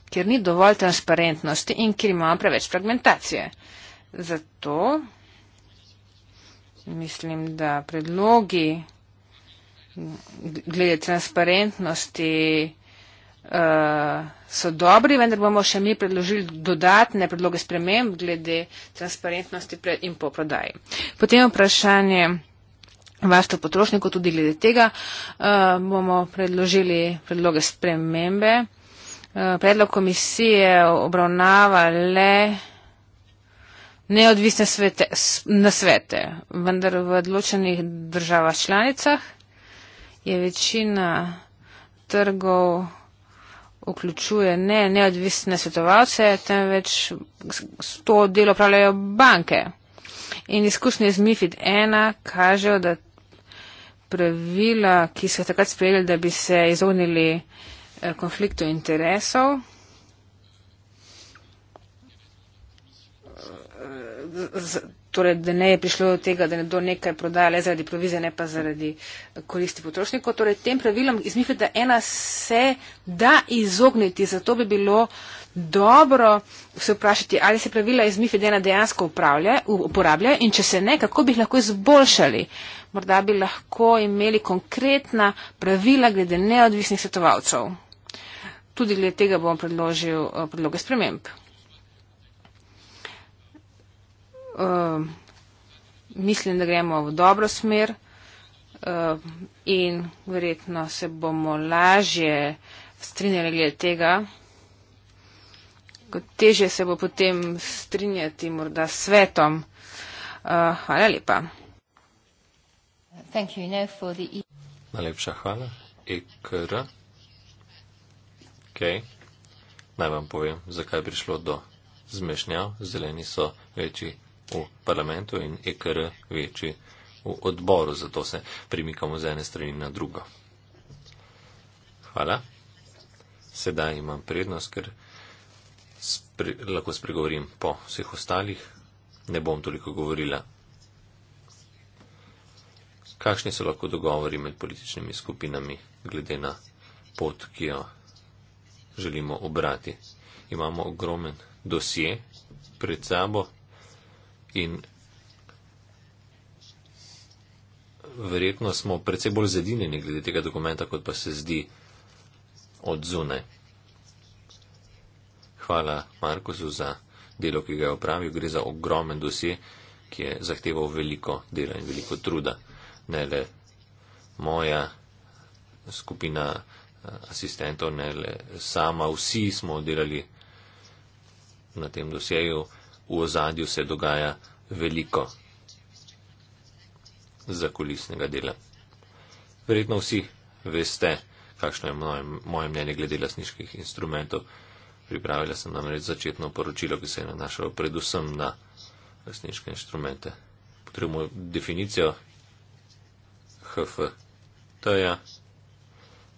Ker ni dovolj transparentnosti in ker imamo preveč fragmentacije. Zato mislim, da predlogi glede transparentnosti Eh, so dobri, vendar bomo še mi predložili dodatne predloge sprememb glede transparentnosti pred in po prodaji. Potem vprašanje varstva potrošnikov tudi glede tega uh, bomo predložili predloge spremembe. Uh, predlog komisije obravnava le neodvisne svete, nasvete, vendar v odločenih državah članicah je večina trgov vključuje ne neodvisne svetovalce, temveč to delo pravljajo banke. In izkušnje z MIFID 1 kažejo, da pravila, ki so takrat sprejeli, da bi se izognili eh, konfliktu interesov, eh, z, z, torej, da ne je prišlo do tega, da nekdo nekaj prodaja le zaradi provizije, ne pa zaradi eh, koristi potrošnikov. Torej, tem pravilom iz Mifida ena se da izogniti, zato bi bilo dobro se vprašati, ali se pravila iz Mifida ena dejansko uporabljajo in če se ne, kako bi jih lahko izboljšali. Morda bi lahko imeli konkretna pravila glede neodvisnih svetovalcev. Tudi glede tega bom predložil eh, predloge sprememb. Eh, mislim, da gremo v dobro smer eh, in verjetno se bomo lažje strinjali glede tega, kot teže se bo potem strinjati morda s svetom. Eh, hvala lepa. Najlepša hvala. EKR. Ok. Naj vam povem, zakaj je prišlo do zmešnjav. Zeleni so večji v parlamentu in EKR večji v odboru, zato se premikamo z ene strani na drugo. Hvala. Sedaj imam prednost, ker spri, lahko spregovorim po vseh ostalih. Ne bom toliko govorila. Kakšni so lahko dogovori med političnimi skupinami glede na pot, ki jo želimo obrati? Imamo ogromen dosje pred sabo, in verjetno smo predvsej bolj zedinjeni glede tega dokumenta, kot pa se zdi od zune. Hvala Markozu za delo, ki ga je opravil. Gre za ogromen dosje, ki je zahteval veliko dela in veliko truda. Ne le moja skupina eh, asistentov, ne le sama, vsi smo delali na tem dosjeju v ozadju se dogaja veliko zakulisnega dela. Verjetno vsi veste, kakšno je moje, moje mnenje glede lasniških instrumentov. Pripravila sem namreč začetno poročilo, ki se je nanašalo predvsem na lasniške inštrumente. Potrebujemo definicijo HFT-ja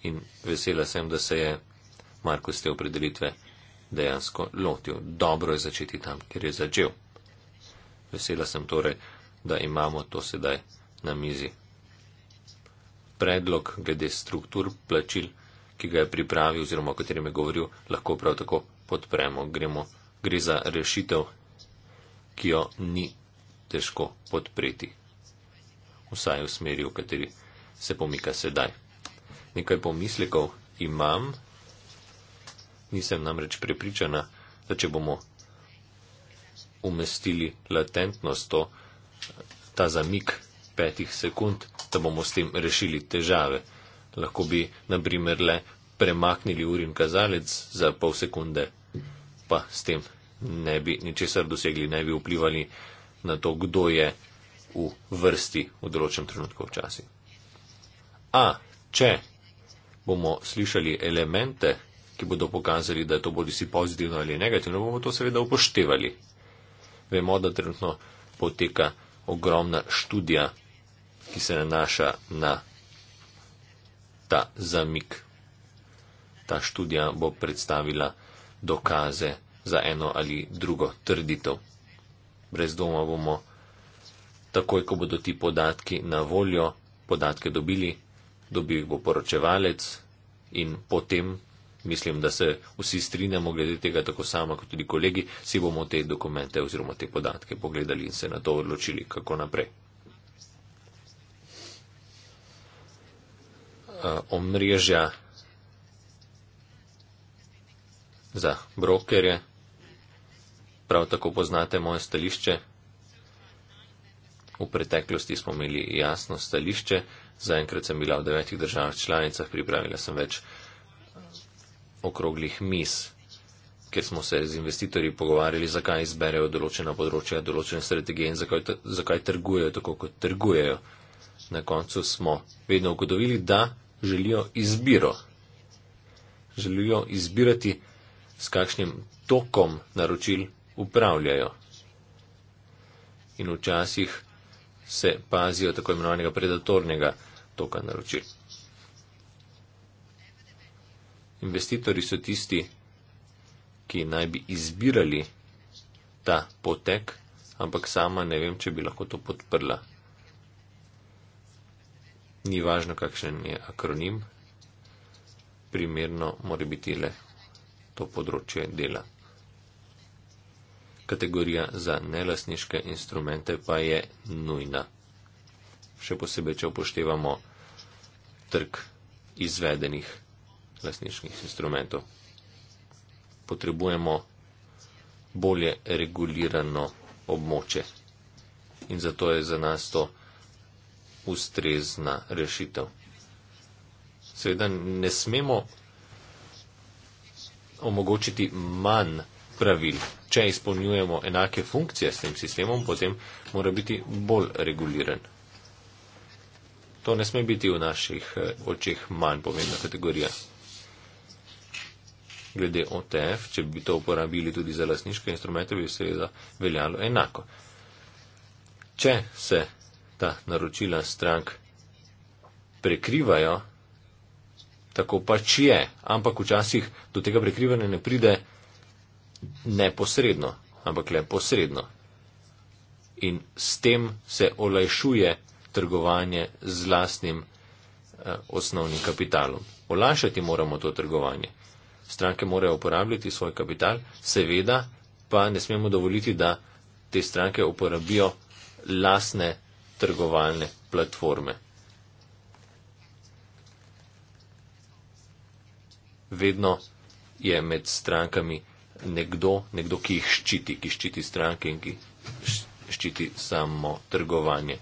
in vesela sem, da se je Marko z te opredelitve dejansko lotil. Dobro je začeti tam, kjer je začel. Vesela sem torej, da imamo to sedaj na mizi. Predlog glede struktur plačil, ki ga je pripravil oziroma o katerem je govoril, lahko prav tako podpremo. Gremo, gre za rešitev, ki jo ni težko podpreti. Vsaj v smeri, v kateri se pomika sedaj. Nekaj pomislekov imam, Nisem namreč prepričana, da če bomo umestili latentnost, to, ta zamik petih sekund, da bomo s tem rešili težave. Lahko bi, na primer, le premaknili urin kazalec za pol sekunde, pa s tem ne bi ničesar dosegli, ne bi vplivali na to, kdo je v vrsti v določenem trenutku včasih. A, če bomo slišali elemente, ki bodo pokazali, da je to bodi si pozitivno ali negativno, bomo to seveda upoštevali. Vemo, da trenutno poteka ogromna študija, ki se nanaša na ta zamik. Ta študija bo predstavila dokaze za eno ali drugo trditev. Brez doma bomo, takoj ko bodo ti podatki na voljo, podatke dobili, dobi jih bo poročevalec in potem mislim, da se vsi strinjamo glede tega, tako sama kot tudi kolegi, si bomo te dokumente oziroma te podatke pogledali in se na to odločili, kako naprej. Uh, omrežja za brokerje. Prav tako poznate moje stališče. V preteklosti smo imeli jasno stališče. Zaenkrat sem bila v devetih državah članicah, pripravila sem več okroglih mis, ker smo se z investitorji pogovarjali, zakaj izberejo določena področja, določene strategije in zakaj, zakaj trgujejo tako, kot trgujejo. Na koncu smo vedno ugotovili, da želijo izbiro. Želijo izbirati, s kakšnim tokom naročil upravljajo. In včasih se pazijo tako imenovanega predatornega toka naročil investitorji so tisti, ki naj bi izbirali ta potek, ampak sama ne vem, če bi lahko to podprla. Ni važno, kakšen je akronim, primerno mora biti le to področje dela. Kategorija za nelasniške instrumente pa je nujna. Še posebej, če upoštevamo trg izvedenih glasniških instrumentov. Potrebujemo bolje regulirano območje in zato je za nas to ustrezna rešitev. Seveda ne smemo omogočiti manj pravil. Če izpolnjujemo enake funkcije s tem sistemom, potem mora biti bolj reguliran. To ne sme biti v naših eh, očeh manj pomembna kategorija glede OTF, če bi to uporabili tudi za lasniške instrumente, bi seveda veljalo enako. Če se ta naročila strank prekrivajo, tako pač je, ampak včasih do tega prekrivanja ne pride neposredno, ampak le posredno. In s tem se olajšuje trgovanje z lastnim eh, osnovnim kapitalom. Olajšati moramo to trgovanje stranke morajo uporabljati svoj kapital, seveda pa ne smemo dovoliti, da te stranke uporabijo lasne trgovalne platforme. Vedno je med strankami nekdo, nekdo, ki jih ščiti, ki ščiti stranke in ki ščiti samo trgovanje.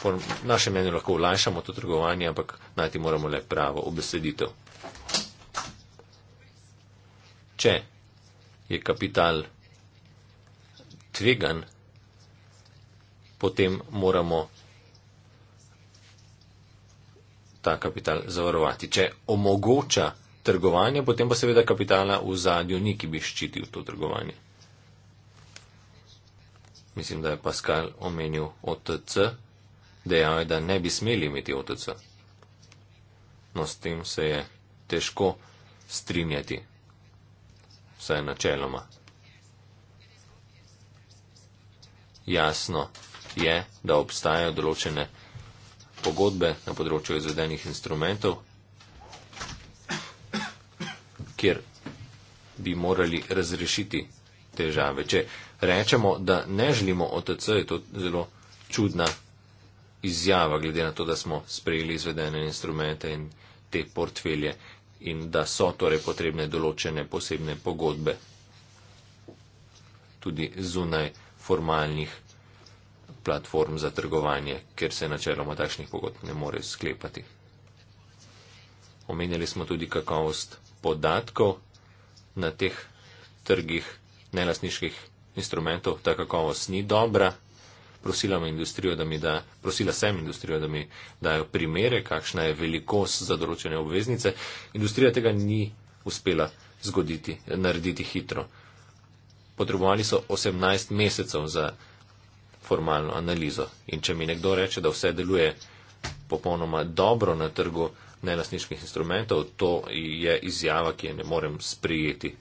Po našem mnenju lahko ulajšamo to trgovanje, ampak najti moramo le pravo obeseditev če je kapital tvegan, potem moramo ta kapital zavarovati. Če omogoča trgovanje, potem pa seveda kapitala v zadju ni, ki bi ščitil to trgovanje. Mislim, da je Pascal omenil OTC, dejal je, da ne bi smeli imeti OTC. No, s tem se je težko strinjati vsaj načeloma. Jasno je, da obstajajo določene pogodbe na področju izvedenih instrumentov, kjer bi morali razrešiti težave. Če rečemo, da ne želimo OTC, je to zelo čudna izjava, glede na to, da smo sprejeli izvedene instrumente in te portfelje in da so torej potrebne določene posebne pogodbe tudi zunaj formalnih platform za trgovanje, ker se načeloma takšnih pogodb ne more sklepati. Omenjali smo tudi kakovost podatkov na teh trgih nelasniških instrumentov, ta kakovost ni dobra prosila, da da, prosila sem industrijo, da mi dajo primere, kakšna je velikost za določene obveznice. Industrija tega ni uspela zgoditi, narediti hitro. Potrebovali so 18 mesecev za formalno analizo. In če mi nekdo reče, da vse deluje popolnoma dobro na trgu nelasniških instrumentov, to je izjava, ki je ne morem sprijeti.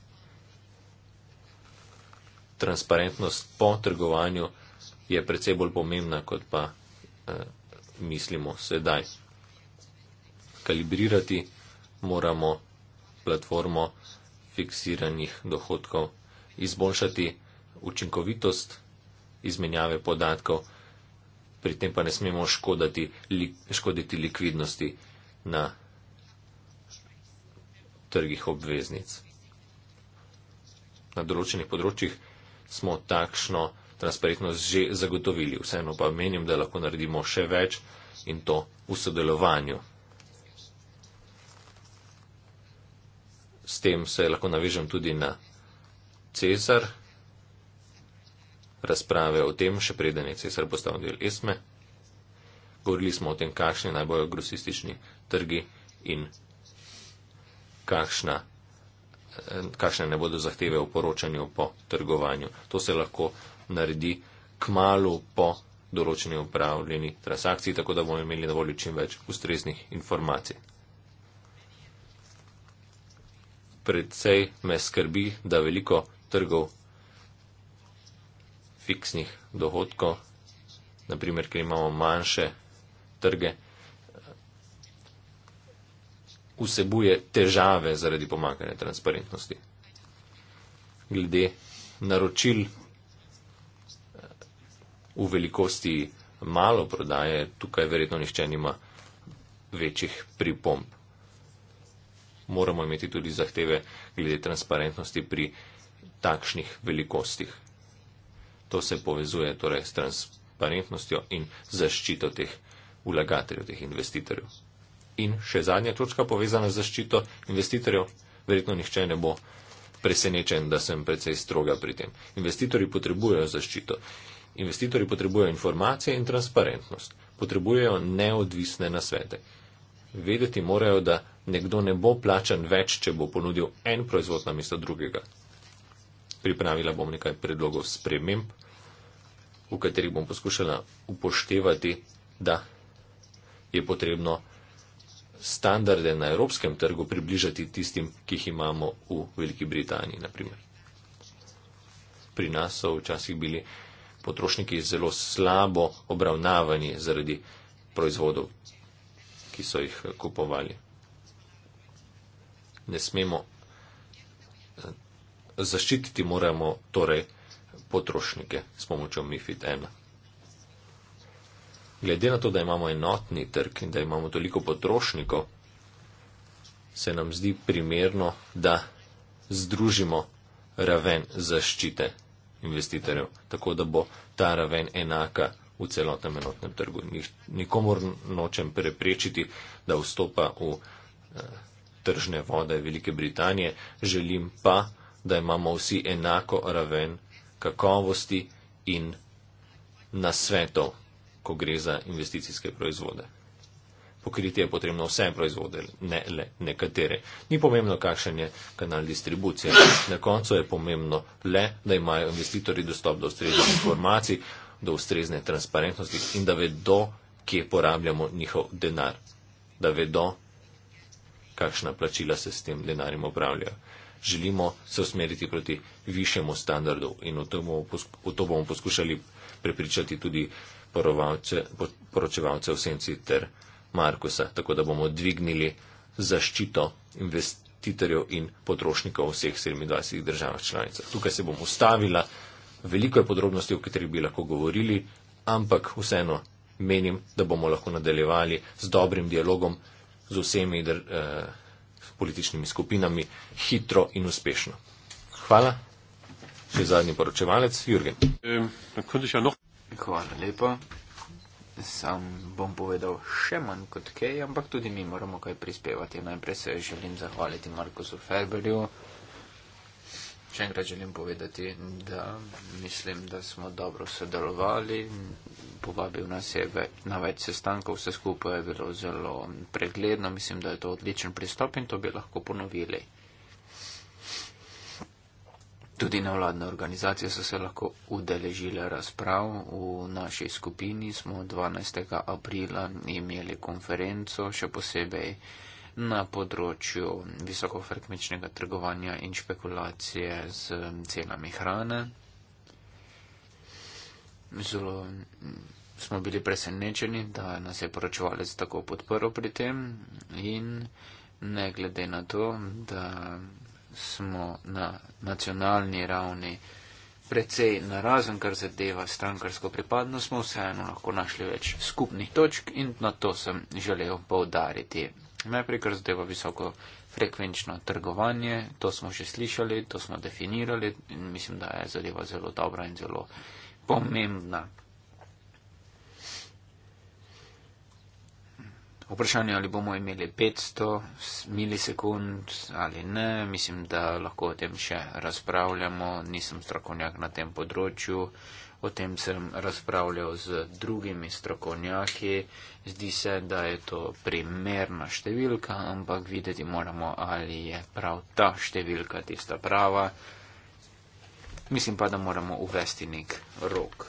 Transparentnost po trgovanju je precej bolj pomembna, kot pa eh, mislimo sedaj. Kalibrirati moramo platformo fiksiranih dohodkov, izboljšati učinkovitost izmenjave podatkov, pri tem pa ne smemo škoditi, škoditi likvidnosti na trgih obveznic. Na določenih področjih smo takšno transparentnost že zagotovili. Vseeno pa menim, da lahko naredimo še več in to v sodelovanju. S tem se lahko navežem tudi na Cezar. Razprave o tem, še preden je Cesar postal del ESME, govorili smo o tem, kakšni najbolj grosistični trgi in kakšna, eh, kakšne ne bodo zahteve v poročanju po trgovanju. To se lahko naredi k malu po določeni upravljeni transakciji, tako da bomo imeli na voljo čim več ustreznih informacij. Predvsej me skrbi, da veliko trgov fiksnih dohodkov, naprimer, ker imamo manjše trge, vsebuje težave zaradi pomankanja transparentnosti. Glede naročil v velikosti malo prodaje, tukaj verjetno nišče nima večjih pripomb. Moramo imeti tudi zahteve glede transparentnosti pri takšnih velikostih. To se povezuje torej s transparentnostjo in zaščito teh vlagateljev, teh investitorjev. In še zadnja točka povezana z zaščito investitorjev. Verjetno nihče ne bo presenečen, da sem precej stroga pri tem. Investitorji potrebujejo zaščito. Investitorji potrebujejo informacije in transparentnost, potrebujejo neodvisne nasvete. Vedeti morajo, da nekdo ne bo plačan več, če bo ponudil en proizvod na mesto drugega. Pripravila bom nekaj predlogov sprememb, v katerih bom poskušala upoštevati, da je potrebno standarde na evropskem trgu približati tistim, ki jih imamo v Veliki Britaniji, naprimer. Pri nas so včasih bili potrošniki zelo slabo obravnavani zaradi proizvodov, ki so jih eh, kupovali. Ne smemo eh, zaščititi, moramo torej potrošnike s pomočjo MIFID 1. Glede na to, da imamo enotni trg in da imamo toliko potrošnikov, se nam zdi primerno, da združimo raven zaščite investitorjev, tako da bo ta raven enaka v celotnem enotnem trgu. Nikomor nočem preprečiti, da vstopa v eh, tržne vode Velike Britanije, želim pa, da imamo vsi enako raven kakovosti in nasvetov, ko gre za investicijske proizvode pokriti je potrebno vse proizvode, ne le nekatere. Ni pomembno, kakšen je kanal distribucije. Na koncu je pomembno le, da imajo investitorji dostop do ustreznih informacij, do ustrezne transparentnosti in da vedo, kje porabljamo njihov denar. Da vedo, kakšna plačila se s tem denarjem upravljajo. Želimo se usmeriti proti višjemu standardu in v to bomo, posku, v to bomo poskušali prepričati tudi poročevalce v senci ter. Markusa, tako da bomo dvignili zaščito investitorjev in potrošnikov v vseh 27 državah članicah. Tukaj se bom ustavila, veliko je podrobnosti, o katerih bi lahko govorili, ampak vseeno menim, da bomo lahko nadaljevali z dobrim dialogom z vsemi dr, eh, političnimi skupinami hitro in uspešno. Hvala. Še zadnji poročevalec, Jurgen. Eh, ja Hvala lepa sam bom povedal še manj kot kaj, ampak tudi mi moramo kaj prispevati. Najprej se želim zahvaliti Markusu Ferberju. Še enkrat želim povedati, da mislim, da smo dobro sodelovali. Povabil nas je na več sestankov, vse skupaj je bilo zelo pregledno. Mislim, da je to odličen pristop in to bi lahko ponovili. Tudi nevladne organizacije so se lahko udeležile razprav. V naši skupini smo 12. aprila imeli konferenco, še posebej na področju visokofrekvenčnega trgovanja in špekulacije z cenami hrane. Zelo smo bili presenečeni, da nas je poročevalec tako podporo pri tem in ne glede na to, da smo na nacionalni ravni precej narazen, kar zadeva strankarsko pripadnost, smo vseeno lahko našli več skupnih točk in na to sem želel povdariti. Najprej, kar zadeva visoko frekvenčno trgovanje, to smo že slišali, to smo definirali in mislim, da je zadeva zelo dobra in zelo pomembna. Mm. Vprašanje je, ali bomo imeli 500 milisekund ali ne, mislim, da lahko o tem še razpravljamo, nisem strokovnjak na tem področju, o tem sem razpravljal z drugimi strokovnjaki, zdi se, da je to primerna številka, ampak videti moramo, ali je prav ta številka tista prava. Mislim pa, da moramo uvesti nek rok.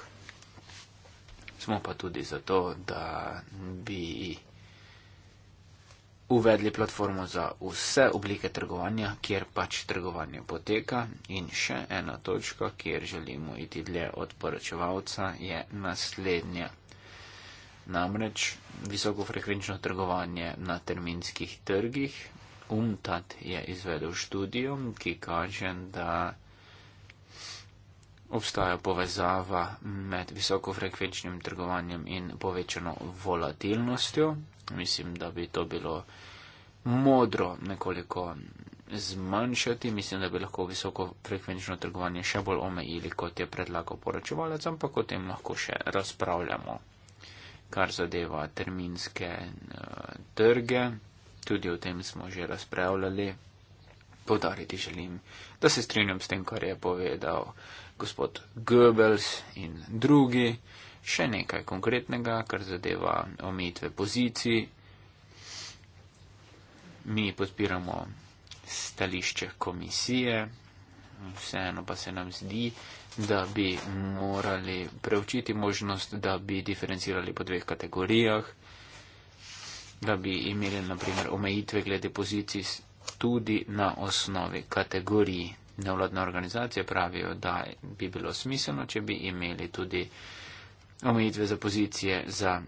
Smo pa tudi zato, da bi uvedli platformo za vse oblike trgovanja, kjer pač trgovanje poteka. In še ena točka, kjer želimo iti dlje od poročevalca, je naslednja. Namreč visokofrekvenčno trgovanje na terminskih trgih. UMTAT je izvedel študijo, ki kaže, da obstaja povezava med visokofrekvenčnim trgovanjem in povečano volatilnostjo, Mislim, da bi to bilo modro nekoliko zmanjšati. Mislim, da bi lahko visoko frekvenčno trgovanje še bolj omejili, kot je predlagal poročevalec, ampak o tem lahko še razpravljamo. Kar zadeva terminske uh, trge, tudi o tem smo že razpravljali. Podariti želim, da se strinjam s tem, kar je povedal gospod Goebbels in drugi še nekaj konkretnega, kar zadeva omejitve pozicij. Mi podpiramo stališče komisije, vseeno pa se nam zdi, da bi morali preučiti možnost, da bi diferencirali po dveh kategorijah, da bi imeli naprimer omejitve glede pozicij tudi na osnovi kategorij. Nevladne organizacije pravijo, da bi bilo smiselno, če bi imeli tudi uh, omejitve za pozicije za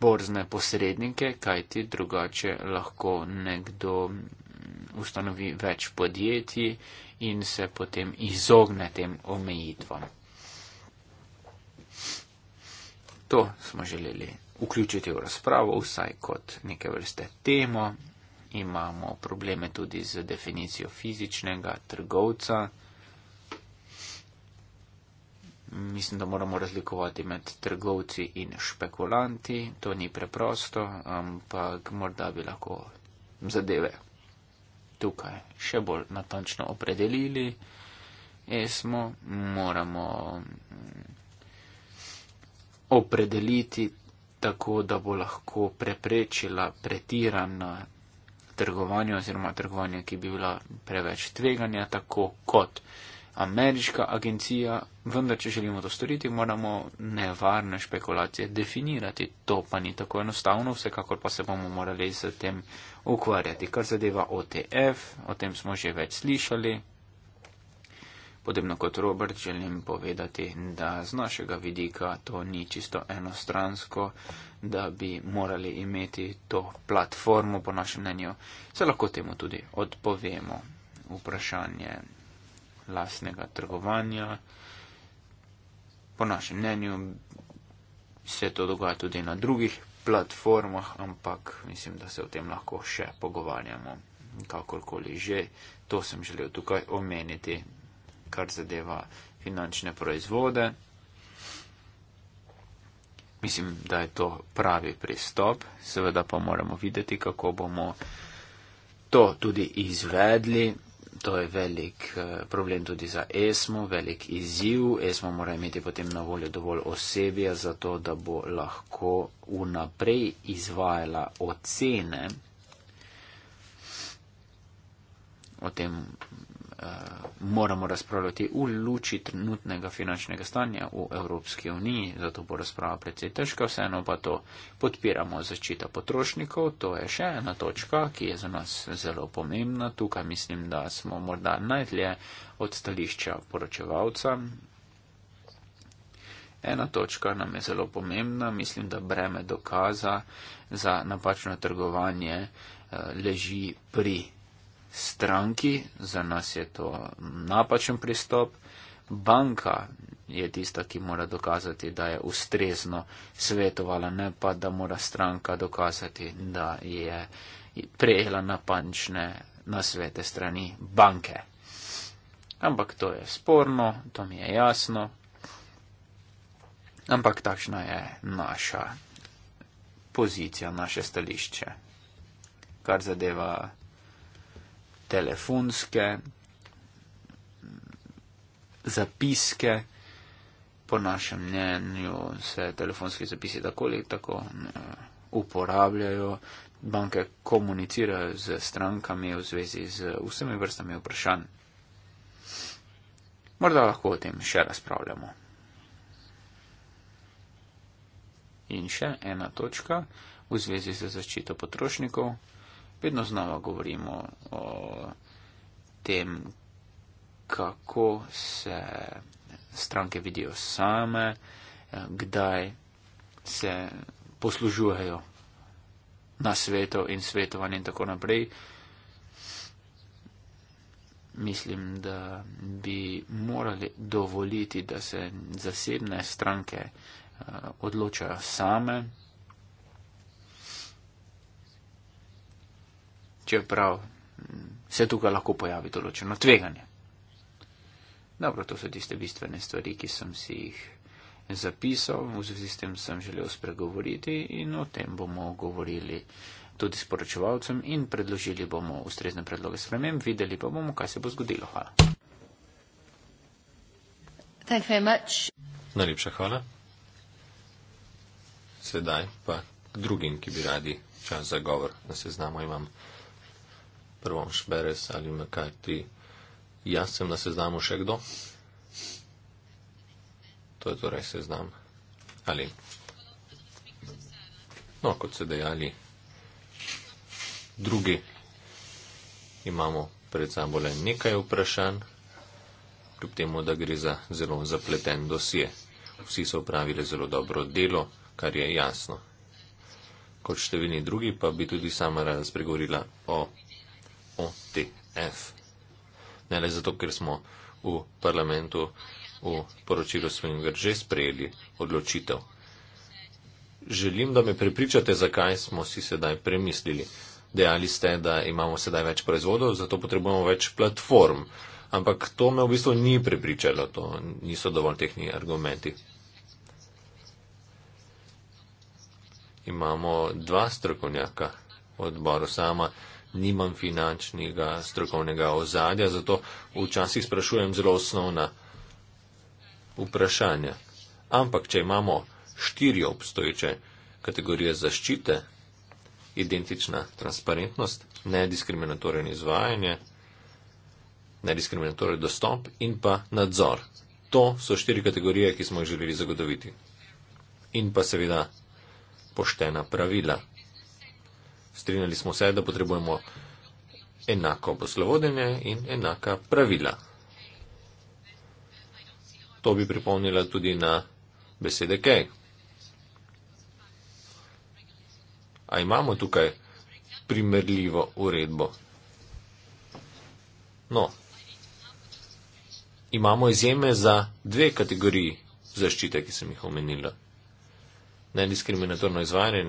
borzne posrednike, kajti drugače lahko nekdo mm, ustanovi več podjetij in se potem izogne tem omejitvam. To smo želeli vključiti v razpravo, vsaj kot neke vrste temo. Imamo probleme tudi z definicijo fizičnega trgovca. Mislim, da moramo razlikovati med trgovci in špekulanti. To ni preprosto, ampak morda bi lahko zadeve tukaj še bolj natančno opredelili. Esmo moramo mm, opredeliti tako, da bo lahko preprečila pretirana trgovanja oziroma trgovanja, ki bi bila preveč tveganja, tako kot ameriška agencija, vendar če želimo to storiti, moramo nevarne špekulacije definirati. To pa ni tako enostavno, vsekakor pa se bomo morali z tem ukvarjati. Kar zadeva OTF, o tem smo že več slišali. Podobno kot Robert želim povedati, da z našega vidika to ni čisto enostransko, da bi morali imeti to platformo po našem mnenju. Se lahko temu tudi odpovemo. Vprašanje lasnega trgovanja. Po našem mnenju se to dogaja tudi na drugih platformah, ampak mislim, da se o tem lahko še pogovarjamo, kakorkoli že. To sem želel tukaj omeniti, kar zadeva finančne proizvode. Mislim, da je to pravi pristop, seveda pa moramo videti, kako bomo to tudi izvedli to je velik eh, problem tudi za ESMO, velik izziv. ESMO mora imeti potem na voljo dovolj osebja za to, da bo lahko vnaprej izvajala ocene o tem, Eh, moramo razpravljati v luči trenutnega finančnega stanja v Evropski uniji, zato bo razprava precej težka, vseeno pa to podpiramo zaščita potrošnikov, to je še ena točka, ki je za nas zelo pomembna. Tukaj mislim, da smo morda najdlje od stališča poročevalca. Ena točka nam je zelo pomembna, mislim, da breme dokaza za napačno trgovanje eh, leži pri stranki, za nas je to napačen pristop. Banka je tista, ki mora dokazati, da je ustrezno svetovala, ne pa, da mora stranka dokazati, da je prejela napačne nasvete strani banke. Ampak to je sporno, to mi je jasno. Ampak takšna je naša pozicija, naše stališče, kar zadeva telefonske zapiske. Po našem mnenju se telefonski zapisi tako ali tako eh, uporabljajo. Banke komunicirajo z strankami v zvezi z vsemi vrstami vprašanj. Morda lahko o tem še razpravljamo. In še ena točka v zvezi z zaščito potrošnikov vedno znova govorimo o tem, kako se stranke vidijo same, kdaj se poslužujejo na svetu in svetovanju in tako naprej. Mislim, da bi morali dovoliti, da se zasebne stranke eh, odločajo same čeprav mm, se tukaj lahko pojavi določeno tveganje. Dobro, to so tiste bistvene stvari, ki sem si jih zapisal, v zvezi s tem sem želel spregovoriti in o tem bomo govorili tudi sporočevalcem in predložili bomo ustrezne predloge sprememb, videli pa bomo, kaj se bo zgodilo. Hvala. Najlepša hvala. Sedaj pa drugim, ki bi radi čas za govor na seznamu imam prvo Šberes ali Mekarti. Jaz sem na seznamu še kdo? To je torej seznam. Ali? No, kot se dejali drugi, imamo pred sabo le nekaj vprašanj, kljub temu, da gre za zelo zapleten dosje. Vsi so upravili zelo dobro delo, kar je jasno. Kot številni drugi pa bi tudi sama rada spregovorila o OTF. Ne le zato, ker smo v parlamentu v poročilu svojim ga že sprejeli odločitev. Želim, da me prepričate, zakaj smo si sedaj premislili. Dejali ste, da imamo sedaj več proizvodov, zato potrebujemo več platform. Ampak to me v bistvu ni prepričalo, to niso dovolj tehni argumenti. Imamo dva strokovnjaka v odboru sama nimam finančnega strokovnega ozadja, zato včasih sprašujem zelo osnovna vprašanja. Ampak, če imamo štiri obstoječe kategorije zaščite, identična transparentnost, nediskriminatoren izvajanje, nediskriminatoren dostop in pa nadzor. To so štiri kategorije, ki smo jih želeli zagotoviti. In pa seveda poštena pravila strinjali smo se, da potrebujemo enako poslovodenje in enaka pravila. To bi pripomnila tudi na besede kaj. A imamo tukaj primerljivo uredbo? No, imamo izjeme za dve kategoriji zaščite, ki sem jih omenila nediskriminatorno izvajanje,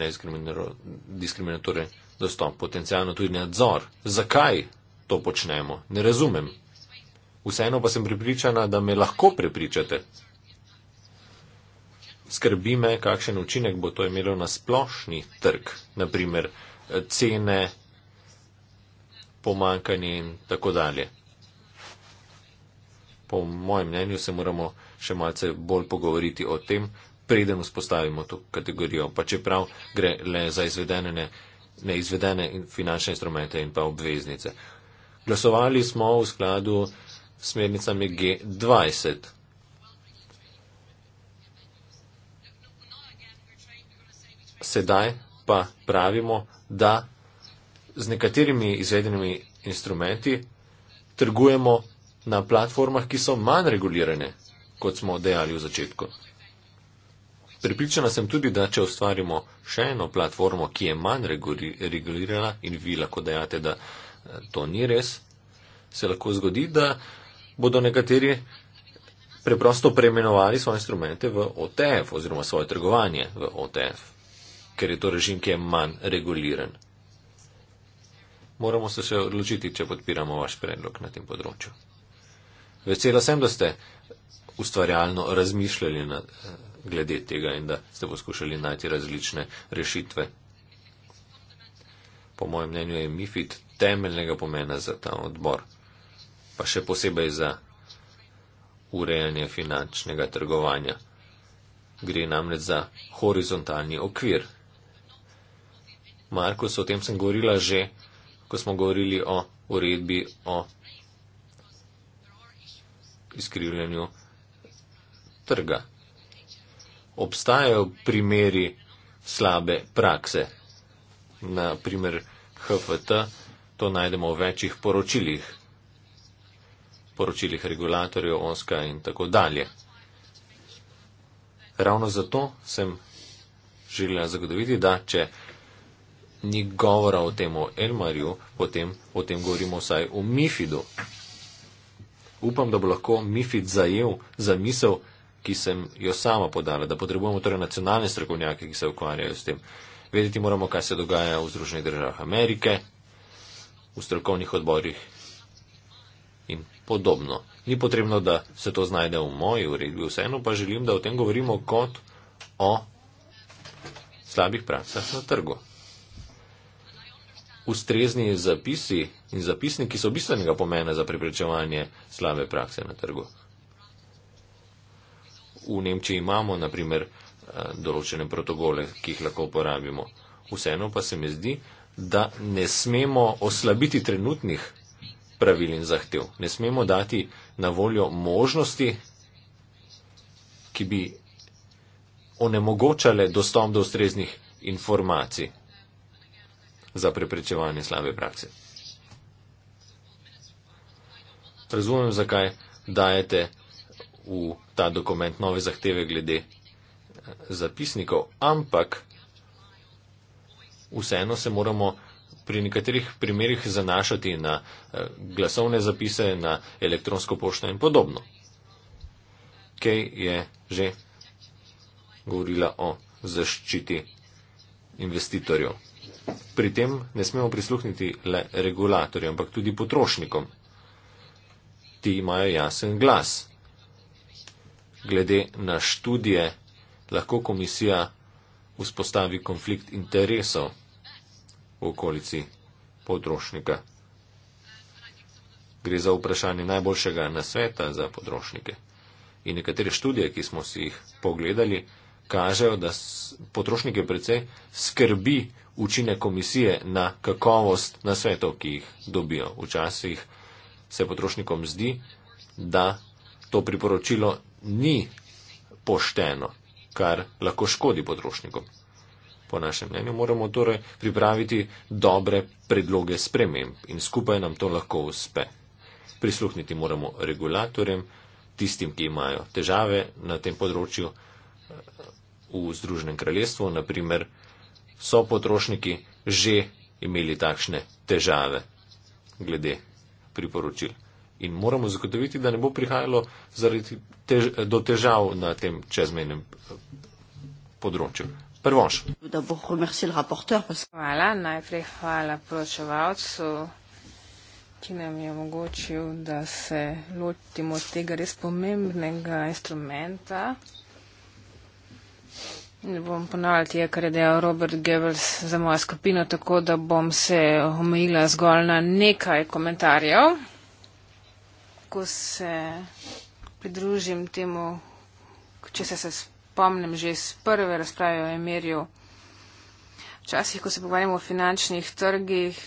nediskriminatoren dostop, potencijalno tudi nadzor. Zakaj to počnemo? Ne razumem. Vseeno pa sem pripričana, da me lahko prepričate. Skrbi me, kakšen učinek bo to imelo na splošni trg, naprimer eh, cene, pomankanje in tako dalje. Po mojem mnenju se moramo še malce bolj pogovoriti o tem, preden vzpostavimo to kategorijo, pa čeprav gre le za izvedene, ne, neizvedene finančne instrumente in pa obveznice. Glasovali smo v skladu s smernicami G20. Sedaj pa pravimo, da z nekaterimi izvedenimi instrumenti trgujemo na platformah, ki so manj regulirane, kot smo dejali v začetku. Pripričana sem tudi, da če ustvarimo še eno platformo, ki je manj regulirana in vi lahko dejate, da eh, to ni res, se lahko zgodi, da bodo nekateri preprosto preimenovali svoje instrumente v OTF oziroma svoje trgovanje v OTF, ker je to režim, ki je manj reguliran. Moramo se še odločiti, če podpiramo vaš predlog na tem področju. Vesela sem, da ste ustvarjalno razmišljali na, eh, glede tega in da ste poskušali najti različne rešitve. Po mojem mnenju je MIFID temeljnega pomena za ta odbor, pa še posebej za urejanje finančnega trgovanja. Gre namreč za horizontalni okvir. Markus, o tem sem govorila že, ko smo govorili o uredbi o izkrivljanju trga obstajajo primeri slabe prakse. Naprimer, HFT to najdemo v večjih poročilih, poročilih regulatorjev OSKA e in tako dalje. Ravno zato sem želela zagotoviti, da če ni govora o tem o Elmarju, potem o tem govorimo vsaj o Mifidu. Upam, da bo lahko Mifid zajel zamisel, ki sem jo sama podala, da potrebujemo torej nacionalne strokovnjake, ki se ukvarjajo s tem. Vedeti moramo, kaj se dogaja v Združenih državah Amerike, v strokovnih odborih in podobno. Ni potrebno, da se to znajde v moji uredbi, vseeno pa želim, da o tem govorimo kot o slabih praksah na trgu. Ustrezni zapisi in zapisniki so bistvenega pomena za preprečevanje slabe prakse na trgu v Nemčiji imamo, naprimer, eh, določene protokole, ki jih lahko uporabimo. Vseeno pa se mi zdi, da ne smemo oslabiti trenutnih pravil in zahtev. Ne smemo dati na voljo možnosti, ki bi onemogočale dostop do ustreznih informacij za preprečevanje slabe prakse. Razumem, zakaj dajete v ta dokument nove zahteve glede eh, zapisnikov, ampak vseeno se moramo pri nekaterih primerjih zanašati na eh, glasovne zapise, na elektronsko pošto in podobno. Kej je že govorila o zaščiti investitorjev. Pri tem ne smemo prisluhniti le regulatorjem, ampak tudi potrošnikom. Ti imajo jasen glas glede na študije lahko komisija vzpostavi konflikt interesov v okolici potrošnika. Gre za vprašanje najboljšega nasveta za potrošnike. In nekatere študije, ki smo si jih pogledali, kažejo, da potrošnike precej skrbi učine komisije na kakovost nasvetov, ki jih dobijo. Včasih se potrošnikom zdi, da to priporočilo ni pošteno, kar lahko škodi potrošnikom. Po našem mnenju moramo torej pripraviti dobre predloge sprememb in skupaj nam to lahko uspe. Prisluhniti moramo regulatorjem, tistim, ki imajo težave na tem področju v Združenem kraljestvu, naprimer so potrošniki že imeli takšne težave glede priporočil in moramo zagotoviti, da ne bo prihajalo tež, do težav na tem čezmenem eh, področju. Prvoš. Hvala, najprej hvala poročevalcu, ki nam je omogočil, da se lotimo tega res pomembnega instrumenta. Ne bom ponavljati, kar je dejal Robert Goebbels za mojo skupino, tako da bom se omejila zgolj na nekaj komentarjev lahko se pridružim temu, če se, se spomnim že iz prve razprave o emirju. Včasih, ko se pogovarjamo o finančnih trgih,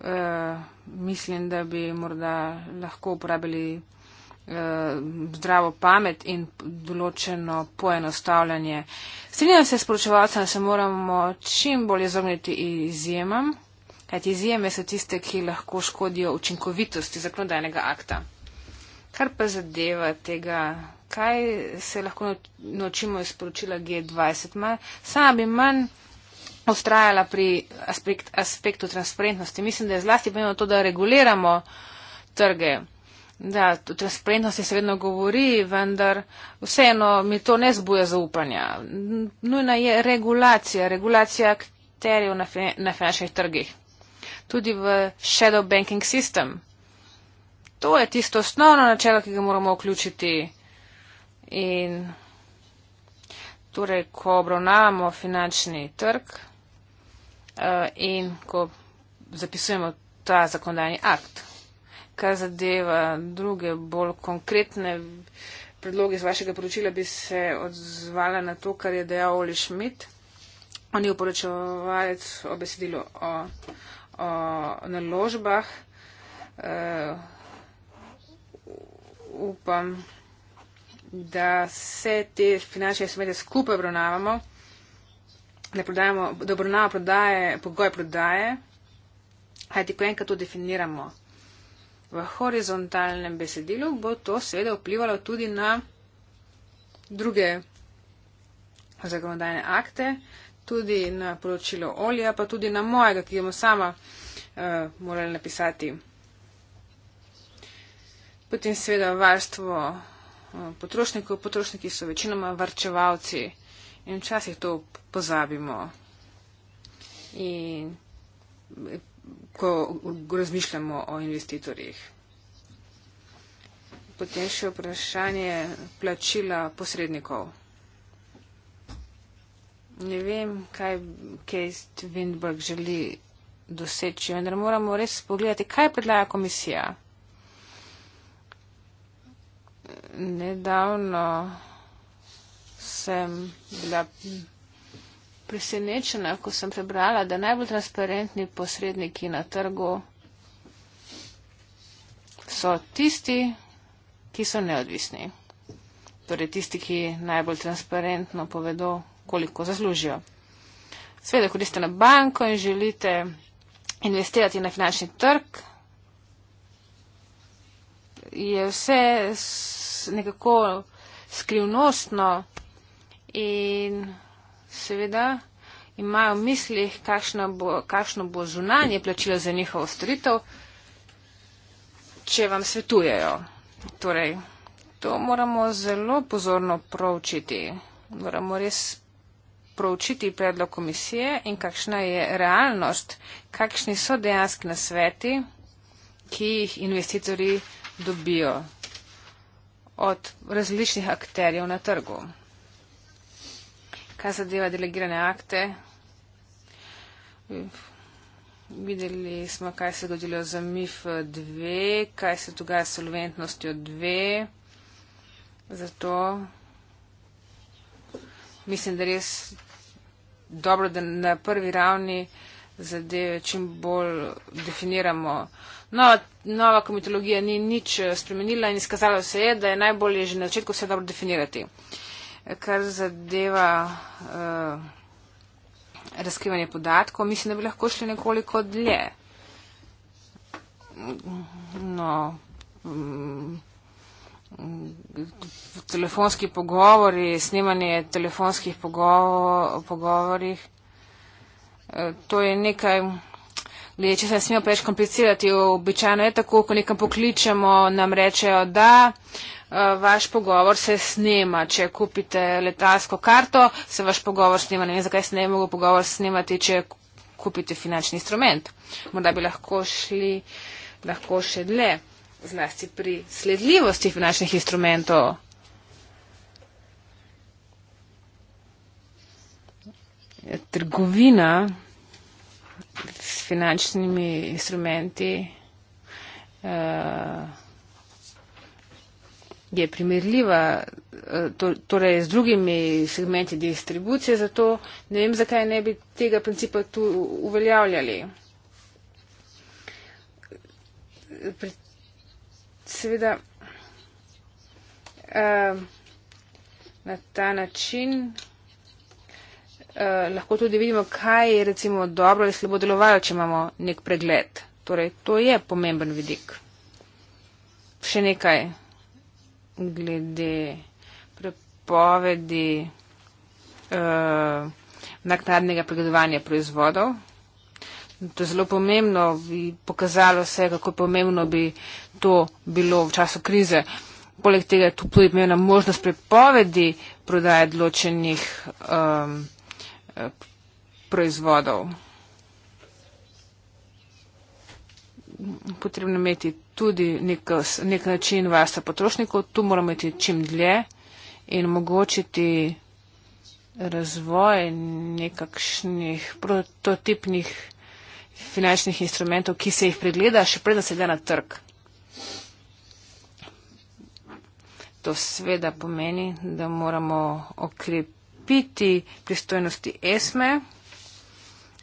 eh, mislim, da bi morda lahko uporabili eh, zdravo pamet in določeno poenostavljanje. Strinjam se s poročevalcem, da se moramo čim bolje izogniti izjemam kajti izjeme so tiste, ki lahko škodijo učinkovitosti zakonodajnega akta. Kar pa zadeva tega, kaj se lahko no-, naučimo iz poročila G20, sama bi manj ustrajala pri aspekt, aspektu transparentnosti. Mislim, da je zlasti pomembno to, da reguliramo trge. Da, o transparentnosti se vedno govori, vendar vseeno mi to ne zbuja zaupanja. Nujna je regulacija, regulacija akterjev na, fe, na finančnih trgih tudi v shadow banking system. To je tisto osnovno načelo, ki ga moramo vključiti. In torej, ko obravnavamo finančni trg eh, in ko zapisujemo ta zakonodajni akt, kar zadeva druge bolj konkretne predloge iz vašega poročila, bi se odzvala na to, kar je dejal Oli Schmidt. On je uporočevalec o besedilu o o naložbah. Uh, upam, da vse te finančne instrumente skupaj obravnavamo, da, da obravnavamo prodaje, pogoje prodaje, kajti ko enkrat to definiramo v horizontalnem besedilu, bo to seveda vplivalo tudi na druge zakonodajne akte, tudi na poročilo Olja, pa tudi na mojega, ki ga bomo sama uh, eh, morali napisati. Potem seveda varstvo uh, potrošnikov. Potrošniki so večinoma varčevalci in včasih to pozabimo. In eh, ko razmišljamo o investitorjih. Potem še vprašanje plačila posrednikov ne vem, kaj Kejst Windberg želi doseči, vendar moramo res pogledati, kaj predlaga komisija. Nedavno sem bila presenečena, ko sem prebrala, da najbolj transparentni posredniki na trgu so tisti, ki so neodvisni. Torej tisti, ki najbolj transparentno povedo koliko zaslužijo. Sveda, ko ste na banko in želite investirati na finančni trg, je vse nekako skrivnostno in seveda imajo v mislih, kakšno bo, kakšno bo zunanje plačilo za njihovo storitev, če vam svetujejo. Torej, to moramo zelo pozorno pravčiti. Moramo res proučiti predlog komisije in kakšna je realnost, kakšni so dejanski nasveti, ki jih investitorji dobijo od različnih akterjev na trgu. Kaj zadeva delegirane akte? Videli smo, kaj se je zgodilo za MIF 2, kaj se dogaja s solventnostjo 2. Zato mislim, da res dobro, da na prvi ravni zadeve čim bolj definiramo. Nova, nova komitologija ni nič eh, spremenila in izkazalo se je, da je najbolje že na začetku vse dobro definirati. Kar zadeva uh, razkrivanje podatkov, mislim, da bi lahko šli nekoliko dlje. No, um, telefonski pogovori, snemanje telefonskih pogovo, pogovorih. E, to je nekaj, glede, če se ne smemo preveč komplicirati, običajno je tako, ko nekam pokličemo, nam rečejo, da e, vaš pogovor se snema. Če kupite letalsko karto, se vaš pogovor snema. Ne vem, zakaj se ne bi mogel pogovor snemati, če kupite finančni instrument. Morda bi lahko šli, lahko še dlje zlasti pri sledljivosti finančnih instrumentov. Trgovina s finančnimi instrumenti uh, je primerljiva uh, to, torej z drugimi segmenti distribucije, zato ne vem, zakaj ne bi tega principa tu uveljavljali. Pri seveda uh, na ta način uh, lahko tudi vidimo, kaj je recimo dobro ali slabo delovalo, če imamo nek pregled. Torej, to je pomemben vidik. Še nekaj glede prepovedi uh, naknadnega pregledovanja proizvodov. To je zelo pomembno, bi pokazalo se, kako pomembno bi to bilo v času krize. Poleg tega je tu tudi imena možnost prepovedi prodaje odločenih um, eh, proizvodov. Potrebno je imeti tudi nek, nek način varstva potrošnikov, tu moramo imeti čim dlje in omogočiti razvoj nekakšnih prototipnih finančnih instrumentov, ki se jih pregleda, še preden se gre na trg. To sveda pomeni, da moramo okrepiti pristojnosti ESME.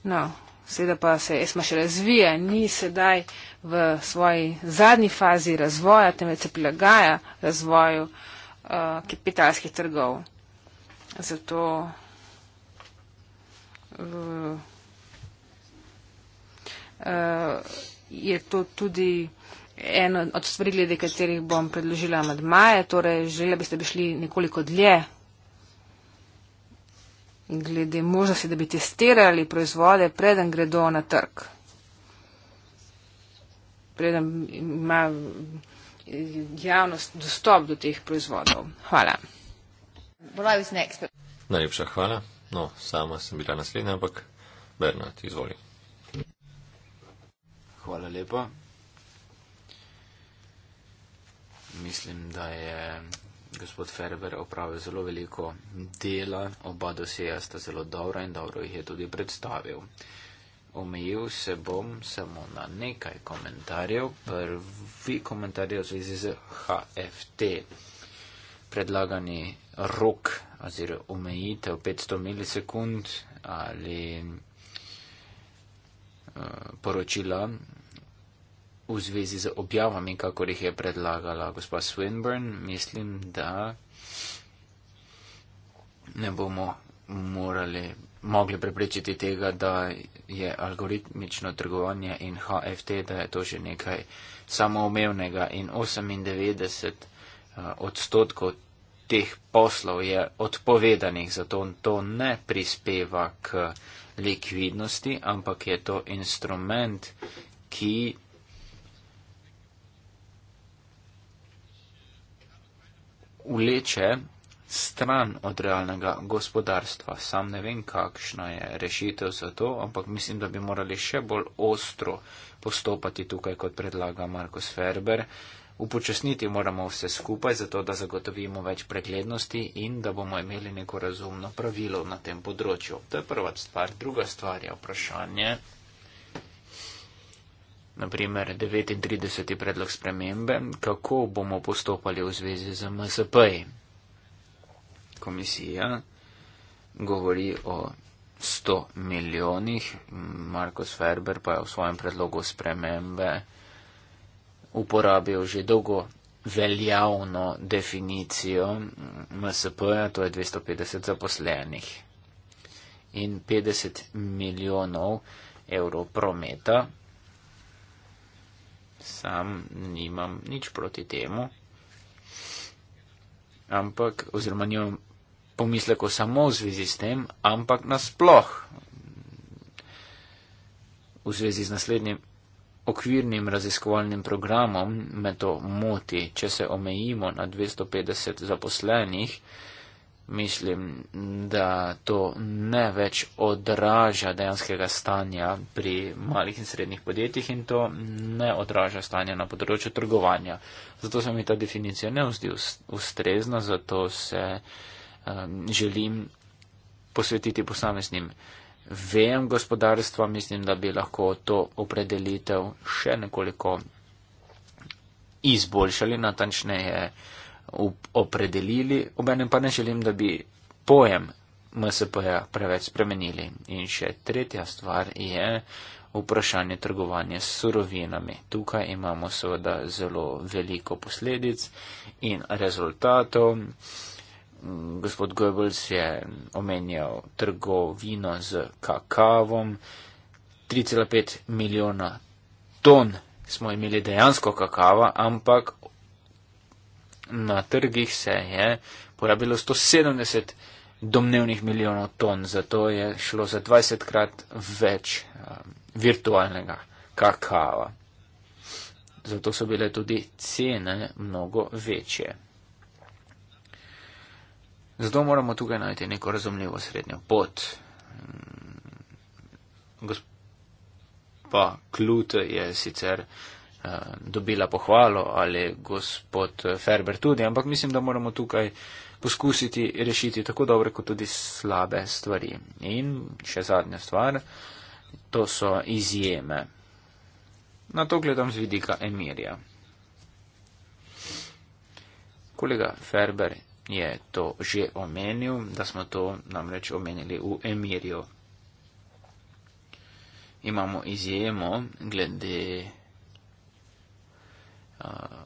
No, sveda pa se ESMA še razvija, ni sedaj v svoji zadnji fazi razvoja, temveč se prilagaja razvoju uh, kapitalskih trgov. Zato. Uh, je to tudi eno od stvari, glede katerih bom predložila med maje, torej želela bi ste bi šli nekoliko dlje glede možnosti, da bi testirali proizvode, preden gredo na trg. Preden ima eh, javnost dostop do teh proizvodov. Hvala. Najlepša hvala. No, sama sem bila naslednja, ampak Bernard, izvolite. Hvala lepa. Mislim, da je gospod Ferber opravil zelo veliko dela, oba dosija sta zelo dobra in dobro jih je tudi predstavil. Omejil se bom samo na nekaj komentarjev. Prvi komentar je v zvezi z HFT. Predlagani rok oziroma omejitev 500 milisekund ali uh, poročila v zvezi z objavami, kako jih je predlagala gospa Swinburne, mislim, da ne bomo morali, mogli preprečiti tega, da je algoritmično trgovanje in HFT, da je to že nekaj samoumevnega in 98 eh, odstotkov teh poslov je odpovedanih, zato to ne prispeva k likvidnosti, ampak je to instrument, ki vleče stran od realnega gospodarstva. Sam ne vem, kakšna je rešitev za to, ampak mislim, da bi morali še bolj ostro postopati tukaj, kot predlaga Markus Ferber. Upočasniti moramo vse skupaj, zato da zagotovimo več preglednosti in da bomo imeli neko razumno pravilo na tem področju. To je prva stvar. Druga stvar je vprašanje naprimer 39. predlog spremembe, kako bomo postopali v zvezi z MSP. Komisija govori o 100 milijonih, Markus Ferber pa je v svojem predlogu spremembe uporabil že dolgo veljavno definicijo MSP, -ja, to je 250 zaposlenih in 50 milijonov evrov prometa, sam nimam nič proti temu, ampak, oziroma nimam pomisleko samo v zvezi s tem, ampak nasploh v zvezi z naslednjim okvirnim raziskovalnim programom me to moti, če se omejimo na 250 zaposlenih mislim, da to ne več odraža dejanskega stanja pri malih in srednjih podjetjih in to ne odraža stanja na področju trgovanja. Zato se mi ta definicija ne vzdi ustrezna, zato se um, želim posvetiti posameznim vejem gospodarstva. Mislim, da bi lahko to opredelitev še nekoliko izboljšali, natančneje opredelili, obenem pa ne želim, da bi pojem MSP-ja preveč spremenili. In še tretja stvar je vprašanje trgovanja s surovinami. Tukaj imamo seveda zelo veliko posledic in rezultatov. Gospod Goebbels je omenjal trgovino z kakavom. 3,5 milijona ton smo imeli dejansko kakava, ampak na trgih se je porabilo 170 domnevnih milijonov ton, zato je šlo za 20 krat več um, virtualnega kakava. Zato so bile tudi cene mnogo večje. Zato moramo tukaj najti neko razumljivo srednjo pot. Gospa Klute je sicer Eh, dobila pohvalo ali gospod Ferber tudi, ampak mislim, da moramo tukaj poskusiti rešiti tako dobre kot tudi slabe stvari. In še zadnja stvar, to so izjeme. Na to gledam z vidika Emirja. Kolega Ferber je to že omenil, da smo to namreč omenili v Emirju. Imamo izjemo glede uh,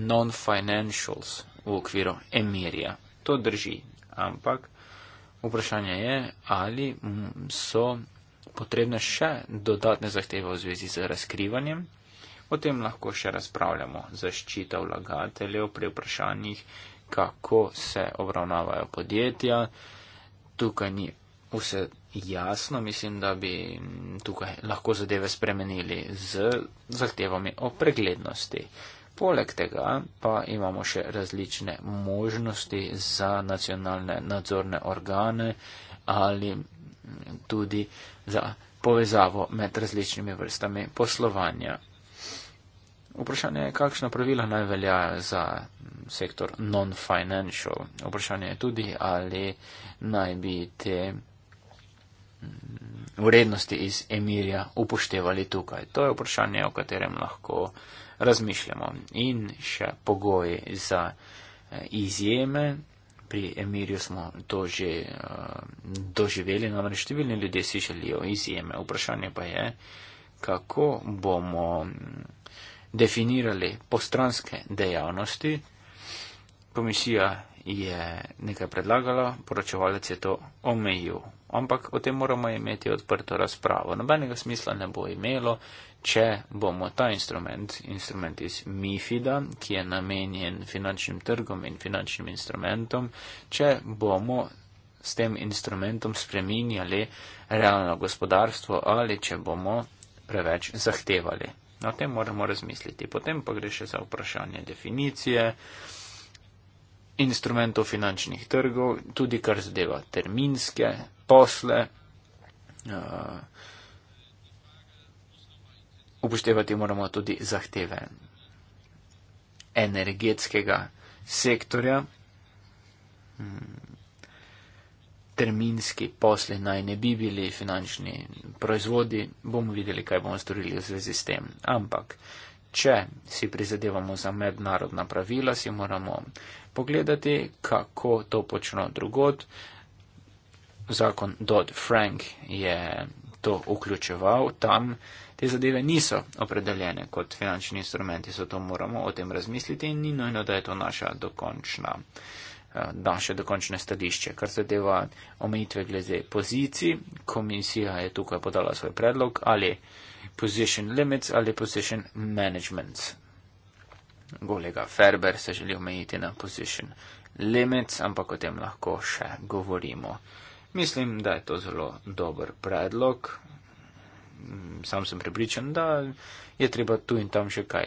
non-financials v okviru emirja. To drži, ampak vprašanje je, ali so potrebne še dodatne zahteve v zvezi z razkrivanjem. O tem lahko še razpravljamo. Zaščita vlagateljev pri vprašanjih, kako se obravnavajo podjetja. Tukaj ni vse jasno, mislim, da bi tukaj lahko zadeve spremenili z zahtevami o preglednosti. Poleg tega pa imamo še različne možnosti za nacionalne nadzorne organe ali tudi za povezavo med različnimi vrstami poslovanja. Vprašanje je, kakšna pravila naj veljajo za sektor non-financial. Vprašanje je tudi, ali naj bi te vrednosti iz Emirja upoštevali tukaj. To je vprašanje, o katerem lahko razmišljamo. In še pogoji za eh, izjeme. Pri Emirju smo to že eh, doživeli, namreč številni ljudje si želijo izjeme. Vprašanje pa je, kako bomo mm, definirali postranske dejavnosti. Komisija je nekaj predlagala, poročevalec je to omejil ampak o tem moramo imeti odprto razpravo. Nobenega smisla ne bo imelo, če bomo ta instrument, instrument iz MIFID-a, ki je namenjen finančnim trgom in finančnim instrumentom, če bomo s tem instrumentom spreminjali realno gospodarstvo ali če bomo preveč zahtevali. O tem moramo razmisliti. Potem pa gre še za vprašanje definicije instrumentov finančnih trgov, tudi kar zadeva terminske posle. Eh, upoštevati moramo tudi zahteve energetskega sektorja. Hmm. Terminski posli naj ne bi bili finančni proizvodi, bomo videli, kaj bomo storili v zvezi s tem. Ampak če si prizadevamo za mednarodna pravila, si moramo pogledati, kako to počno drugod. Zakon Dodd-Frank je to vključeval, tam te zadeve niso opredeljene kot finančni instrumenti, zato moramo o tem razmisliti in ni nojno, da je to naša dokončna, eh, naše dokončne stadišče. Kar zadeva omejitve glede pozicij, komisija je tukaj podala svoj predlog ali position limits ali position management. Golega Ferber se želi omejiti na position limits, ampak o tem lahko še govorimo. Mislim, da je to zelo dober predlog. Sam sem prepričan, da je treba tu in tam še kaj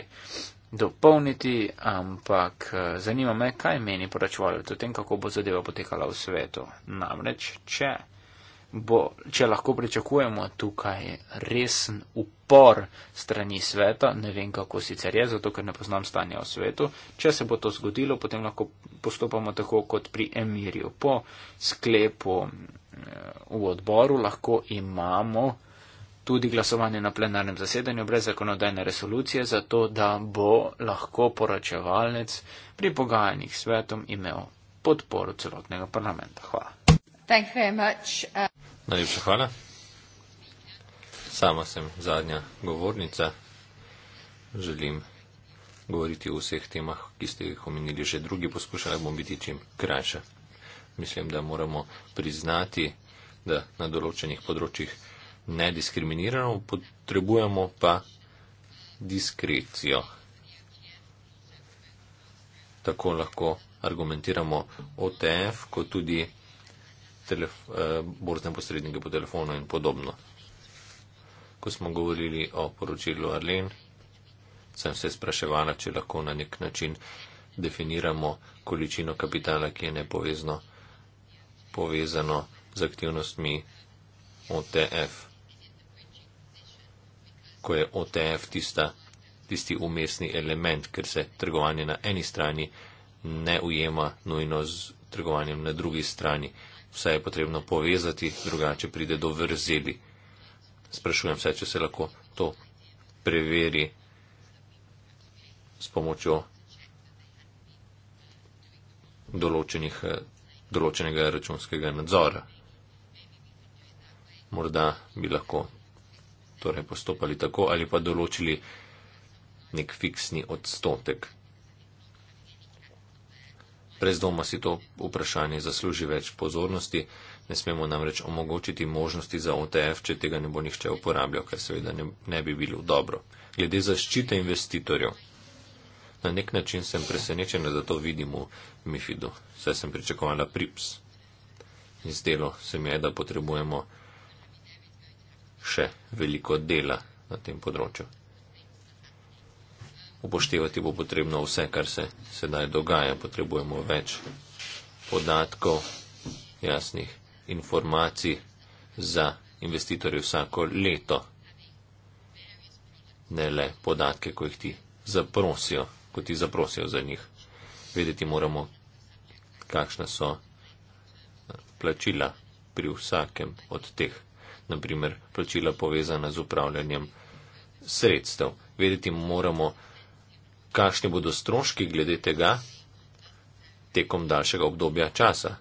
dopolniti, ampak eh, zanima me, kaj meni poračvalo o tem, kako bo zadeva potekala v svetu. Namreč, če bo, če lahko pričakujemo tukaj resen upor strani sveta, ne vem kako sicer je, zato ker ne poznam stanja v svetu, če se bo to zgodilo, potem lahko postopamo tako kot pri emirju. Po sklepu eh, v odboru lahko imamo tudi glasovanje na plenarnem zasedanju brez zakonodajne resolucije, zato da bo lahko poročevalec pri pogajanjih svetom imel podporo celotnega parlamenta. Hvala. Najlepša hvala. Sama sem zadnja govornica. Želim govoriti o vseh temah, ki ste jih omenili že drugi, poskušala bom biti čim krajša. Mislim, da moramo priznati, da na določenih področjih ne diskriminiramo, potrebujemo pa diskrecijo. Tako lahko argumentiramo OTF, kot tudi telef, eh, borzne posrednike po telefonu in podobno. Ko smo govorili o poročilu Arlen, sem se spraševala, če lahko na nek način definiramo količino kapitala, ki je nepovezno povezano z aktivnostmi OTF. Ko je OTF tista, tisti umestni element, ker se trgovanje na eni strani ne ujema nujno z trgovanjem na drugi strani, vse je potrebno povezati, drugače pride do vrzeli. Sprašujem se, če se lahko to preveri s pomočjo eh, določenega računskega nadzora. Morda bi lahko torej postopali tako ali pa določili nek fiksni odstotek. Brez doma si to vprašanje zasluži več pozornosti, ne smemo namreč omogočiti možnosti za OTF, če tega ne bo nihče uporabljal, kar seveda ne, ne bi bilo dobro. Glede zaščite investitorjev. Na nek način sem presenečen, da to vidim v MIFID-u, saj sem pričakovala PRIPS. In zdelo se mi je, da potrebujemo še veliko dela na tem področju upoštevati bo potrebno vse, kar se sedaj dogaja. Potrebujemo več podatkov, jasnih informacij za investitorje vsako leto. Ne le podatke, ko jih ti zaprosijo, ko ti zaprosijo za njih. Vedeti moramo, kakšna so plačila pri vsakem od teh. Naprimer, plačila povezana z upravljanjem sredstev. Vedeti moramo, kakšni bodo stroški glede tega tekom daljšega obdobja časa.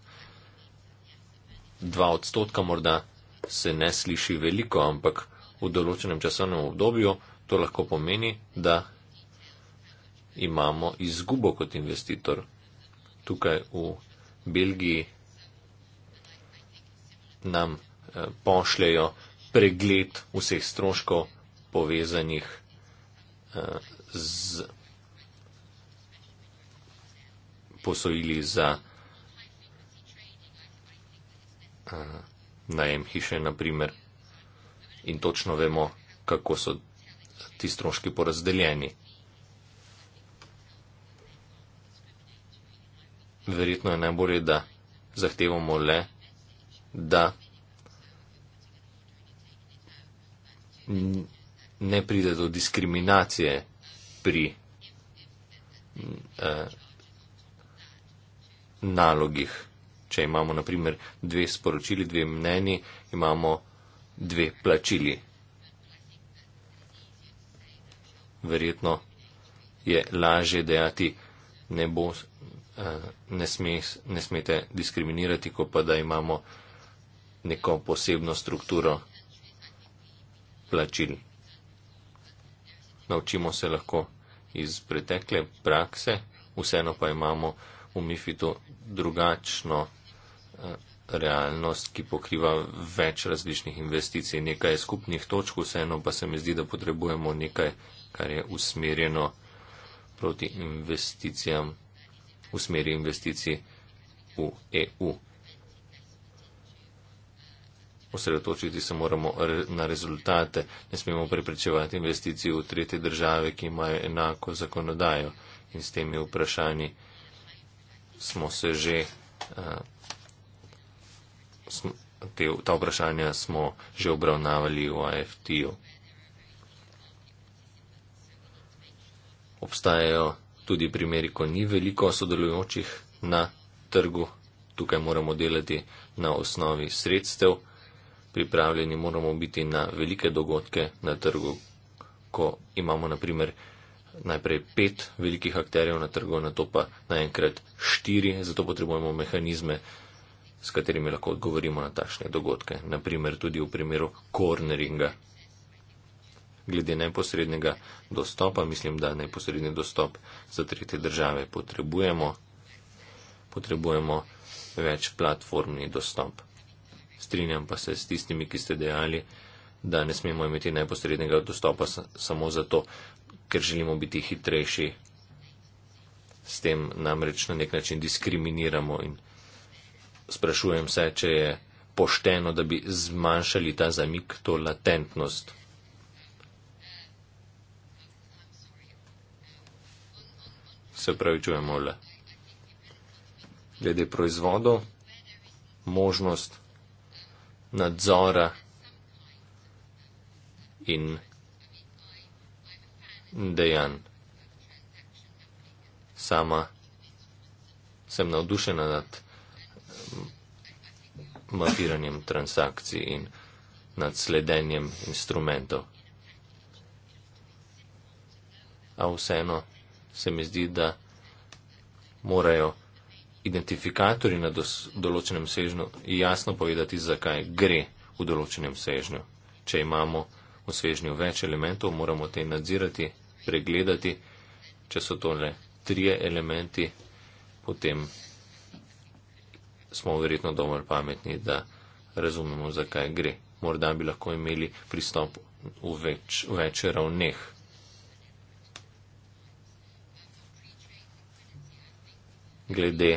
Dva odstotka morda se ne sliši veliko, ampak v določenem časovnem obdobju to lahko pomeni, da imamo izgubo kot investitor. Tukaj v Belgiji nam eh, pošljajo pregled vseh stroškov povezanih eh, z posojili za uh, najem hiše, naprimer, in točno vemo, kako so ti stroški porazdeljeni. Verjetno je najbolje, da zahtevamo le, da ne pride do diskriminacije pri eh, nalogih. Če imamo naprimer dve sporočili, dve mneni, imamo dve plačili. Verjetno je lažje dejati, ne, bo, eh, ne, sme, ne smete diskriminirati, ko pa da imamo neko posebno strukturo plačil. Naučimo se lahko iz pretekle prakse, vseeno pa imamo v Mifitu drugačno eh, realnost, ki pokriva več različnih investicij. Nekaj je skupnih točk, vseeno pa se mi zdi, da potrebujemo nekaj, kar je usmerjeno proti investicijam, v smeri investicij v EU. Osredotočiti se moramo na rezultate, ne smemo preprečevati investicij v tretje države, ki imajo enako zakonodajo in s temi vprašanji smo se že, uh, sm, te, ta vprašanja smo že obravnavali v IFT-ju. Obstajajo tudi primeri, ko ni veliko sodelujočih na trgu. Tukaj moramo delati na osnovi sredstev, pripravljeni moramo biti na velike dogodke na trgu, ko imamo naprimer najprej pet velikih akterjev na trgu, na to pa naenkrat štiri. Zato potrebujemo mehanizme, s katerimi lahko odgovorimo na takšne dogodke. Naprimer tudi v primeru corneringa. Glede neposrednega dostopa, mislim, da neposredni dostop za tretje države potrebujemo. Potrebujemo več platformni dostop. Strinjam pa se s tistimi, ki ste dejali, da ne smemo imeti neposrednega dostopa samo zato, ker želimo biti hitrejši. S tem namreč na nek način diskriminiramo in sprašujem se, če je pošteno, da bi zmanjšali ta zamik, to latentnost. Se pravi, čujemo le. Glede proizvodov, možnost nadzora in dejanj. Sama sem navdušena nad mapiranjem transakcij in nad sledenjem instrumentov. A vseeno se mi zdi, da morajo identifikatorji na določenem sežnju jasno povedati, zakaj gre v določenem sežnju. Če imamo v sežnju več elementov, moramo te nadzirati pregledati, če so to le trije elementi, potem smo verjetno dovolj pametni, da razumemo, zakaj gre. Morda bi lahko imeli pristop v več, več ravneh. Glede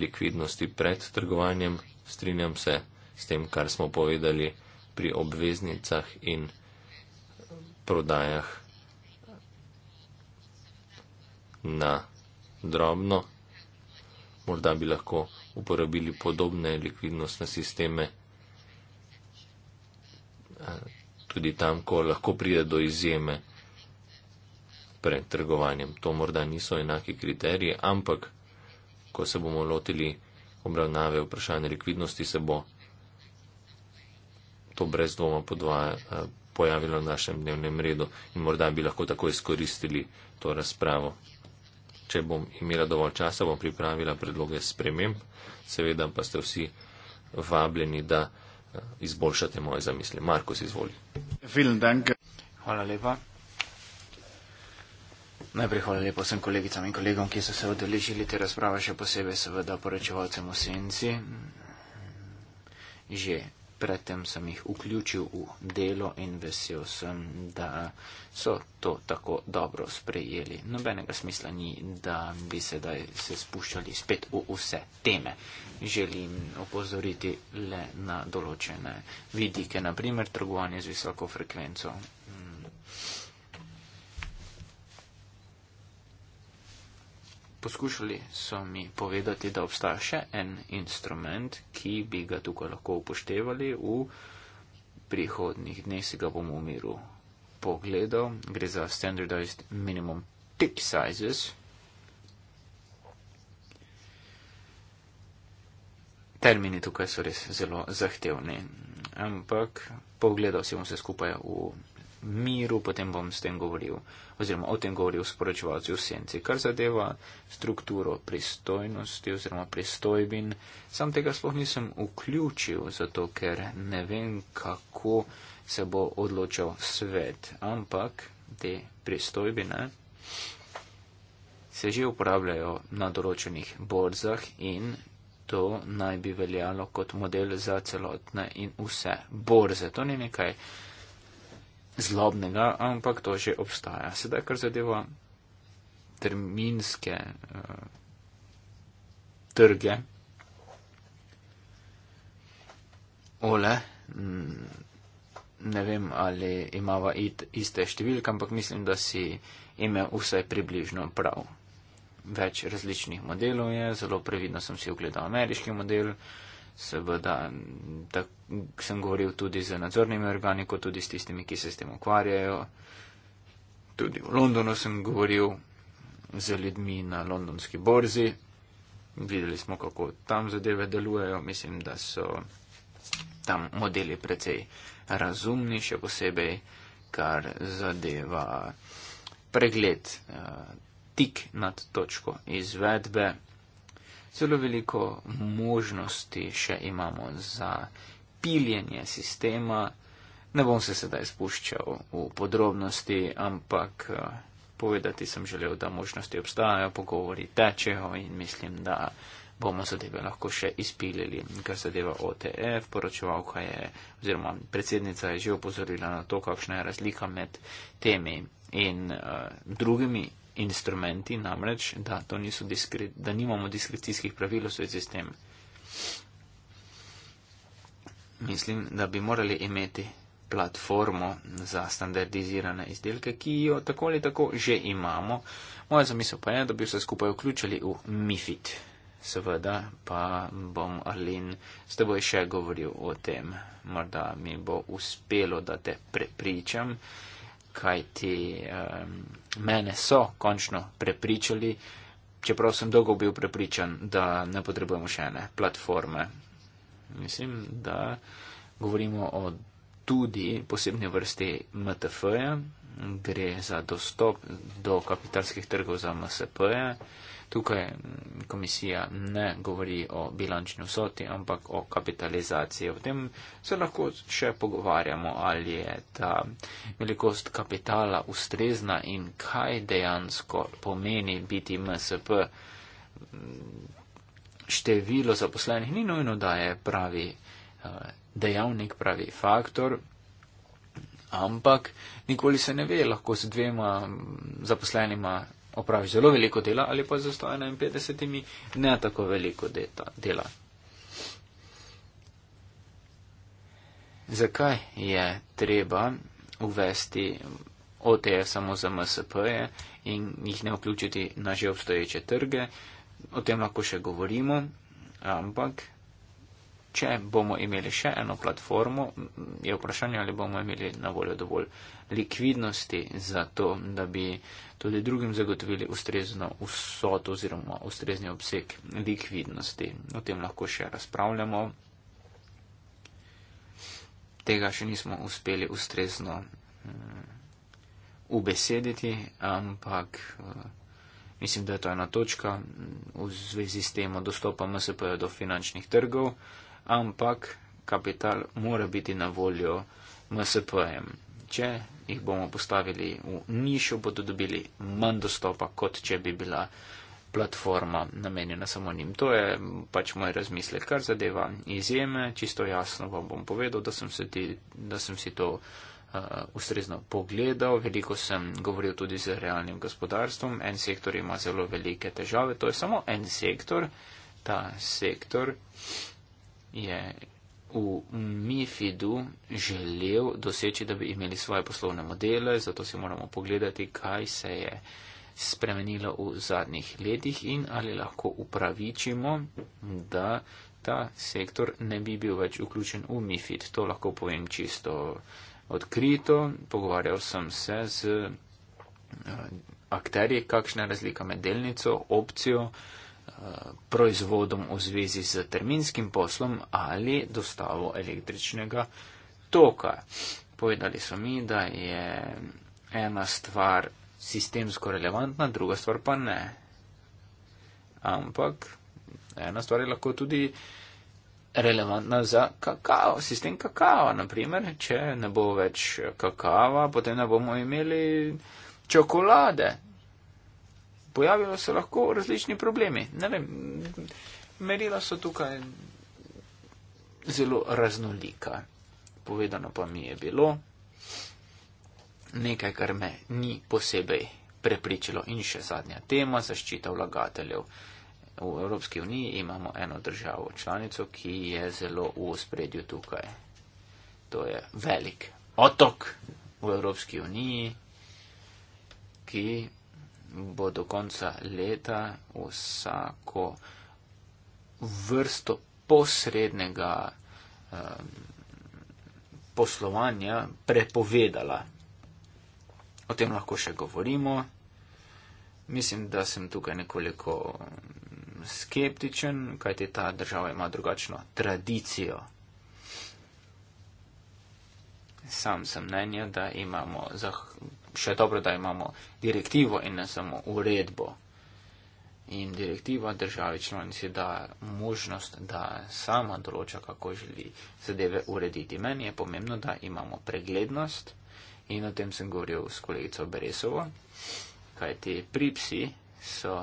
likvidnosti pred trgovanjem, strinjam se s tem, kar smo povedali pri obveznicah in prodajah na drobno. Morda bi lahko uporabili podobne likvidnostne sisteme eh, tudi tam, ko lahko pride do izjeme pred trgovanjem. To morda niso enaki kriteriji, ampak ko se bomo lotili obravnave vprašanja likvidnosti, se bo to brez dvoma eh, pojavilo na našem dnevnem redu in morda bi lahko tako izkoristili to razpravo če bom imela dovolj časa, bom pripravila predloge sprememb, seveda pa ste vsi vabljeni, da eh, izboljšate moje zamisli. Marko, si izvoli. Hvala lepa. Najprej hvala lepo vsem kolegicam in kolegom, ki so se odeležili te razprave, še posebej seveda poročevalcem v senci. Že predtem sem jih vključil v delo in vesel sem, da so to tako dobro sprejeli. Nobenega smisla ni, da bi sedaj se spuščali spet v vse teme. Želim opozoriti le na določene vidike, naprimer trgovanje z visoko frekvenco poskušali so mi povedati, da obstaja še en instrument, ki bi ga tukaj lahko upoštevali v prihodnih dneh, si ga bomo v miru pogledal. Gre za standardized minimum tick sizes. Termini tukaj so res zelo zahtevni, ampak pogledal si bom vse skupaj v miru, potem bom s tem govoril, oziroma o tem govoril sporočevalci v senci. Kar zadeva strukturo pristojnosti oziroma pristojbin, sam tega sploh nisem vključil, zato ker ne vem, kako se bo odločal svet, ampak te pristojbine se že uporabljajo na določenih borzah in to naj bi veljalo kot model za celotne in vse borze. To ni nekaj, zlobnega, ampak to že obstaja. Sedaj, kar zadeva terminske uh, trge, ole, mm, ne vem, ali imava iste številke, ampak mislim, da si ime vse približno prav. Več različnih modelov je, zelo previdno sem si ogledal ameriški model. Uh, seveda, tako sem govoril tudi z nadzornimi organi, kot tudi s tistimi, ki se s tem ukvarjajo. Tudi v Londonu sem govoril z ljudmi na londonski borzi. Videli smo, kako tam zadeve delujejo. Mislim, da so tam modeli precej razumni, še posebej, kar zadeva pregled eh, tik nad točko izvedbe zelo veliko možnosti še imamo za piljenje sistema. Ne bom se sedaj spuščal v podrobnosti, ampak eh, povedati sem želel, da možnosti obstajajo, pogovori tečejo in mislim, da bomo zadeve lahko še izpilili. Kar zadeva OTF, poročevalka je oziroma predsednica je že opozorila na to, kakšna je razlika med temi in uh, drugimi instrumenti, namreč, da, diskre, da nimamo diskrecijskih pravil v zvezi s tem. Mislim, da bi morali imeti platformo za standardizirane izdelke, ki jo tako ali tako že imamo. Moja zamisel pa je, da bi vse skupaj vključili v MIFID. Seveda pa bom Arlin s teboj še govoril o tem. Morda mi bo uspelo, da te prepričam kajti um, mene so končno prepričali, čeprav sem dolgo bil prepričan, da ne potrebujemo še ene platforme. Mislim, da govorimo o tudi posebni vrsti MTF-ja, gre za dostop do kapitalskih trgov za MSP-je. -ja. Tukaj komisija ne govori o bilančni vsoti, ampak o kapitalizaciji. O tem se lahko še pogovarjamo, ali je ta velikost kapitala ustrezna in kaj dejansko pomeni biti MSP. Število zaposlenih ni nujno, da je pravi eh, dejavnik, pravi faktor. Ampak nikoli se ne ve, lahko z dvema zaposlenima opraviš zelo veliko dela ali pa za 151 ne tako veliko dela. Zakaj je treba uvesti OTE samo za MSP-je in jih ne vključiti na že obstoječe trge? O tem lahko še govorimo, ampak če bomo imeli še eno platformo, je vprašanje, ali bomo imeli na voljo dovolj uh, likvidnosti za to, da bi tudi drugim zagotovili ustrezno vsoto oziroma ustrezni obseg likvidnosti. O tem lahko še razpravljamo. Tega še nismo uspeli ustrezno mm, ubesediti, ampak eh, mislim, da je to ena točka mm, v zvezi s tem dostopa MSP do finančnih trgov, ampak kapital mora biti na voljo MSP-jem če jih bomo postavili v nišo, bodo dobili manj dostopa, kot če bi bila platforma namenjena samo njim. To je pač moj razmislek, kar zadeva izjeme. Čisto jasno vam bom povedal, da sem si, ti, da sem si to uh, ustrezno pogledal. Veliko sem govoril tudi z realnim gospodarstvom. En sektor ima zelo velike težave. To je samo en sektor. Ta sektor je v MIFID-u želel doseči, da bi imeli svoje poslovne modele, zato si moramo pogledati, kaj se je spremenilo v zadnjih letih in ali lahko upravičimo, da ta sektor ne bi bil več vključen v MIFID. To lahko povem čisto odkrito. Pogovarjal sem se z eh, akterji, kakšna je razlika med delnico, opcijo, uh, proizvodom v zvezi z terminskim poslom ali dostavo električnega toka. Povedali so mi, da je ena stvar sistemsko relevantna, druga stvar pa ne. Ampak ena stvar je lahko tudi relevantna za kakao, sistem kakava. Naprimer, če ne bo več kakava, potem ne bomo imeli čokolade pojavijo se lahko različni problemi. Ne vem, merila so tukaj zelo raznolika. Povedano pa mi je bilo nekaj, kar me ni posebej prepričalo. In še zadnja tema, zaščita vlagateljev. V Evropski uniji imamo eno državo članico, ki je zelo v ospredju tukaj. To je velik otok v Evropski uniji, ki bo do konca leta vsako vrsto posrednega um, poslovanja prepovedala. O tem lahko še govorimo. Mislim, da sem tukaj nekoliko skeptičen, kajte ta država ima drugačno tradicijo. Sam sem mnenja, da imamo še dobro, da imamo direktivo in ne samo uredbo. In direktiva državi članici da možnost, da sama določa, kako želi zadeve urediti. Meni je pomembno, da imamo preglednost in o tem sem govoril s kolegico Beresovo, kajti pripsi so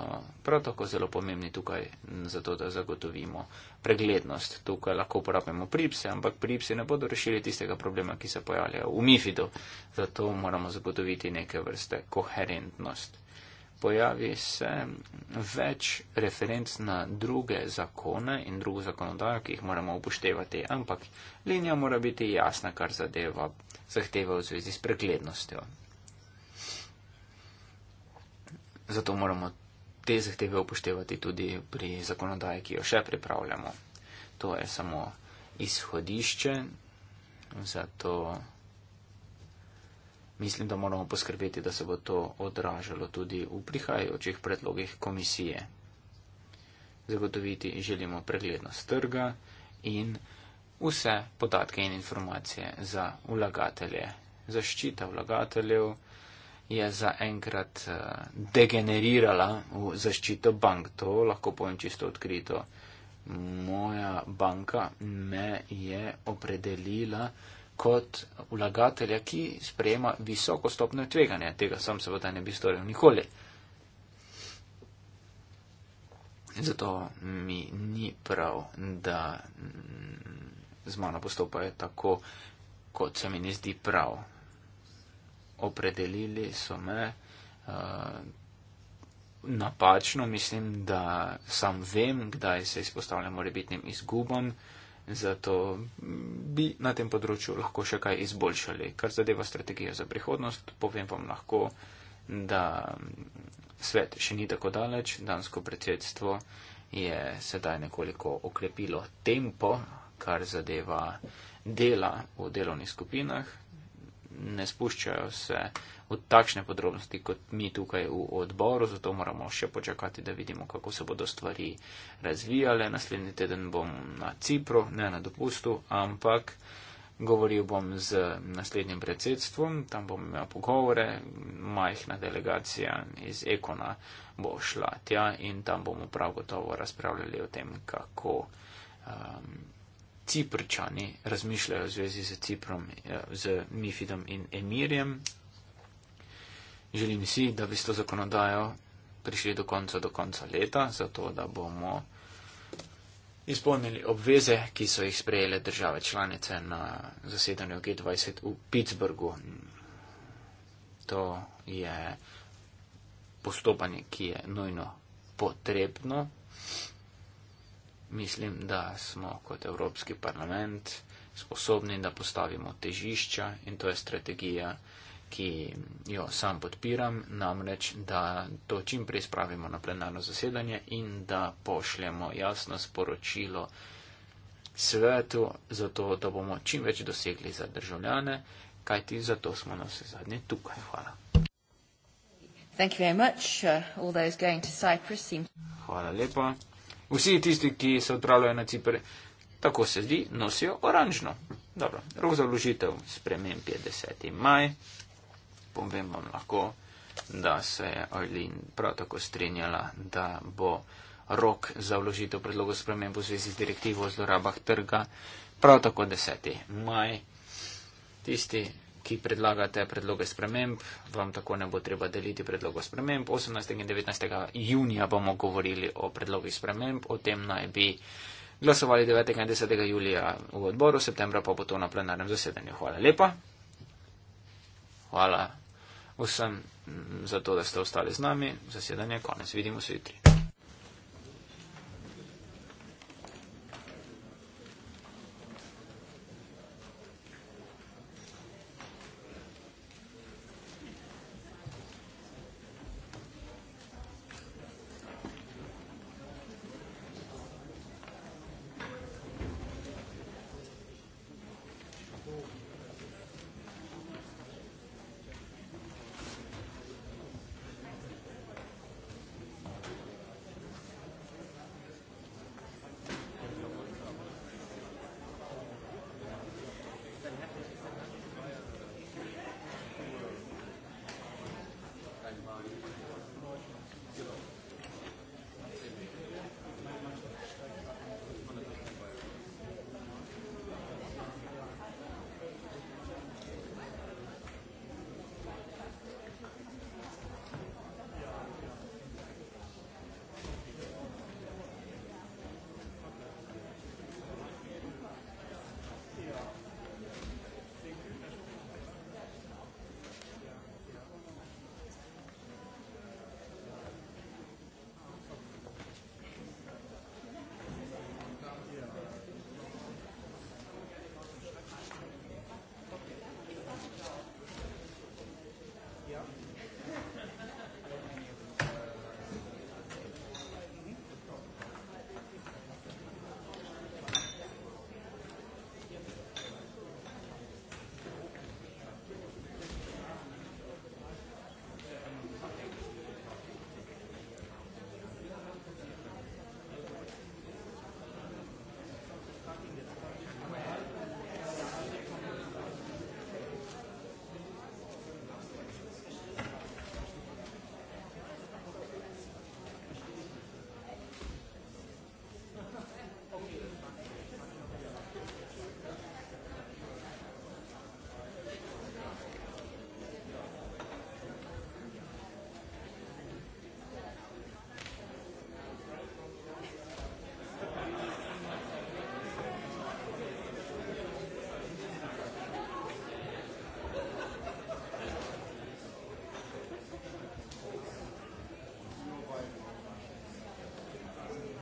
prav tako zelo pomembni tukaj, zato da zagotovimo preglednost. Tukaj lahko uporabljamo pripse, ampak pripse ne bodo rešili tistega problema, ki se pojavlja v MIFID-u. Zato moramo zagotoviti neke vrste koherentnost. Pojavi se več referenc na druge zakone in drugo zakonodajo, ki jih moramo upoštevati, ampak linija mora biti jasna, kar zadeva zahteva v zvezi s preglednostjo. Zato moramo te zahteve upoštevati tudi pri zakonodaji, ki jo še pripravljamo. To je samo izhodišče, zato mislim, da moramo poskrbeti, da se bo to odražalo tudi v prihajajočih predlogih komisije. Zagotoviti želimo preglednost trga in vse podatke in informacije za vlagatelje. Zaščita vlagateljev je zaenkrat eh, degenerirala v zaščito bank. To lahko povem čisto odkrito. Moja banka me je opredelila kot vlagatelja, ki sprejema visoko stopno tveganja. Tega sam seveda ne bi storil nikoli. Zato mi ni prav, da mm, z mano postopajo tako, kot se mi ne zdi prav opredelili so me. Uh, napačno mislim, da sam vem, kdaj se izpostavljam morebitnim izgubam, zato bi na tem področju lahko še kaj izboljšali. Kar zadeva strategijo za prihodnost, povem vam lahko, da svet še ni tako daleč, dansko predsedstvo je sedaj nekoliko okrepilo tempo, kar zadeva dela v delovnih skupinah, ne spuščajo se v takšne podrobnosti kot mi tukaj v odboru, zato moramo še počakati, da vidimo, kako se bodo stvari razvijale. Naslednji teden bom na Cipru, ne na dopustu, ampak govoril bom z naslednjim predsedstvom, tam bom imel pogovore, majhna delegacija iz Ekona bo šla tja in tam bomo prav gotovo razpravljali o tem, kako. Um, Ciprčani razmišljajo v zvezi z Ciprom, eh, z Mifidom in Emirjem. Želim si, da bi s to zakonodajo prišli do konca, do konca leta, zato da bomo izpolnili obveze, ki so jih sprejele države članice na zasedanju G20 v Pittsburghu. To je postopanje, ki je nujno potrebno. Mislim, da smo kot Evropski parlament sposobni, da postavimo težišča in to je strategija, ki jo sam podpiram, namreč, da to čim prej spravimo na plenarno zasedanje in da pošljemo jasno sporočilo svetu, zato da bomo čim več dosegli za državljane, kajti zato smo na vse zadnje tukaj. Hvala. Uh, Hvala lepa. Vsi tisti, ki se odpravljajo na Cipr, tako se zdi, nosijo oranžno. Dobro, rok za vložitev sprememb je 10. maj. Povem vam lahko, da se je Ojlin prav tako strinjala, da bo rok za vložitev predlogov sprememb v zvezi z direktivo o zlorabah trga prav tako 10. maj. Tisti ki predlagate predloge sprememb, vam tako ne bo treba deliti predlogo sprememb. 18. in 19. junija bomo govorili o predlogih sprememb, o tem naj bi glasovali 9. in 10. julija v odboru, septembra pa bo to na plenarnem zasedanju. Hvala lepa. Hvala vsem za to, da ste ostali z nami. Zasedanje je konec. Vidimo se jutri.